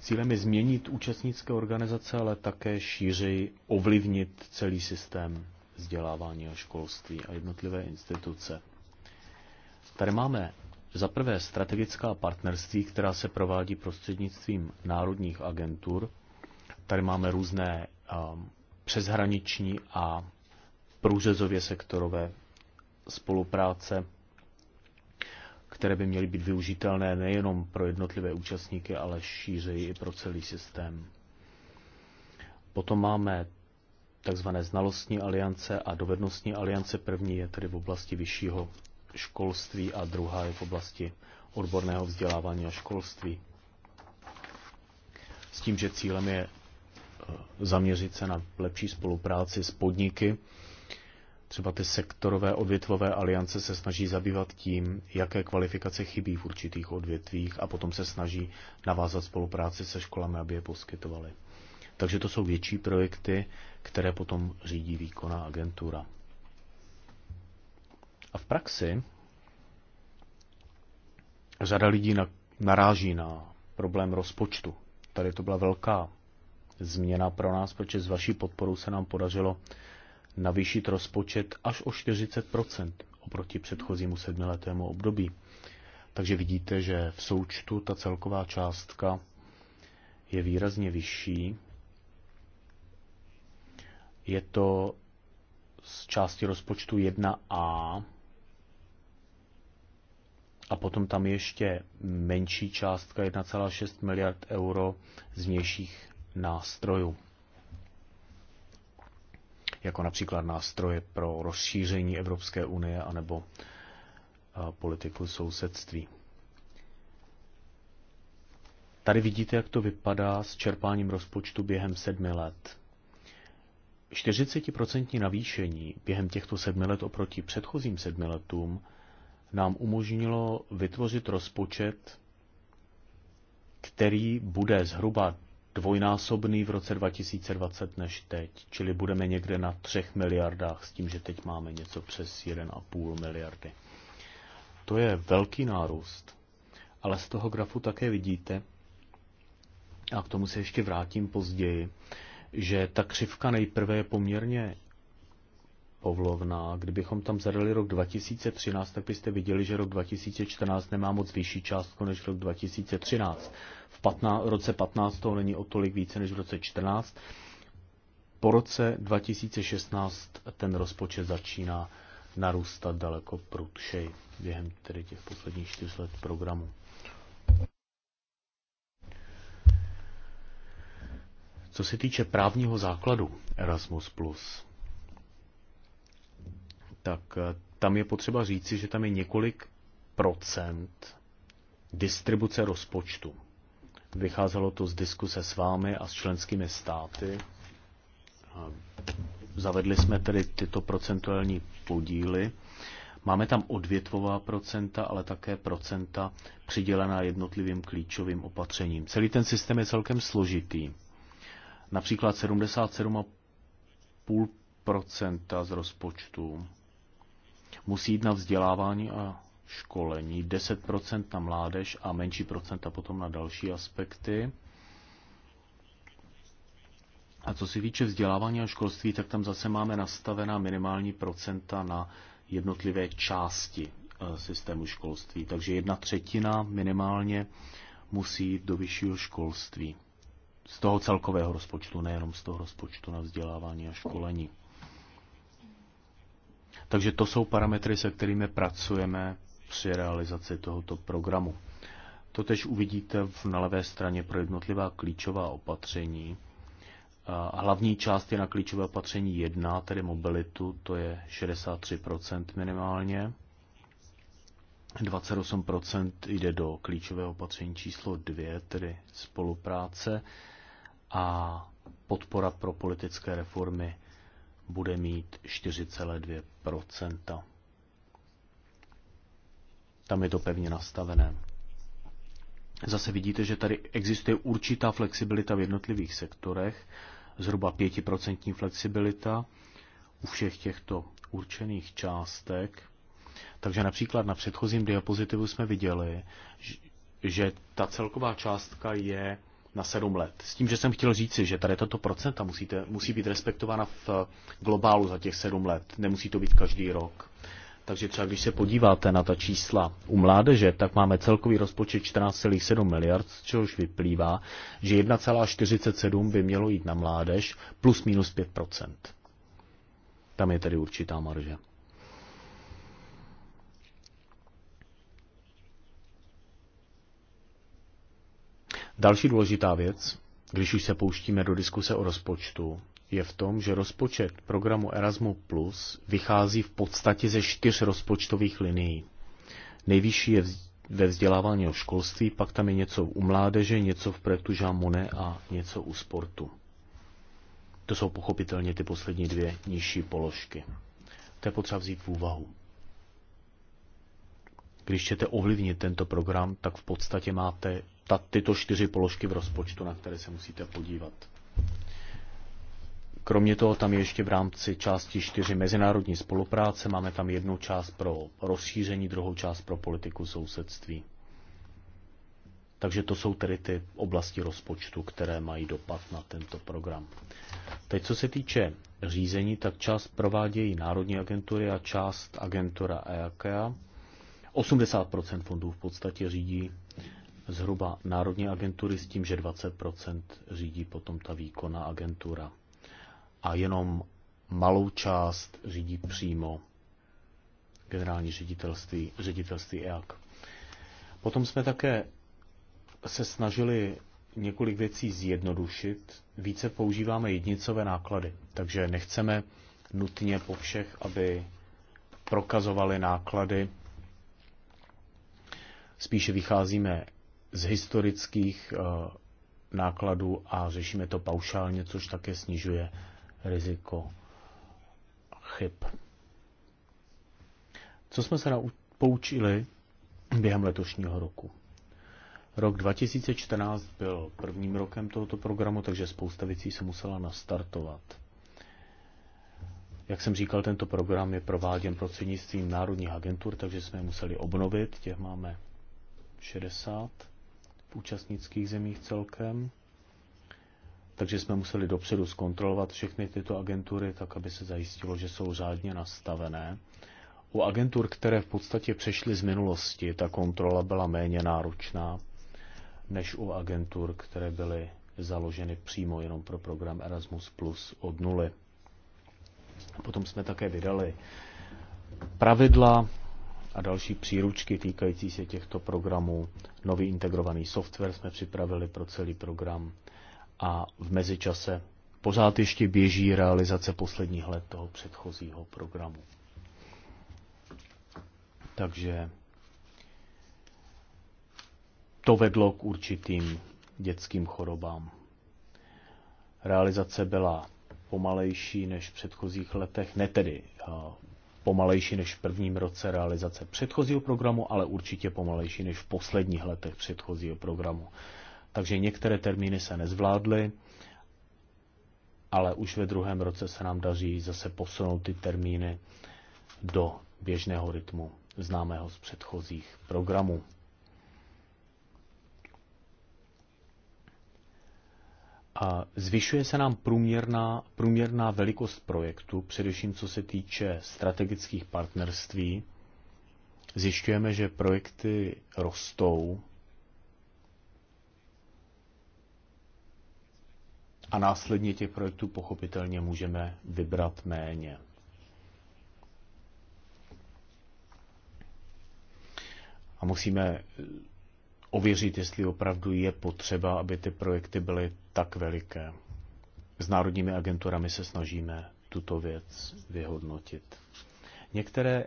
Cílem je změnit účastnické organizace, ale také šířej ovlivnit celý systém vzdělávání a školství a jednotlivé instituce. Tady máme za prvé strategická partnerství, která se provádí prostřednictvím národních agentur. Tady máme různé um, přeshraniční a průřezově sektorové spolupráce, které by měly být využitelné nejenom pro jednotlivé účastníky, ale šířeji i pro celý systém. Potom máme takzvané znalostní aliance a dovednostní aliance. První je tedy v oblasti vyššího školství a druhá je v oblasti odborného vzdělávání a školství. S tím, že cílem je eh, zaměřit se na lepší spolupráci s podniky Třeba ty sektorové odvětvové aliance se snaží zabývat tím, jaké kvalifikace chybí v určitých odvětvích a potom se snaží navázat spolupráci se školami, aby je poskytovali. Takže to jsou větší projekty, které potom řídí výkonná agentura. A v praxi řada lidí na, naráží na problém rozpočtu. Tady to byla velká změna pro nás, protože s vaší podporou se nám podařilo navýšit rozpočet až o 40 oproti předchozímu sedmiletému období. Takže vidíte, že v součtu ta celková částka je výrazně vyšší. Je to z části rozpočtu 1a a potom tam ještě menší částka 1,6 miliard euro z vnějších nástrojů jako například nástroje pro rozšíření Evropské unie anebo eh, politiku sousedství. Tady vidíte, jak to vypadá s čerpáním rozpočtu během sedmi let. 40% navýšení během těchto sedmi let oproti předchozím sedmi letům nám umožnilo vytvořit rozpočet, který bude zhruba dvojnásobný v roce 2020 než teď, čili budeme někde na třech miliardách s tím, že teď máme něco přes 1,5 miliardy. To je velký nárůst, ale z toho grafu také vidíte, a k tomu se ještě vrátím později, že ta křivka nejprve je poměrně Pavlovna, Kdybychom tam zadali rok 2013, tak byste viděli, že rok 2014 nemá moc vyšší částku než rok 2013. V patna, roce 15 to není o tolik více než v roce 14. Po roce 2016 ten rozpočet začíná narůstat daleko prudšej během tedy těch posledních čtyř let programu. Co se týče právního základu Erasmus+, tak eh, tam je potřeba říci, že tam je několik procent distribuce rozpočtu. Vycházelo to z diskuse s vámi a s členskými státy. Zavedli jsme tedy tyto procentuální podíly. Máme tam odvětvová procenta, ale také procenta přidělená jednotlivým klíčovým opatřením. Celý ten systém je celkem složitý. Například 77,5% z rozpočtu musí jít na vzdělávání a školení, 10% na mládež a menší procenta potom na další aspekty. A co se týče vzdělávání a školství, tak tam zase máme nastavená minimální procenta na jednotlivé části eh, systému školství. Takže jedna třetina minimálně musí jít do vyššího školství. Z toho celkového rozpočtu, nejenom z toho rozpočtu na vzdělávání a školení. Takže to jsou parametry, se kterými pracujeme při realizaci tohoto programu. To tež uvidíte v na levé straně pro jednotlivá klíčová opatření. Hlavní část je na klíčové opatření 1, tedy mobilitu, to je 63% minimálně. 28% jde do klíčového opatření číslo 2, tedy spolupráce a podpora pro politické reformy bude mít 4,2%. Tam je to pevně nastavené. Zase vidíte, že tady existuje určitá flexibilita v jednotlivých sektorech, zhruba 5% flexibilita u všech těchto určených částek. Takže například na předchozím diapozitivu jsme viděli, že ta celková částka je na sedm let. S tím, že jsem chtěl říci, že tady tato procenta musíte, musí být respektována v globálu za těch sedm let. Nemusí to být každý rok. Takže třeba když se podíváte na ta čísla u mládeže, tak máme celkový rozpočet 14,7 miliard, z čehož vyplývá, že 1,47 by mělo jít na mládež plus minus 5 Tam je tedy určitá marže. Další důležitá věc, když už se pouštíme do diskuse o rozpočtu, je v tom, že rozpočet programu Erasmus Plus vychází v podstatě ze čtyř rozpočtových linií. Nejvyšší je ve vzdělávání o školství, pak tam je něco u mládeže, něco v projektu Jean Monnet a něco u sportu. To jsou pochopitelně ty poslední dvě nižší položky. To je potřeba vzít v úvahu. Když chcete ovlivnit tento program, tak v podstatě máte ta, tyto čtyři položky v rozpočtu, na které se musíte podívat. Kromě toho tam je ještě v rámci části čtyři mezinárodní spolupráce, máme tam jednu část pro rozšíření, druhou část pro politiku sousedství. Takže to jsou tedy ty oblasti rozpočtu, které mají dopad na tento program. Teď co se týče řízení, tak část provádějí národní agentury a část agentura EAKA. 80% fondů v podstatě řídí zhruba národní agentury s tím, že 20% řídí potom ta výkonná agentura. A jenom malou část řídí přímo generální ředitelství, ředitelství EAC. Potom jsme také se snažili několik věcí zjednodušit. Více používáme jednicové náklady, takže nechceme nutně po všech, aby prokazovali náklady Spíše vycházíme z historických eh, nákladů a řešíme to paušálně, což také snižuje riziko chyb. Co jsme se poučili během letošního roku? Rok 2014 byl prvním rokem tohoto programu, takže spousta věcí se musela nastartovat. Jak jsem říkal, tento program je prováděn prostřednictvím národních agentur, takže jsme je museli obnovit. Těch máme 60 v účastnických zemích celkem. Takže jsme museli dopředu zkontrolovat všechny tyto agentury, tak aby se zajistilo, že jsou řádně nastavené. U agentur, které v podstatě přešly z minulosti, ta kontrola byla méně náročná než u agentur, které byly založeny přímo jenom pro program Erasmus Plus od nuly. Potom jsme také vydali pravidla a další příručky týkající se těchto programů. Nový integrovaný software jsme připravili pro celý program a v mezičase pořád ještě běží realizace posledních let toho předchozího programu. Takže to vedlo k určitým dětským chorobám. Realizace byla pomalejší než v předchozích letech, ne tedy eh, pomalejší než v prvním roce realizace předchozího programu, ale určitě pomalejší než v posledních letech předchozího programu. Takže některé termíny se nezvládly, ale už ve druhém roce se nám daří zase posunout ty termíny do běžného rytmu známého z předchozích programů. A zvyšuje se nám průměrná, průměrná velikost projektu, především co se týče strategických partnerství. Zjišťujeme, že projekty rostou a následně těch projektů pochopitelně můžeme vybrat méně. A musíme ověřit, jestli opravdu je potřeba, aby ty projekty byly tak veliké. S národními agenturami se snažíme tuto věc vyhodnotit. Některé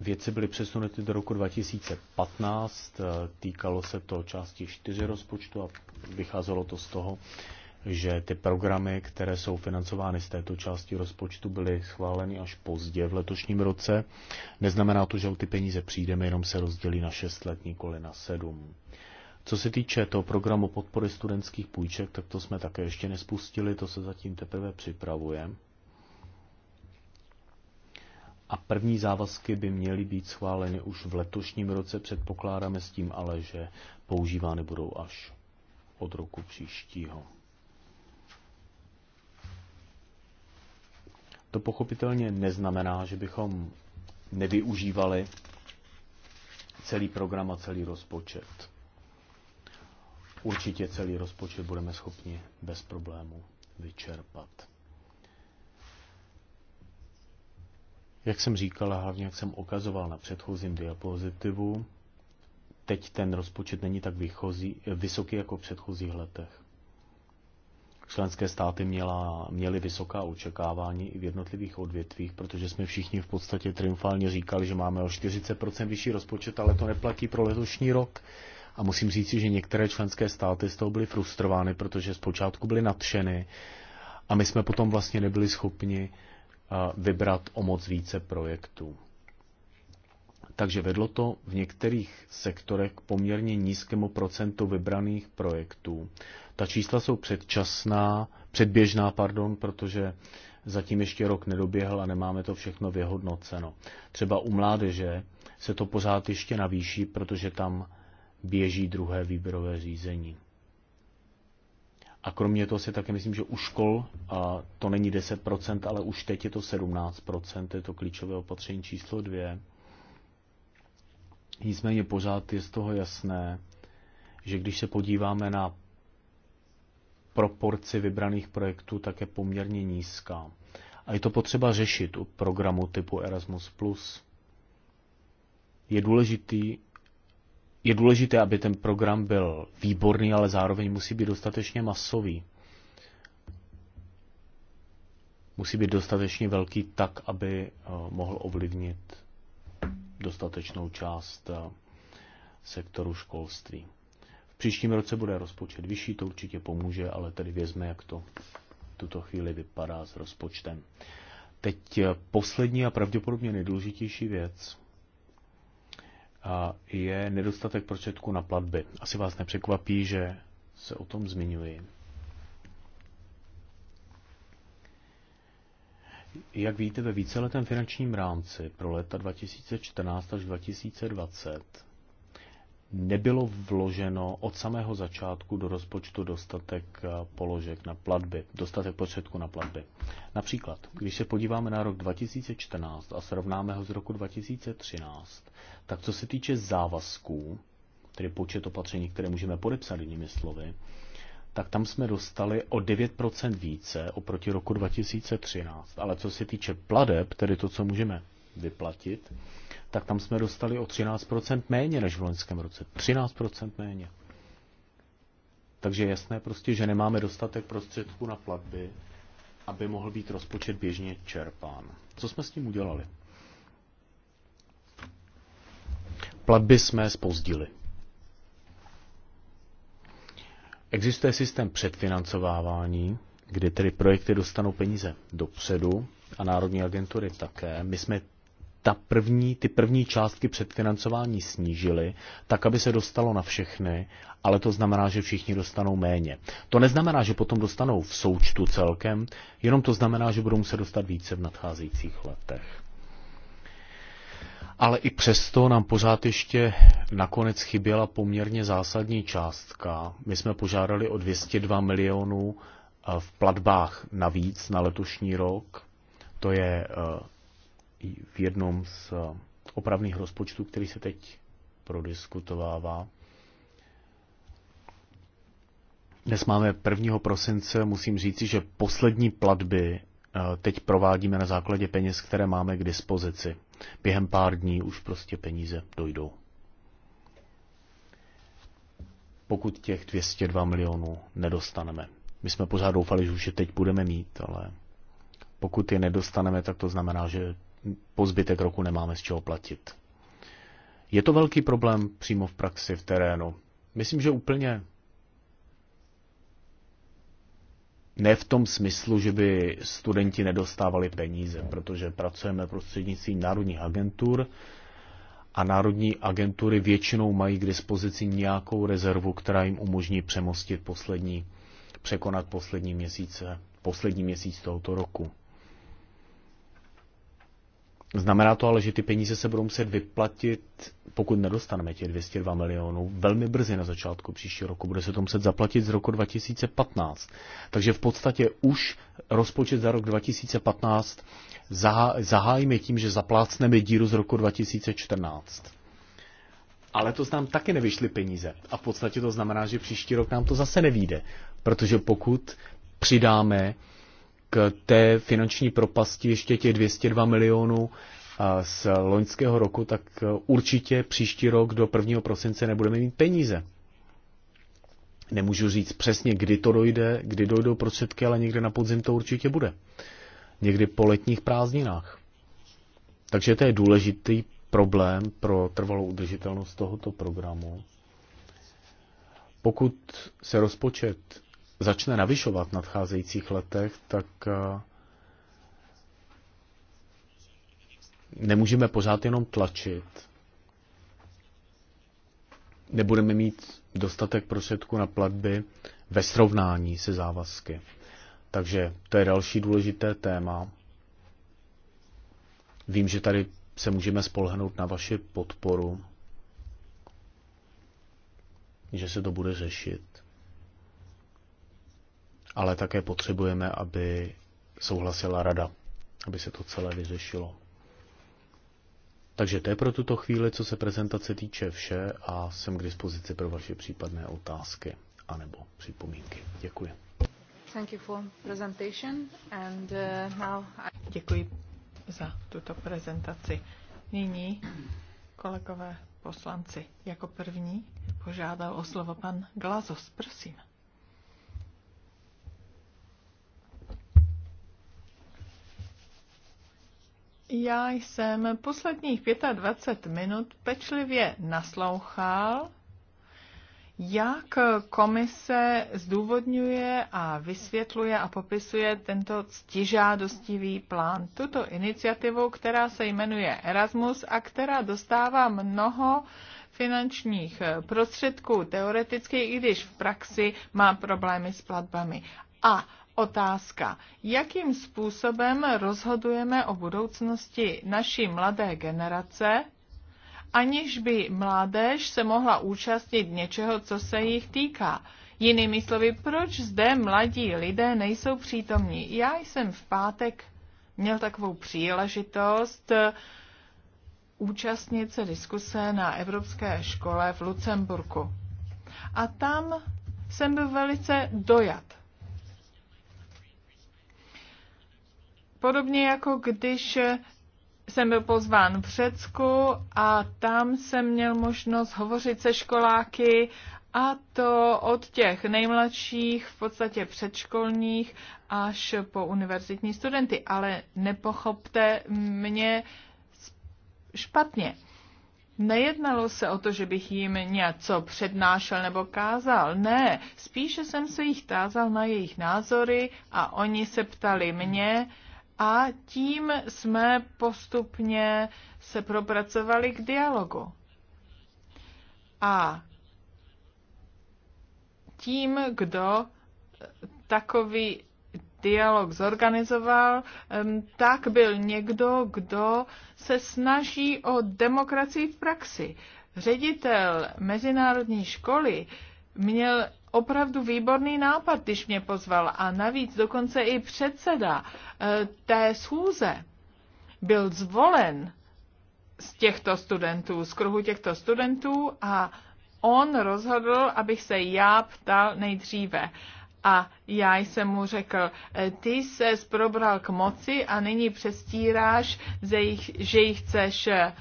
věci byly přesunuty do roku 2015, e, týkalo se to části 4 rozpočtu a vycházelo to z toho, že ty programy, které jsou financovány z této části rozpočtu, byly schváleny až pozdě v letošním roce. Neznamená to, že o ty peníze přijdeme, jenom se rozdělí na 6 let, nikoli na 7. Co se týče toho programu podpory studentských půjček, tak to jsme také ještě nespustili, to se zatím teprve připravuje. A první závazky by měly být schváleny už v letošním roce, předpokládáme s tím ale, že používány budou až od roku příštího. To pochopitelně neznamená, že bychom nevyužívali celý program a celý rozpočet. Určitě celý rozpočet budeme schopni bez problému vyčerpat. Jak jsem říkal a hlavně jak jsem ukazoval na předchozím diapozitivu, teď ten rozpočet není tak vychozí, vysoký jako v předchozích letech členské státy měla, měly vysoká očekávání i v jednotlivých odvětvích, protože jsme všichni v podstatě triumfálně říkali, že máme o 40% vyšší rozpočet, ale to neplatí pro letošní rok. A musím říct, že některé členské státy z toho byly frustrovány, protože zpočátku byly nadšeny a my jsme potom vlastně nebyli schopni eh, vybrat o moc více projektů. Takže vedlo to v některých sektorech k poměrně nízkému procentu vybraných projektů, ta čísla jsou předčasná, předběžná, pardon, protože zatím ještě rok nedoběhl a nemáme to všechno vyhodnoceno. Třeba u mládeže se to pořád ještě navýší, protože tam běží druhé výběrové řízení. A kromě toho si také myslím, že u škol a to není 10%, ale už teď je to 17%, to je to klíčové opatření číslo 2. Nicméně pořád je z toho jasné, že když se podíváme na proporci vybraných projektů také poměrně nízká. A je to potřeba řešit u programu typu Erasmus+. Je, důležitý, je důležité, aby ten program byl výborný, ale zároveň musí být dostatečně masový. Musí být dostatečně velký tak, aby eh, mohl ovlivnit dostatečnou část eh, sektoru školství příštím roce bude rozpočet vyšší, to určitě pomůže, ale tady vězme, jak to tuto chvíli vypadá s rozpočtem. Teď eh, poslední a pravděpodobně nejdůležitější věc je nedostatek prostředků na platby. Asi vás nepřekvapí, že se o tom zmiňuji. Jak víte, ve víceletém finančním rámci pro léta 2014 až 2020 nebylo vloženo od samého začátku do rozpočtu dostatek eh, položek na platby, dostatek prostředků na platby. Například, když se podíváme na rok 2014 a srovnáme ho s roku 2013, tak co se týče závazků, tedy počet opatření, které můžeme podepsat jinými slovy, tak tam jsme dostali o 9% více oproti roku 2013. Ale co se týče pladeb, tedy to, co můžeme vyplatit, tak tam jsme dostali o 13% méně než v loňském roce. 13% méně. Takže je jasné prostě, že nemáme dostatek prostředků na platby, aby mohl být rozpočet běžně čerpán. Co jsme s tím udělali? Platby jsme spozdili. Existuje systém předfinancovávání, kdy tedy projekty dostanou peníze dopředu a národní agentury také. My jsme ta první, ty první částky předfinancování snížily, tak aby se dostalo na všechny, ale to znamená, že všichni dostanou méně. To neznamená, že potom dostanou v součtu celkem, jenom to znamená, že budou muset dostat více v nadcházejících letech. Ale i přesto nám pořád ještě nakonec chyběla poměrně zásadní částka. My jsme požádali o 202 milionů eh, v platbách navíc na letošní rok. To je eh, i v jednom z eh, opravných rozpočtů, který se teď prodiskutovává. Dnes máme 1. prosince, musím říci, že poslední platby eh, teď provádíme na základě peněz, které máme k dispozici. Během pár dní už prostě peníze dojdou. Pokud těch 202 milionů nedostaneme. My jsme pořád doufali, že už je teď budeme mít, ale pokud je nedostaneme, tak to znamená, že po zbytek roku nemáme z čeho platit. Je to velký problém přímo v praxi, v terénu. Myslím, že úplně ne v tom smyslu, že by studenti nedostávali peníze, protože pracujeme prostřednictvím národních agentur a národní agentury většinou mají k dispozici nějakou rezervu, která jim umožní přemostit poslední, překonat poslední měsíce, poslední měsíc tohoto roku. Znamená to ale, že ty peníze se budou muset vyplatit, pokud nedostaneme těch 202 milionů, velmi brzy na začátku příštího roku. Bude se to muset zaplatit z roku 2015. Takže v podstatě už rozpočet za rok 2015 zahájíme tím, že zaplácneme díru z roku 2014. Ale to nám taky nevyšly peníze. A v podstatě to znamená, že příští rok nám to zase nevíde. Protože pokud přidáme k té finanční propasti ještě těch 202 milionů z loňského roku, tak určitě příští rok do 1. prosince nebudeme mít peníze. Nemůžu říct přesně, kdy to dojde, kdy dojdou prostředky, ale někde na podzim to určitě bude. Někdy po letních prázdninách. Takže to je důležitý problém pro trvalou udržitelnost tohoto programu. Pokud se rozpočet začne navyšovat v nadcházejících letech, tak eh, nemůžeme pořád jenom tlačit. Nebudeme mít dostatek prostředků na platby ve srovnání se závazky. Takže to je další důležité téma. Vím, že tady se můžeme spolhnout na vaši podporu, že se to bude řešit ale také potřebujeme, aby souhlasila rada, aby se to celé vyřešilo. Takže to je pro tuto chvíli, co se prezentace týče vše a jsem k dispozici pro vaše případné otázky anebo připomínky. Děkuji. Thank you for presentation and, uh, now I... Děkuji za tuto prezentaci. Nyní kolegové poslanci. Jako první požádal o slovo pan Glazos. Prosím. Já jsem posledních 25 minut pečlivě naslouchal, jak komise zdůvodňuje a vysvětluje a popisuje tento ctižádostivý plán, tuto iniciativu, která se jmenuje Erasmus a která dostává mnoho finančních prostředků teoreticky, i když v praxi má problémy s platbami. A otázka, jakým způsobem rozhodujeme o budoucnosti naší mladé generace, aniž by mládež se mohla účastnit něčeho, co se jich týká. Jinými slovy, proč zde mladí lidé nejsou přítomní? Já jsem v pátek měl takovou příležitost eh, účastnit se diskuse na Evropské škole v Lucemburku. A tam jsem byl velice dojat Podobně jako když jsem byl pozván v Řecku a tam jsem měl možnost hovořit se školáky a to od těch nejmladších, v podstatě předškolních, až po univerzitní studenty. Ale nepochopte mě špatně. Nejednalo se o to, že bych jim něco přednášel nebo kázal. Ne, spíše jsem se jich tázal na jejich názory a oni se ptali mě, a tím jsme postupně se propracovali k dialogu. A tím, kdo takový dialog zorganizoval, tak byl někdo, kdo se snaží o demokracii v praxi. Ředitel mezinárodní školy měl opravdu výborný nápad, když mě pozval. A navíc dokonce i předseda eh, té schůze byl zvolen z těchto studentů, z kruhu těchto studentů a on rozhodl, abych se já ptal nejdříve. A já jsem mu řekl, eh, ty se probral k moci a nyní přestíráš, že jich, že jich chceš eh,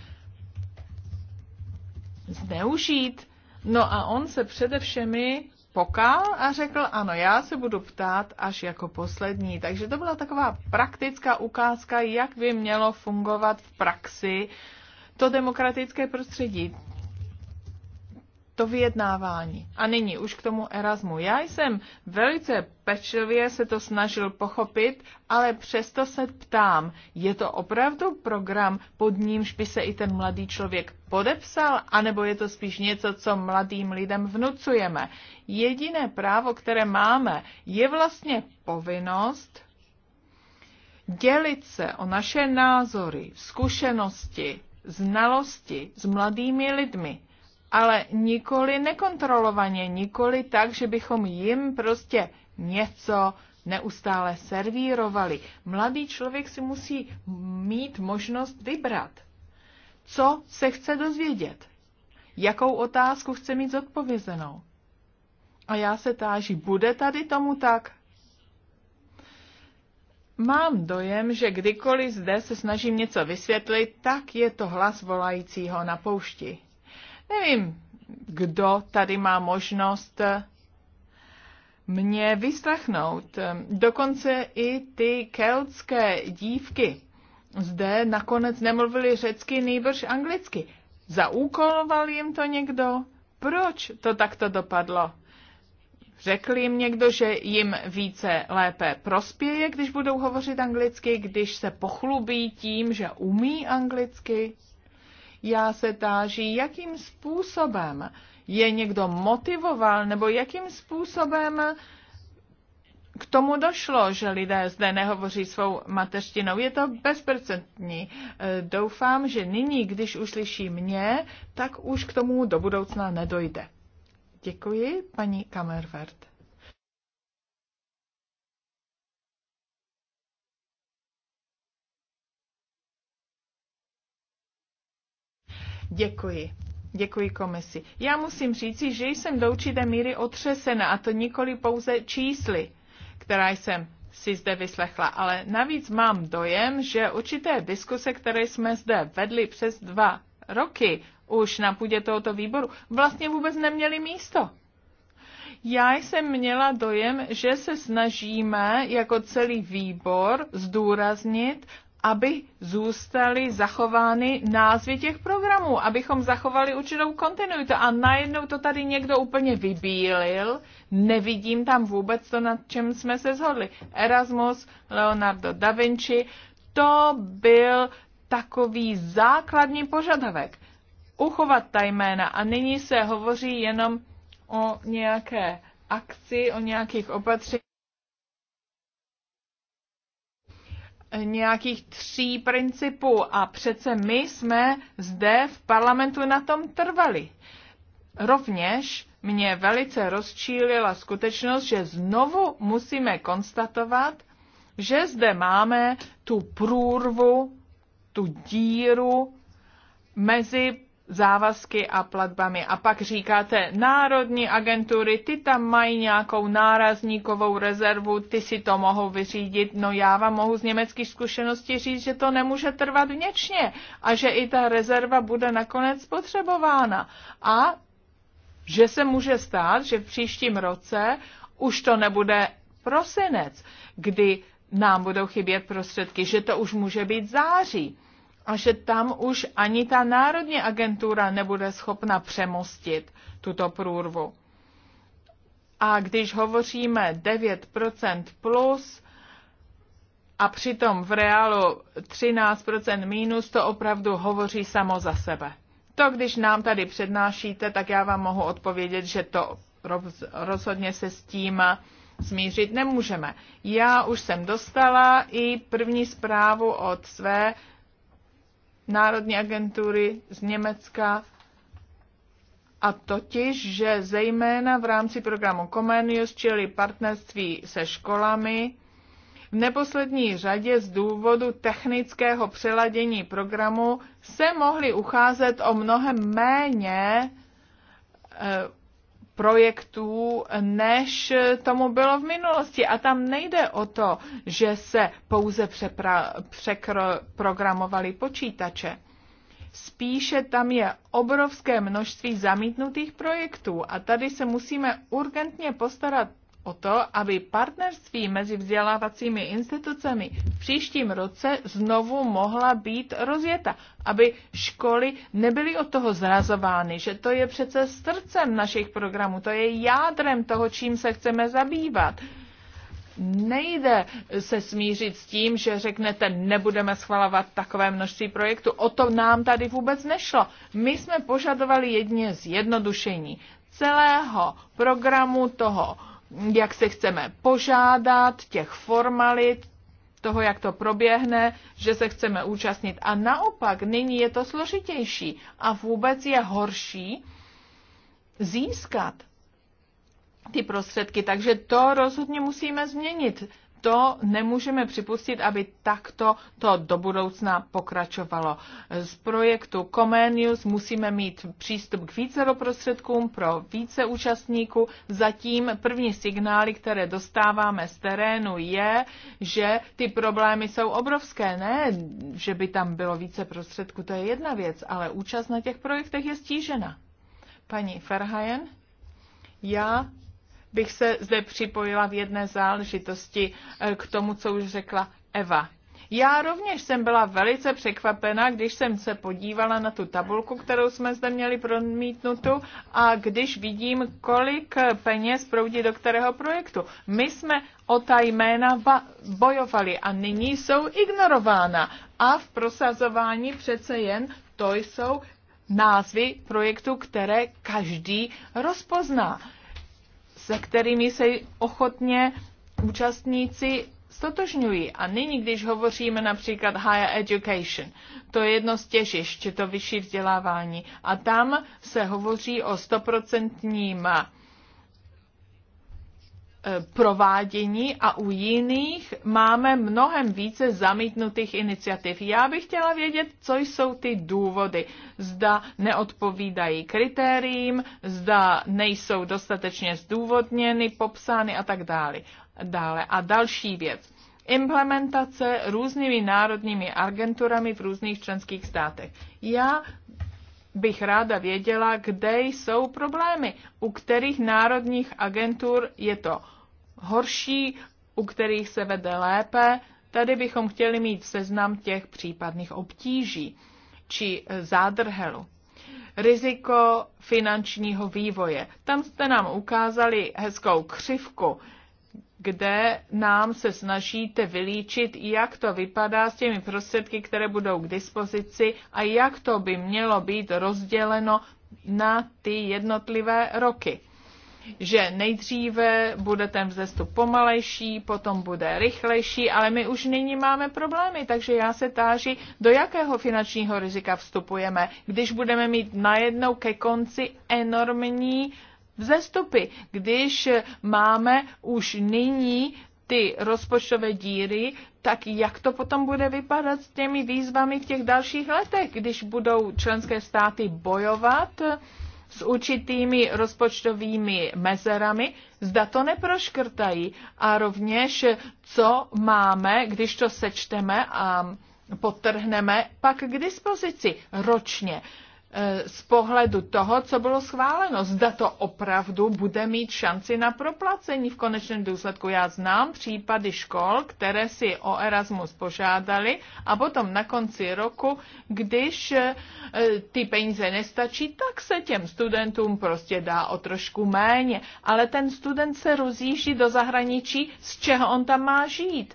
zneužít. No a on se především Pokal a řekl, ano, já se budu ptát až jako poslední. Takže to byla taková praktická ukázka, jak by mělo fungovat v praxi to demokratické prostředí to vyjednávání. A nyní už k tomu Erasmu. Já jsem velice pečlivě se to snažil pochopit, ale přesto se ptám, je to opravdu program, pod nímž by se i ten mladý člověk podepsal, anebo je to spíš něco, co mladým lidem vnucujeme? Jediné právo, které máme, je vlastně povinnost dělit se o naše názory, zkušenosti, znalosti s mladými lidmi ale nikoli nekontrolovaně, nikoli tak, že bychom jim prostě něco neustále servírovali. Mladý člověk si musí mít možnost vybrat, co se chce dozvědět, jakou otázku chce mít zodpovězenou. A já se táží, bude tady tomu tak? Mám dojem, že kdykoliv zde se snažím něco vysvětlit, tak je to hlas volajícího na poušti. Nevím, kdo tady má možnost eh, mě vyslechnout. Ehm, dokonce i ty keltské dívky zde nakonec nemluvili řecky, nejbrž anglicky. Zaúkoloval jim to někdo? Proč to takto dopadlo? Řekl jim někdo, že jim více lépe prospěje, když budou hovořit anglicky, když se pochlubí tím, že umí anglicky? Já se táží, jakým způsobem je někdo motivoval, nebo jakým způsobem k tomu došlo, že lidé zde nehovoří svou mateřštinou. Je to bezprecentní. E, doufám, že nyní, když uslyší mě, tak už k tomu do budoucna nedojde. Děkuji, paní Kamervert. Děkuji. Děkuji komisi. Já musím říci, že jsem do určité míry otřesena, a to nikoli pouze čísly, která jsem si zde vyslechla, ale navíc mám dojem, že určité diskuse, které jsme zde vedli přes dva roky už na půdě tohoto výboru, vlastně vůbec neměly místo. Já jsem měla dojem, že se snažíme jako celý výbor zdůraznit aby zůstaly zachovány názvy těch programů, abychom zachovali určitou kontinuitu. A najednou to tady někdo úplně vybílil, nevidím tam vůbec to, na čem jsme se zhodli. Erasmus, Leonardo da Vinci, to byl takový základní požadavek. Uchovat ta jména a nyní se hovoří jenom o nějaké akci, o nějakých opatřeních. nějakých tří principů a přece my jsme zde v parlamentu na tom trvali. Rovněž mě velice rozčílila skutečnost, že znovu musíme konstatovat, že zde máme tu průrvu, tu díru mezi závazky a platbami. A pak říkáte, národní agentury, ty tam mají nějakou nárazníkovou rezervu, ty si to mohou vyřídit. No já vám mohu z německých zkušeností říct, že to nemůže trvat věčně a že i ta rezerva bude nakonec potřebována. A že se může stát, že v příštím roce už to nebude prosinec, kdy nám budou chybět prostředky, že to už může být září a že tam už ani ta národní agentura nebude schopna přemostit tuto průrvu. A když hovoříme 9% plus a přitom v reálu 13% minus, to opravdu hovoří samo za sebe. To, když nám tady přednášíte, tak já vám mohu odpovědět, že to rozhodně se s tím smířit nemůžeme. Já už jsem dostala i první zprávu od své národní agentury z Německa, a totiž, že zejména v rámci programu Comenius, čili partnerství se školami, v neposlední řadě z důvodu technického přeladění programu se mohli ucházet o mnohem méně eh, projektů, než tomu bylo v minulosti. A tam nejde o to, že se pouze přeprogramovaly počítače. Spíše tam je obrovské množství zamítnutých projektů a tady se musíme urgentně postarat o to, aby partnerství mezi vzdělávacími institucemi v příštím roce znovu mohla být rozjeta, aby školy nebyly od toho zrazovány, že to je přece srdcem našich programů, to je jádrem toho, čím se chceme zabývat nejde se smířit s tím, že řeknete, nebudeme schvalovat takové množství projektů. O to nám tady vůbec nešlo. My jsme požadovali jedně zjednodušení celého programu toho jak se chceme požádat, těch formalit, toho, jak to proběhne, že se chceme účastnit. A naopak, nyní je to složitější a vůbec je horší získat ty prostředky. Takže to rozhodně musíme změnit to nemůžeme připustit, aby takto to do budoucna pokračovalo. Z projektu Comenius musíme mít přístup k více prostředkům pro více účastníků. Zatím první signály, které dostáváme z terénu, je, že ty problémy jsou obrovské. Ne, že by tam bylo více prostředků, to je jedna věc, ale účast na těch projektech je stížena. Paní Ferhajen, já bych se zde připojila v jedné záležitosti eh, k tomu, co už řekla Eva. Já rovněž jsem byla velice překvapena, když jsem se podívala na tu tabulku, kterou jsme zde měli promítnutu a když vidím, kolik peněz proudí do kterého projektu. My jsme o ta jména bojovali a nyní jsou ignorována. A v prosazování přece jen to jsou názvy projektů, které každý rozpozná se kterými se ochotně účastníci stotožňují. A nyní, když hovoříme například higher education, to je jedno z těžišť, to vyšší vzdělávání. A tam se hovoří o stoprocentním Eh, provádění a u jiných máme mnohem více zamítnutých iniciativ. Já bych chtěla vědět, co jsou ty důvody. Zda neodpovídají kritériím, zda nejsou dostatečně zdůvodněny, popsány a tak dále. dále. A další věc. Implementace různými národními agenturami v různých členských státech. Já bych ráda věděla, kde jsou problémy, u kterých národních agentur je to horší, u kterých se vede lépe. Tady bychom chtěli mít seznam těch případných obtíží či e, zádrhelu riziko finančního vývoje. Tam jste nám ukázali hezkou křivku, kde nám se snažíte vylíčit, jak to vypadá s těmi prostředky, které budou k dispozici a jak to by mělo být rozděleno na ty jednotlivé roky že nejdříve bude ten vzestup pomalejší, potom bude rychlejší, ale my už nyní máme problémy, takže já se táži, do jakého finančního rizika vstupujeme, když budeme mít najednou ke konci enormní vzestupy, když máme už nyní ty rozpočtové díry, tak jak to potom bude vypadat s těmi výzvami v těch dalších letech, když budou členské státy bojovat? s určitými rozpočtovými mezerami, zda to neproškrtají a rovněž co máme, když to sečteme a potrhneme, pak k dispozici ročně. Eh, z pohledu toho, co bylo schváleno. Zda to opravdu bude mít šanci na proplacení v konečném důsledku. Já znám případy škol, které si o Erasmus požádali a potom na konci roku, když eh, ty peníze nestačí, tak se těm studentům prostě dá o trošku méně. Ale ten student se rozjíždí do zahraničí, z čeho on tam má žít.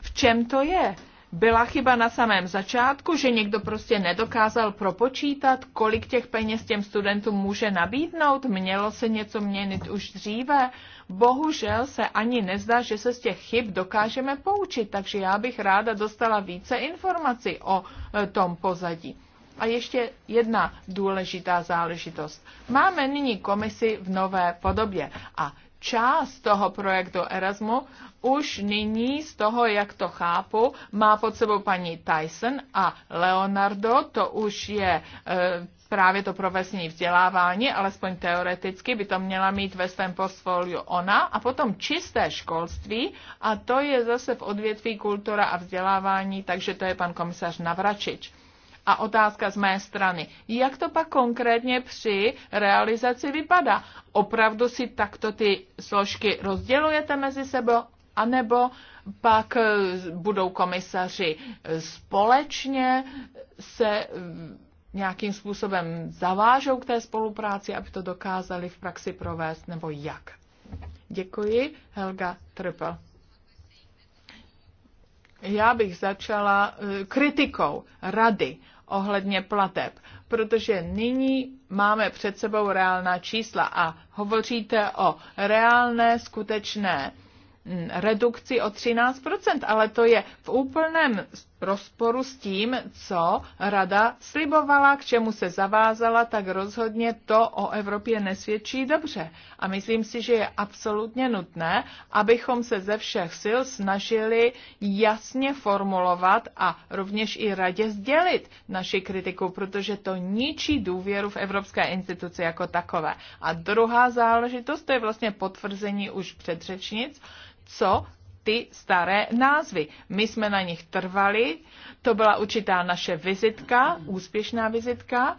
V čem to je? byla chyba na samém začátku, že někdo prostě nedokázal propočítat, kolik těch peněz těm studentům může nabídnout, mělo se něco měnit už dříve. Bohužel se ani nezdá, že se z těch chyb dokážeme poučit, takže já bych ráda dostala více informací o e, tom pozadí. A ještě jedna důležitá záležitost. Máme nyní komisi v nové podobě a část toho projektu Erasmu už nyní z toho, jak to chápu, má pod sebou paní Tyson a Leonardo, to už je e, právě to profesní vzdělávání, alespoň teoreticky by to měla mít ve svém portfoliu ona a potom čisté školství a to je zase v odvětví kultura a vzdělávání, takže to je pan komisař Navračič. A otázka z mé strany, jak to pak konkrétně při realizaci vypadá? Opravdu si takto ty složky rozdělujete mezi sebou, anebo pak e, budou komisaři e, společně se e, nějakým způsobem zavážou k té spolupráci, aby to dokázali v praxi provést, nebo jak? Děkuji, Helga Trpel. Já bych začala kritikou rady ohledně plateb, protože nyní máme před sebou reálná čísla a hovoříte o reálné, skutečné redukci o 13%, ale to je v úplném rozporu s tím, co rada slibovala, k čemu se zavázala, tak rozhodně to o Evropě nesvědčí dobře. A myslím si, že je absolutně nutné, abychom se ze všech sil snažili jasně formulovat a rovněž i radě sdělit naši kritiku, protože to ničí důvěru v evropské instituce jako takové. A druhá záležitost, to je vlastně potvrzení už předřečnic, co ty staré názvy. My jsme na nich trvali, to byla určitá naše vizitka, úspěšná vizitka,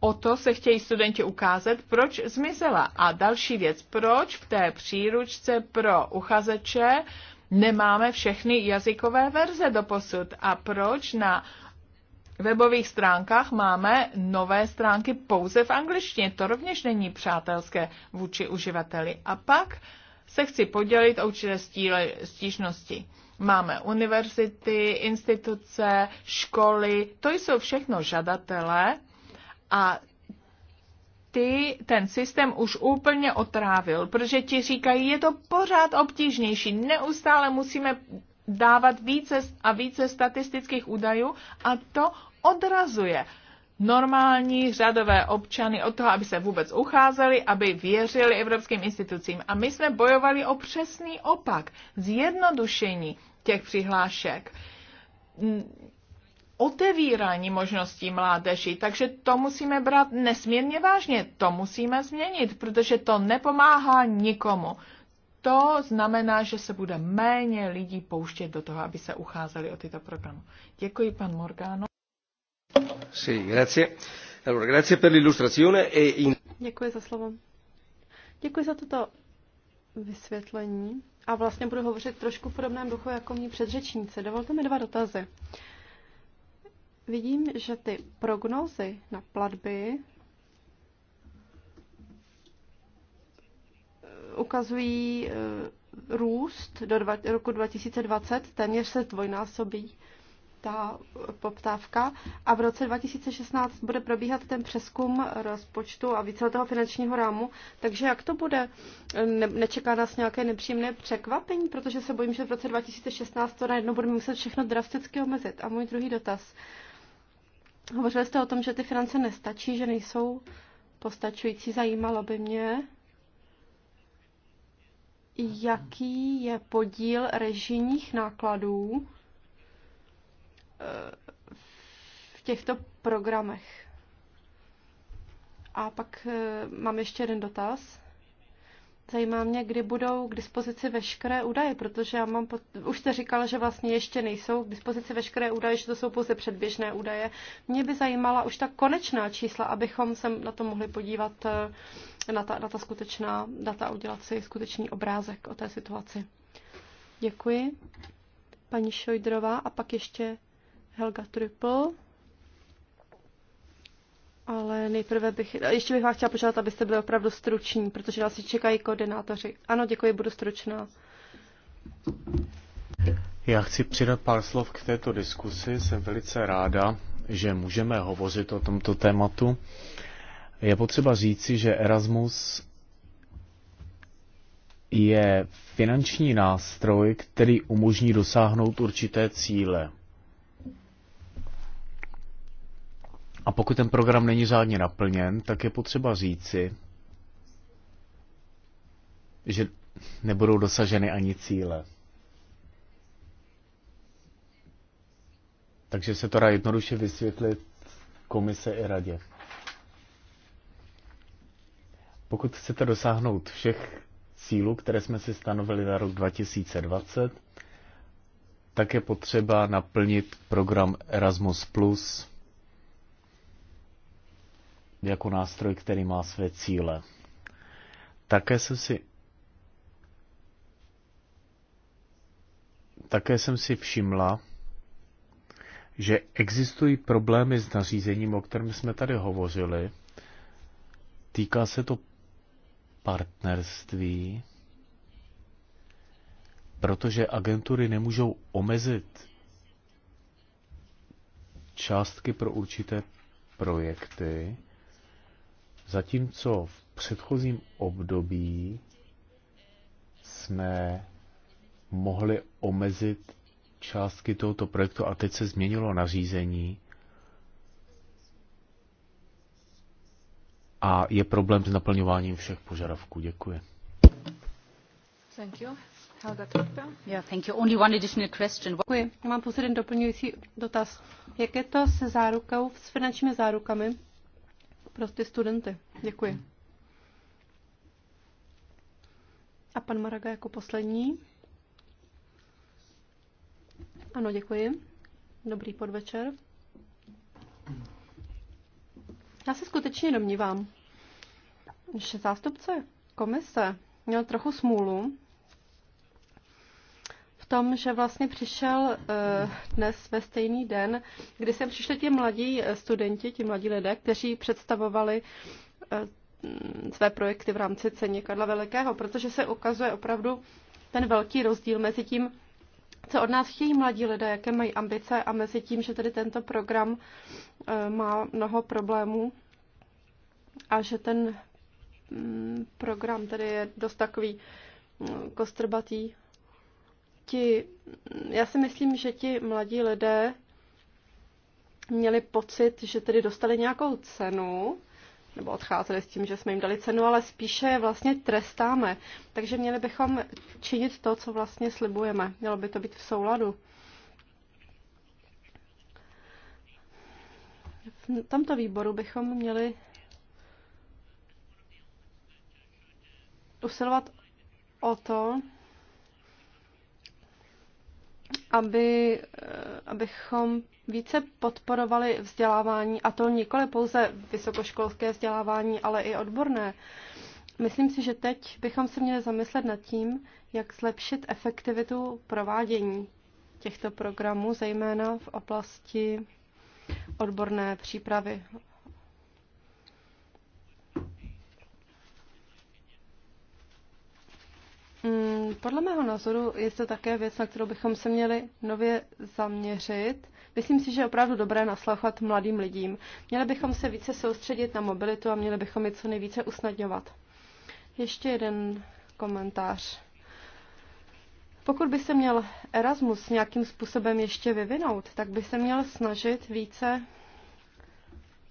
O to se chtějí studenti ukázat, proč zmizela. A další věc, proč v té příručce pro uchazeče nemáme všechny jazykové verze do posud a proč na webových stránkách máme nové stránky pouze v angličtině. To rovněž není přátelské vůči uživateli. A pak se chci podělit o určité stížnosti. Máme univerzity, instituce, školy, to jsou všechno žadatelé a ty ten systém už úplně otrávil, protože ti říkají, je to pořád obtížnější, neustále musíme dávat více a více statistických údajů a to odrazuje normální řadové občany od toho, aby se vůbec ucházeli, aby věřili evropským institucím. A my jsme bojovali o přesný opak, zjednodušení těch přihlášek, otevírání možností mládeží. Takže to musíme brát nesmírně vážně, to musíme změnit, protože to nepomáhá nikomu. To znamená, že se bude méně lidí pouštět do toho, aby se ucházeli o tyto programy. Děkuji, pan Morgano. E Děkuji za Děkuji za toto vysvětlení. A vlastně budu hovořit trošku v podobném duchu jako mý předřečníci. Dovolte mi dva dotazy. Vidím, že ty prognózy na platby eh, ukazují eh, růst do dva, roku 2020, téměř se dvojnásobí ta poptávka a v roce 2016 bude probíhat ten přeskum rozpočtu a víceletého finančního rámu, takže jak to bude? Ne- nečeká nás nějaké nepříjemné překvapení, protože se bojím, že v roce 2016 to najednou budeme muset všechno drasticky omezit. A můj druhý dotaz. Hovořili jste o tom, že ty finance nestačí, že nejsou postačující, zajímalo by mě, jaký je podíl režijních nákladů v těchto programech. A pak eh, mám ještě jeden dotaz. Zajímá mě, kdy budou k dispozici veškeré údaje, protože já mám, pod... už jste říkala, že vlastně ještě nejsou k dispozici veškeré údaje, že to jsou pouze předběžné údaje. Mě by zajímala už ta konečná čísla, abychom se na to mohli podívat eh, na ta, na ta skutečná data, udělat si skutečný obrázek o té situaci. Děkuji. Paní Šojdrová a pak ještě Helga Triple. Ale nejprve bych, ještě bych vás chtěla požádat, abyste byli opravdu struční, protože nás čekají koordinátoři. Ano, děkuji, budu stručná. Já chci přidat pár slov k této diskusi. Jsem velice ráda, že můžeme hovořit o tomto tématu. Je potřeba říci, že Erasmus je finanční nástroj, který umožní dosáhnout určité cíle. A pokud ten program není řádně naplněn, tak je potřeba říci, že nebudou dosaženy ani cíle. Takže se to dá jednoduše vysvětlit komise i radě. Pokud chcete dosáhnout všech cílů, které jsme si stanovili na rok 2020, tak je potřeba naplnit program Erasmus jako nástroj, který má své cíle. Také jsem si také jsem si všimla, že existují problémy s nařízením, o kterém jsme tady hovořili. Týká se to partnerství, protože agentury nemůžou omezit částky pro určité projekty, Zatímco v předchozím období jsme mohli omezit částky tohoto projektu a teď se změnilo nařízení a je problém s naplňováním všech požadavků. Děkuji. Thank you. Helga yeah, thank you. Only one additional question. Děkuji. mám poslední doplňující dotaz. Jak je to se zárukou, s finančními zárukami? pro ty studenty. Děkuji. A pan Maraga jako poslední. Ano, děkuji. Dobrý podvečer. Já se skutečně domnívám, že zástupce komise měl trochu smůlu, tom, že vlastně přišel eh, dnes ve stejný den, kdy sem přišli ti mladí eh, studenti, ti mladí lidé, kteří představovali eh, své projekty v rámci ceně Karla Velikého, protože se ukazuje opravdu ten velký rozdíl mezi tím, co od nás chtějí mladí lidé, jaké mají ambice a mezi tím, že tedy tento program má mnoho problémů a že ten mm, program tedy je dost takový mm, kostrbatý ti, já si myslím, že ti mladí lidé měli pocit, že tedy dostali nějakou cenu, nebo odcházeli s tím, že jsme jim dali cenu, ale spíše vlastně trestáme. Takže měli bychom činit to, co vlastně slibujeme. Mělo by to být v souladu. V tomto výboru bychom měli usilovat o to, aby, eh, abychom více podporovali vzdělávání, a to nikoli pouze vysokoškolské vzdělávání, ale i odborné. Myslím si, že teď bychom se měli zamyslet nad tím, jak zlepšit efektivitu provádění těchto programů, zejména v oblasti odborné přípravy, Mm, podle mého názoru je to také věc, na kterou bychom se měli nově zaměřit. Myslím si, že je opravdu dobré naslouchat mladým lidím. Měli bychom se více soustředit na mobilitu a měli bychom je co nejvíce usnadňovat. Ještě jeden komentář. Pokud by se měl Erasmus nějakým způsobem ještě vyvinout, tak by se měl snažit více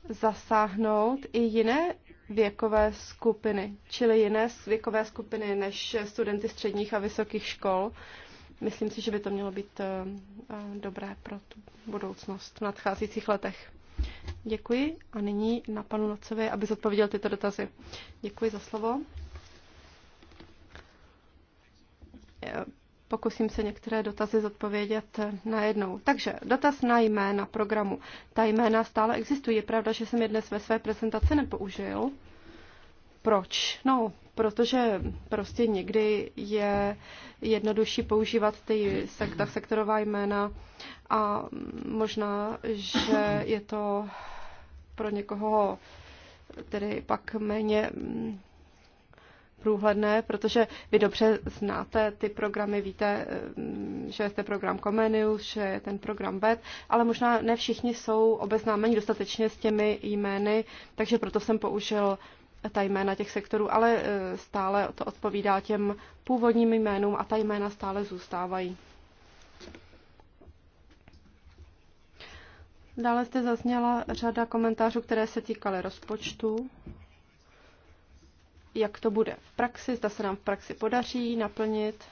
zasáhnout i jiné věkové skupiny, čili jiné věkové skupiny než studenty středních a vysokých škol. Myslím si, že by to mělo být eh, eh, dobré pro tu budoucnost v nadcházejících letech. Děkuji a nyní na panu Nocovi, aby zodpověděl tyto dotazy. Děkuji za slovo. Eh, Pokusím se některé dotazy zodpovědět najednou. Takže dotaz na jména programu. Ta jména stále existují. Je pravda, že jsem je dnes ve své prezentaci nepoužil. Proč? No, protože prostě někdy je jednodušší používat ty sekta, sektorová jména a možná, že je to pro někoho tedy pak méně průhledné, protože vy dobře znáte ty programy, víte, eh, že je ten program Comenius, že je ten program VET, ale možná ne všichni jsou obeznámeni dostatečně s těmi jmény, takže proto jsem použil ta jména těch sektorů, ale eh, stále to odpovídá těm původním jménům a ta jména stále zůstávají. Dále zde zazněla řada komentářů, které se týkaly rozpočtu jak to bude v praxi, zda se nám v praxi podaří naplnit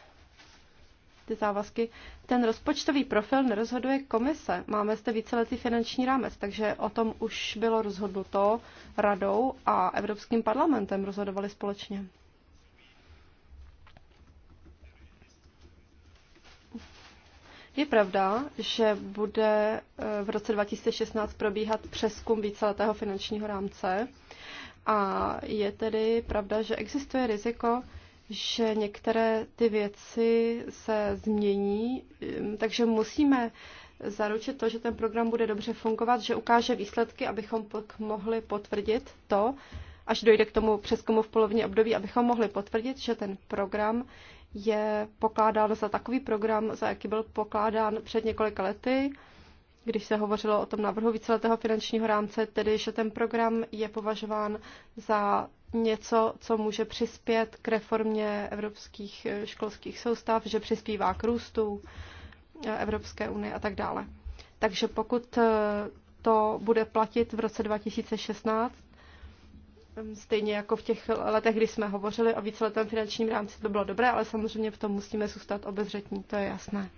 ty závazky. Ten rozpočtový profil nerozhoduje komise. Máme zde víceletý finanční rámec, takže o tom už bylo rozhodnuto radou a Evropským parlamentem rozhodovali společně. Je pravda, že bude eh, v roce 2016 probíhat přeskum víceletého finančního rámce. A je tedy pravda, že existuje riziko, že některé ty věci se změní, mm, takže musíme zaručit to, že ten program bude dobře fungovat, že ukáže výsledky, abychom mohli potvrdit to, až dojde k tomu přeskumu v polovině období, abychom mohli potvrdit, že ten program je pokládán za takový program, za jaký byl pokládán před několika lety, když se hovořilo o tom návrhu víceletého finančního rámce, tedy že ten program je považován za něco, co může přispět k reformě evropských eh, školských soustav, že přispívá k růstu eh, Evropské unie a tak dále. Takže pokud eh, to bude platit v roce 2016, ehm, stejně jako v těch letech, kdy jsme hovořili o víceletém finančním rámci, to bylo dobré, ale samozřejmě v tom musíme zůstat obezřetní, to je jasné.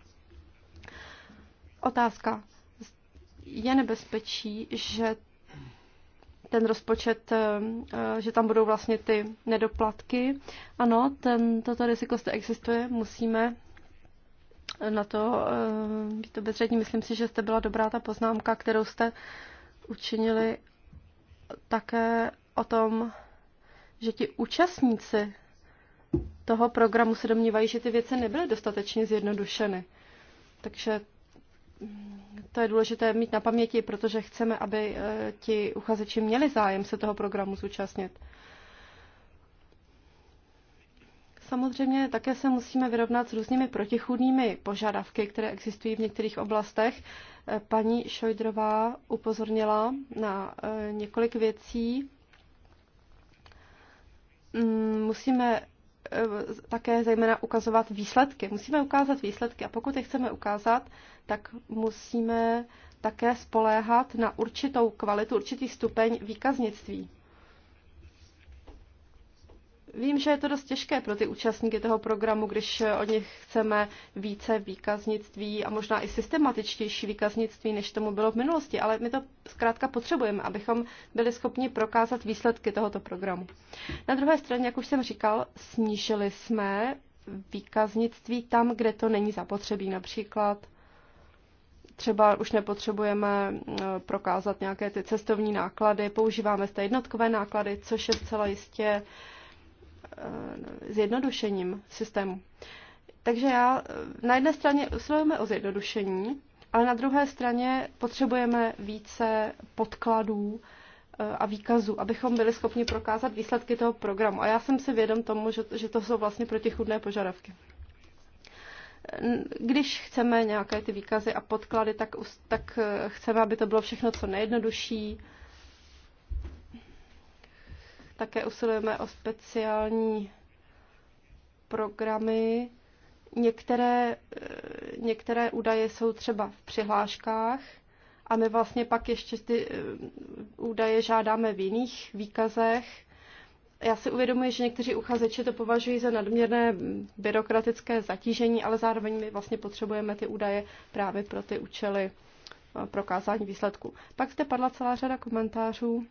Otázka je nebezpečí, že ten rozpočet, eh, eh, že tam budou vlastně ty nedoplatky. Ano, ten, toto riziko zde existuje, musíme na to eh, být bezřední. Myslím si, že jste byla dobrá ta poznámka, kterou jste učinili také o tom, že ti účastníci toho programu se domnívají, že ty věci nebyly dostatečně zjednodušeny. Takže mm, to je důležité mít na paměti, protože chceme, aby eh, ti uchazeči měli zájem se toho programu zúčastnit. Samozřejmě také se musíme vyrovnat s různými protichůdnými požadavky, které existují v některých oblastech. Eh, paní Šojdrová upozornila na eh, několik věcí. Mm, musíme Eh, také zejména ukazovat výsledky. Musíme ukázat výsledky a pokud je chceme ukázat, tak musíme také spoléhat na určitou kvalitu, určitý stupeň výkaznictví. Vím, že je to dost těžké pro ty účastníky toho programu, když od nich chceme více výkaznictví a možná i systematičtější výkaznictví, než tomu bylo v minulosti, ale my to zkrátka potřebujeme, abychom byli schopni prokázat výsledky tohoto programu. Na druhé straně, jak už jsem říkal, snížili jsme výkaznictví tam, kde to není zapotřebí, například třeba už nepotřebujeme eh, prokázat nějaké ty cestovní náklady, používáme zde jednotkové náklady, což je zcela jistě Eh, zjednodušením systému. Takže já, eh, na jedné straně usilujeme o zjednodušení, ale na druhé straně potřebujeme více podkladů eh, a výkazů, abychom byli schopni prokázat výsledky toho programu. A já jsem si vědom tomu, že, že to jsou vlastně protichudné požadavky. Když chceme nějaké ty výkazy a podklady, tak, tak chceme, aby to bylo všechno co nejjednodušší, také usilujeme o speciální programy. Některé, eh, některé údaje jsou třeba v přihláškách a my vlastně pak ještě ty eh, údaje žádáme v jiných výkazech. Já si uvědomuji, že někteří uchazeči to považují za nadměrné byrokratické zatížení, ale zároveň my vlastně potřebujeme ty údaje právě pro ty účely eh, prokázání výsledků. Pak zde padla celá řada komentářů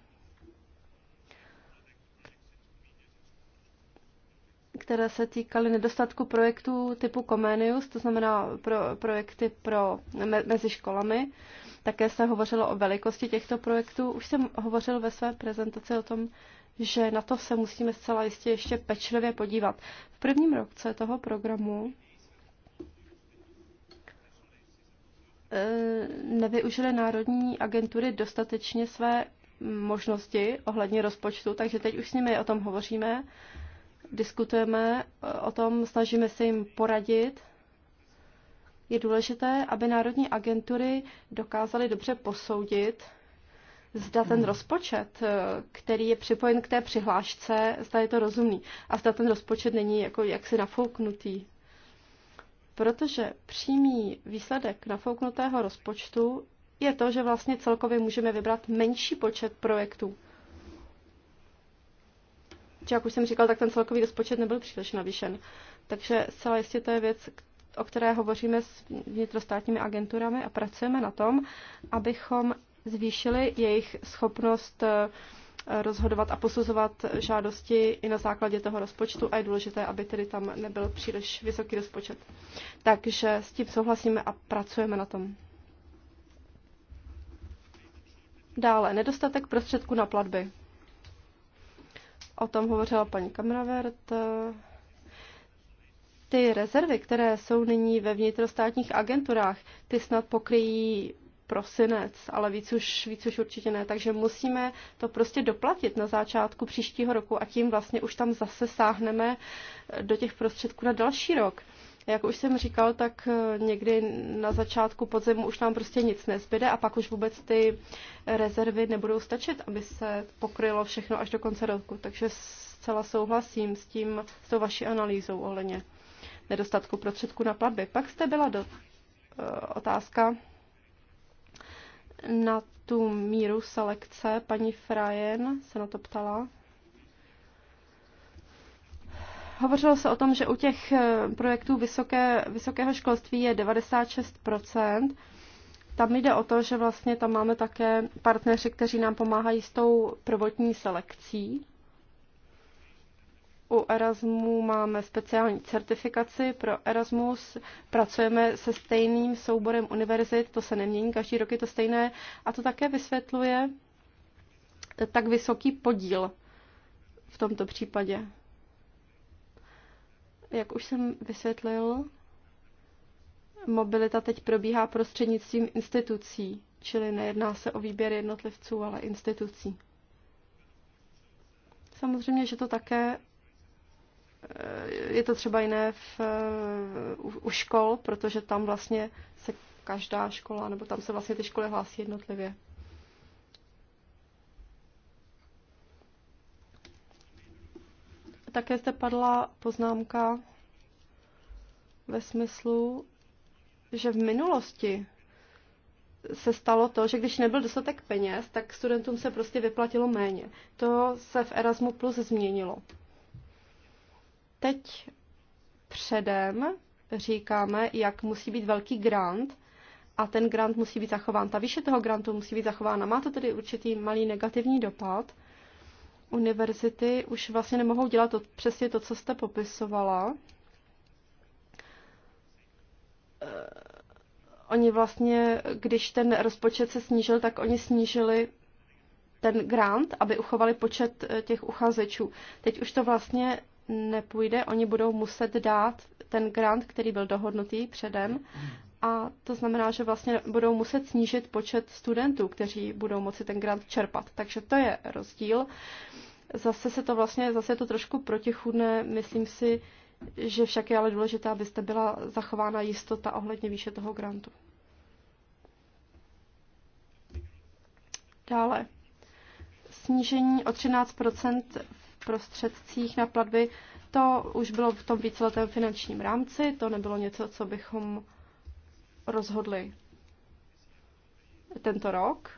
které se týkaly nedostatku projektů typu Comenius, to znamená pro, projekty pro, me, mezi školami. Také se hovořilo o velikosti těchto projektů. Už jsem hovořil ve své prezentaci o tom, že na to se musíme zcela jistě ještě pečlivě podívat. V prvním roce toho programu e, nevyužily národní agentury dostatečně své možnosti ohledně rozpočtu, takže teď už s nimi o tom hovoříme diskutujeme eh, o tom, snažíme se jim poradit. Je důležité, aby národní agentury dokázaly dobře posoudit, zda ten hmm. rozpočet, eh, který je připojen k té přihlášce, zda je to rozumný a zda ten rozpočet není jako jaksi nafouknutý. Protože přímý výsledek nafouknutého rozpočtu je to, že vlastně celkově můžeme vybrat menší počet projektů že, jak už jsem říkal, tak ten celkový rozpočet nebyl příliš navýšen. Takže zcela jistě to je věc, o které hovoříme s vnitrostátními agenturami a pracujeme na tom, abychom zvýšili jejich schopnost eh, rozhodovat a posuzovat žádosti i na základě toho rozpočtu a je důležité, aby tedy tam nebyl příliš vysoký rozpočet. Takže s tím souhlasíme a pracujeme na tom. Dále, nedostatek prostředků na platby o tom hovořila paní Kamravert, ty rezervy, které jsou nyní ve vnitrostátních agenturách, ty snad pokryjí prosinec, ale víc už, víc už určitě ne. Takže musíme to prostě doplatit na začátku příštího roku a tím vlastně už tam zase sáhneme do těch prostředků na další rok. Jak už jsem říkal, tak eh, někdy na začátku podzimu už nám prostě nic nezbyde a pak už vůbec ty rezervy nebudou stačit, aby se pokrylo všechno až do konce roku. Takže zcela souhlasím s tím, s tou vaší analýzou ohledně nedostatku prostředků na platby. Pak jste byla do, eh, otázka na tu míru selekce. Paní Frajen se na to ptala. Hovořilo se o tom, že u těch eh, projektů vysoké, vysokého školství je 96 tam jde o to, že vlastně tam máme také partneři, kteří nám pomáhají s tou prvotní selekcí. U Erasmu máme speciální certifikaci pro Erasmus, pracujeme se stejným souborem univerzit, to se nemění, každý rok je to stejné a to také vysvětluje tak vysoký podíl v tomto případě. Jak už jsem vysvětlil, mobilita teď probíhá prostřednictvím institucí, čili nejedná se o výběr jednotlivců, ale institucí. Samozřejmě, že to také eh, je to třeba jiné v, eh, u, u škol, protože tam vlastně se každá škola, nebo tam se vlastně ty školy hlásí jednotlivě. Také zde padla poznámka ve smyslu, že v minulosti se stalo to, že když nebyl dostatek peněz, tak studentům se prostě vyplatilo méně. To se v Erasmu Plus změnilo. Teď předem říkáme, jak musí být velký grant a ten grant musí být zachován. Ta výše toho grantu musí být zachována. Má to tedy určitý malý negativní dopad, univerzity už vlastně nemohou dělat to, přesně to, co jste popisovala. Eh, oni vlastně, když ten rozpočet se snížil, tak oni snížili ten grant, aby uchovali počet eh, těch uchazečů. Teď už to vlastně nepůjde, oni budou muset dát ten grant, který byl dohodnutý předem, a to znamená, že vlastně budou muset snížit počet studentů, kteří budou moci ten grant čerpat. Takže to je rozdíl. Zase se to vlastně, zase je to trošku protichudné, myslím si, že však je ale důležité, abyste byla zachována jistota ohledně výše toho grantu. Dále. Snížení o 13 v prostředcích na platby, to už bylo v tom víceletém finančním rámci, to nebylo něco, co bychom rozhodli tento rok.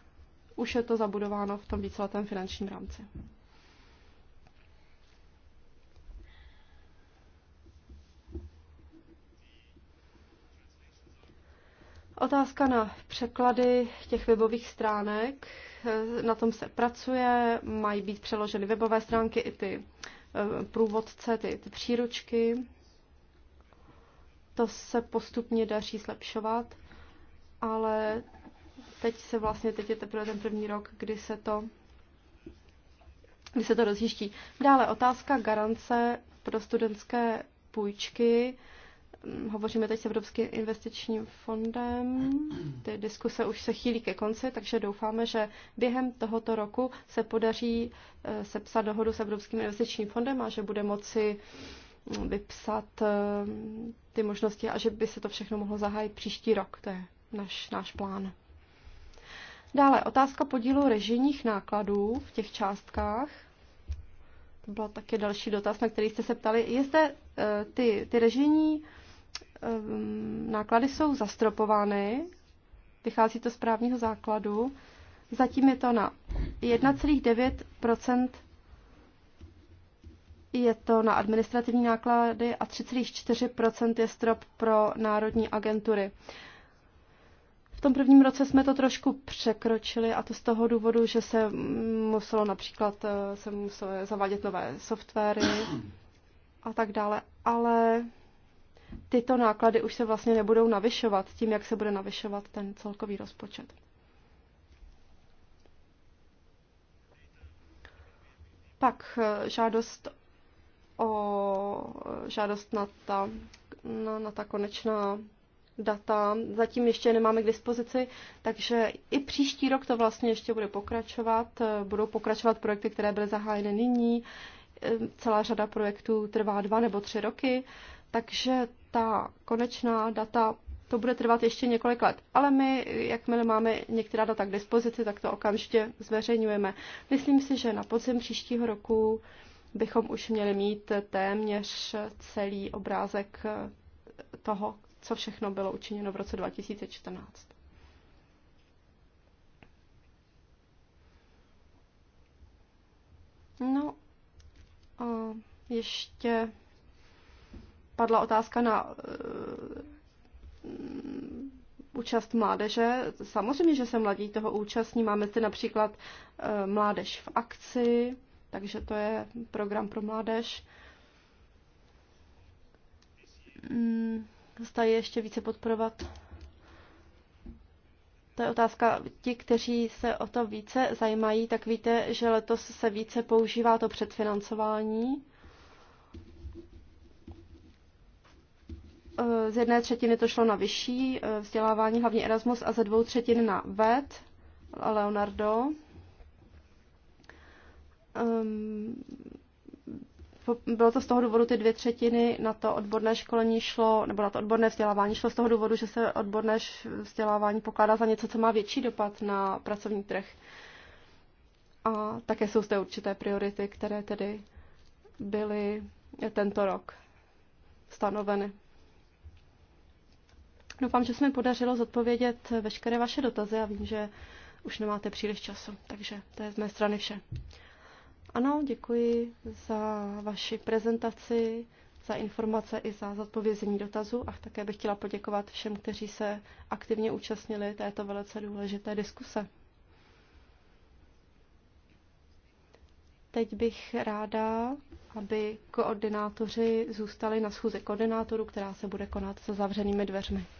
Už je to zabudováno v tom víceletém finančním rámci. Otázka na překlady těch webových stránek. Na tom se pracuje, mají být přeloženy webové stránky i ty eh, průvodce, ty, ty příručky. To se postupně daří zlepšovat, ale teď se vlastně, teď je teprve ten první rok, kdy se to kdy se to rozjiští. Dále otázka garance pro studentské půjčky. Hovoříme teď s Evropským investičním fondem. Ty diskuse už se chýlí ke konci, takže doufáme, že během tohoto roku se podaří eh, sepsat dohodu s Evropským investičním fondem a že bude moci vypsat eh, ty možnosti a že by se to všechno mohlo zahájit příští rok. To je naš, náš plán. Dále otázka podílu režijních nákladů v těch částkách. To byl také další dotaz, na který jste se ptali. Je zde eh, ty, ty režijní eh, náklady jsou zastropovány, vychází to z právního základu. Zatím je to na 1,9 je to na administrativní náklady a 3,4 je strop pro národní agentury. V tom prvním roce jsme to trošku překročili a to z toho důvodu, že se muselo například eh, se muselo zavádět nové softwary a tak dále, ale tyto náklady už se vlastně nebudou navyšovat tím, jak se bude navyšovat ten celkový rozpočet. Pak eh, žádost o žádost na ta, na, na ta konečná data. Zatím ještě nemáme k dispozici, takže i příští rok to vlastně ještě bude pokračovat. Budou pokračovat projekty, které byly zahájeny nyní. Celá řada projektů trvá dva nebo tři roky, takže ta konečná data to bude trvat ještě několik let. Ale my, jakmile máme některá data k dispozici, tak to okamžitě zveřejňujeme. Myslím si, že na podzim příštího roku bychom už měli mít téměř celý obrázek toho, co všechno bylo učiněno v roce 2014. No, a ještě padla otázka na eh, účast mládeže. Samozřejmě, že se mladí toho účastní. Máme zde například eh, mládež v akci, takže to je program pro mládež. Mm, zda ještě více podporovat. To je otázka. Ti, kteří se o to více zajímají, tak víte, že letos se více používá to předfinancování. Eh, z jedné třetiny to šlo na vyšší eh, vzdělávání, hlavně Erasmus, a ze dvou třetin na VED, Leonardo um, bylo to z toho důvodu, ty dvě třetiny na to odborné školení šlo, nebo na to odborné vzdělávání šlo z toho důvodu, že se odborné vzdělávání pokládá za něco, co má větší dopad na pracovní trh. A také jsou zde určité priority, které tedy byly tento rok stanoveny. Doufám, že se mi podařilo zodpovědět veškeré vaše dotazy a vím, že už nemáte příliš času, takže to je z mé strany vše. Ano, děkuji za vaši prezentaci, za informace i za zodpovězení dotazů a také bych chtěla poděkovat všem, kteří se aktivně účastnili této velice důležité diskuse. Teď bych ráda, aby koordinátoři zůstali na schůzi koordinátorů, která se bude konat se zavřenými dveřmi.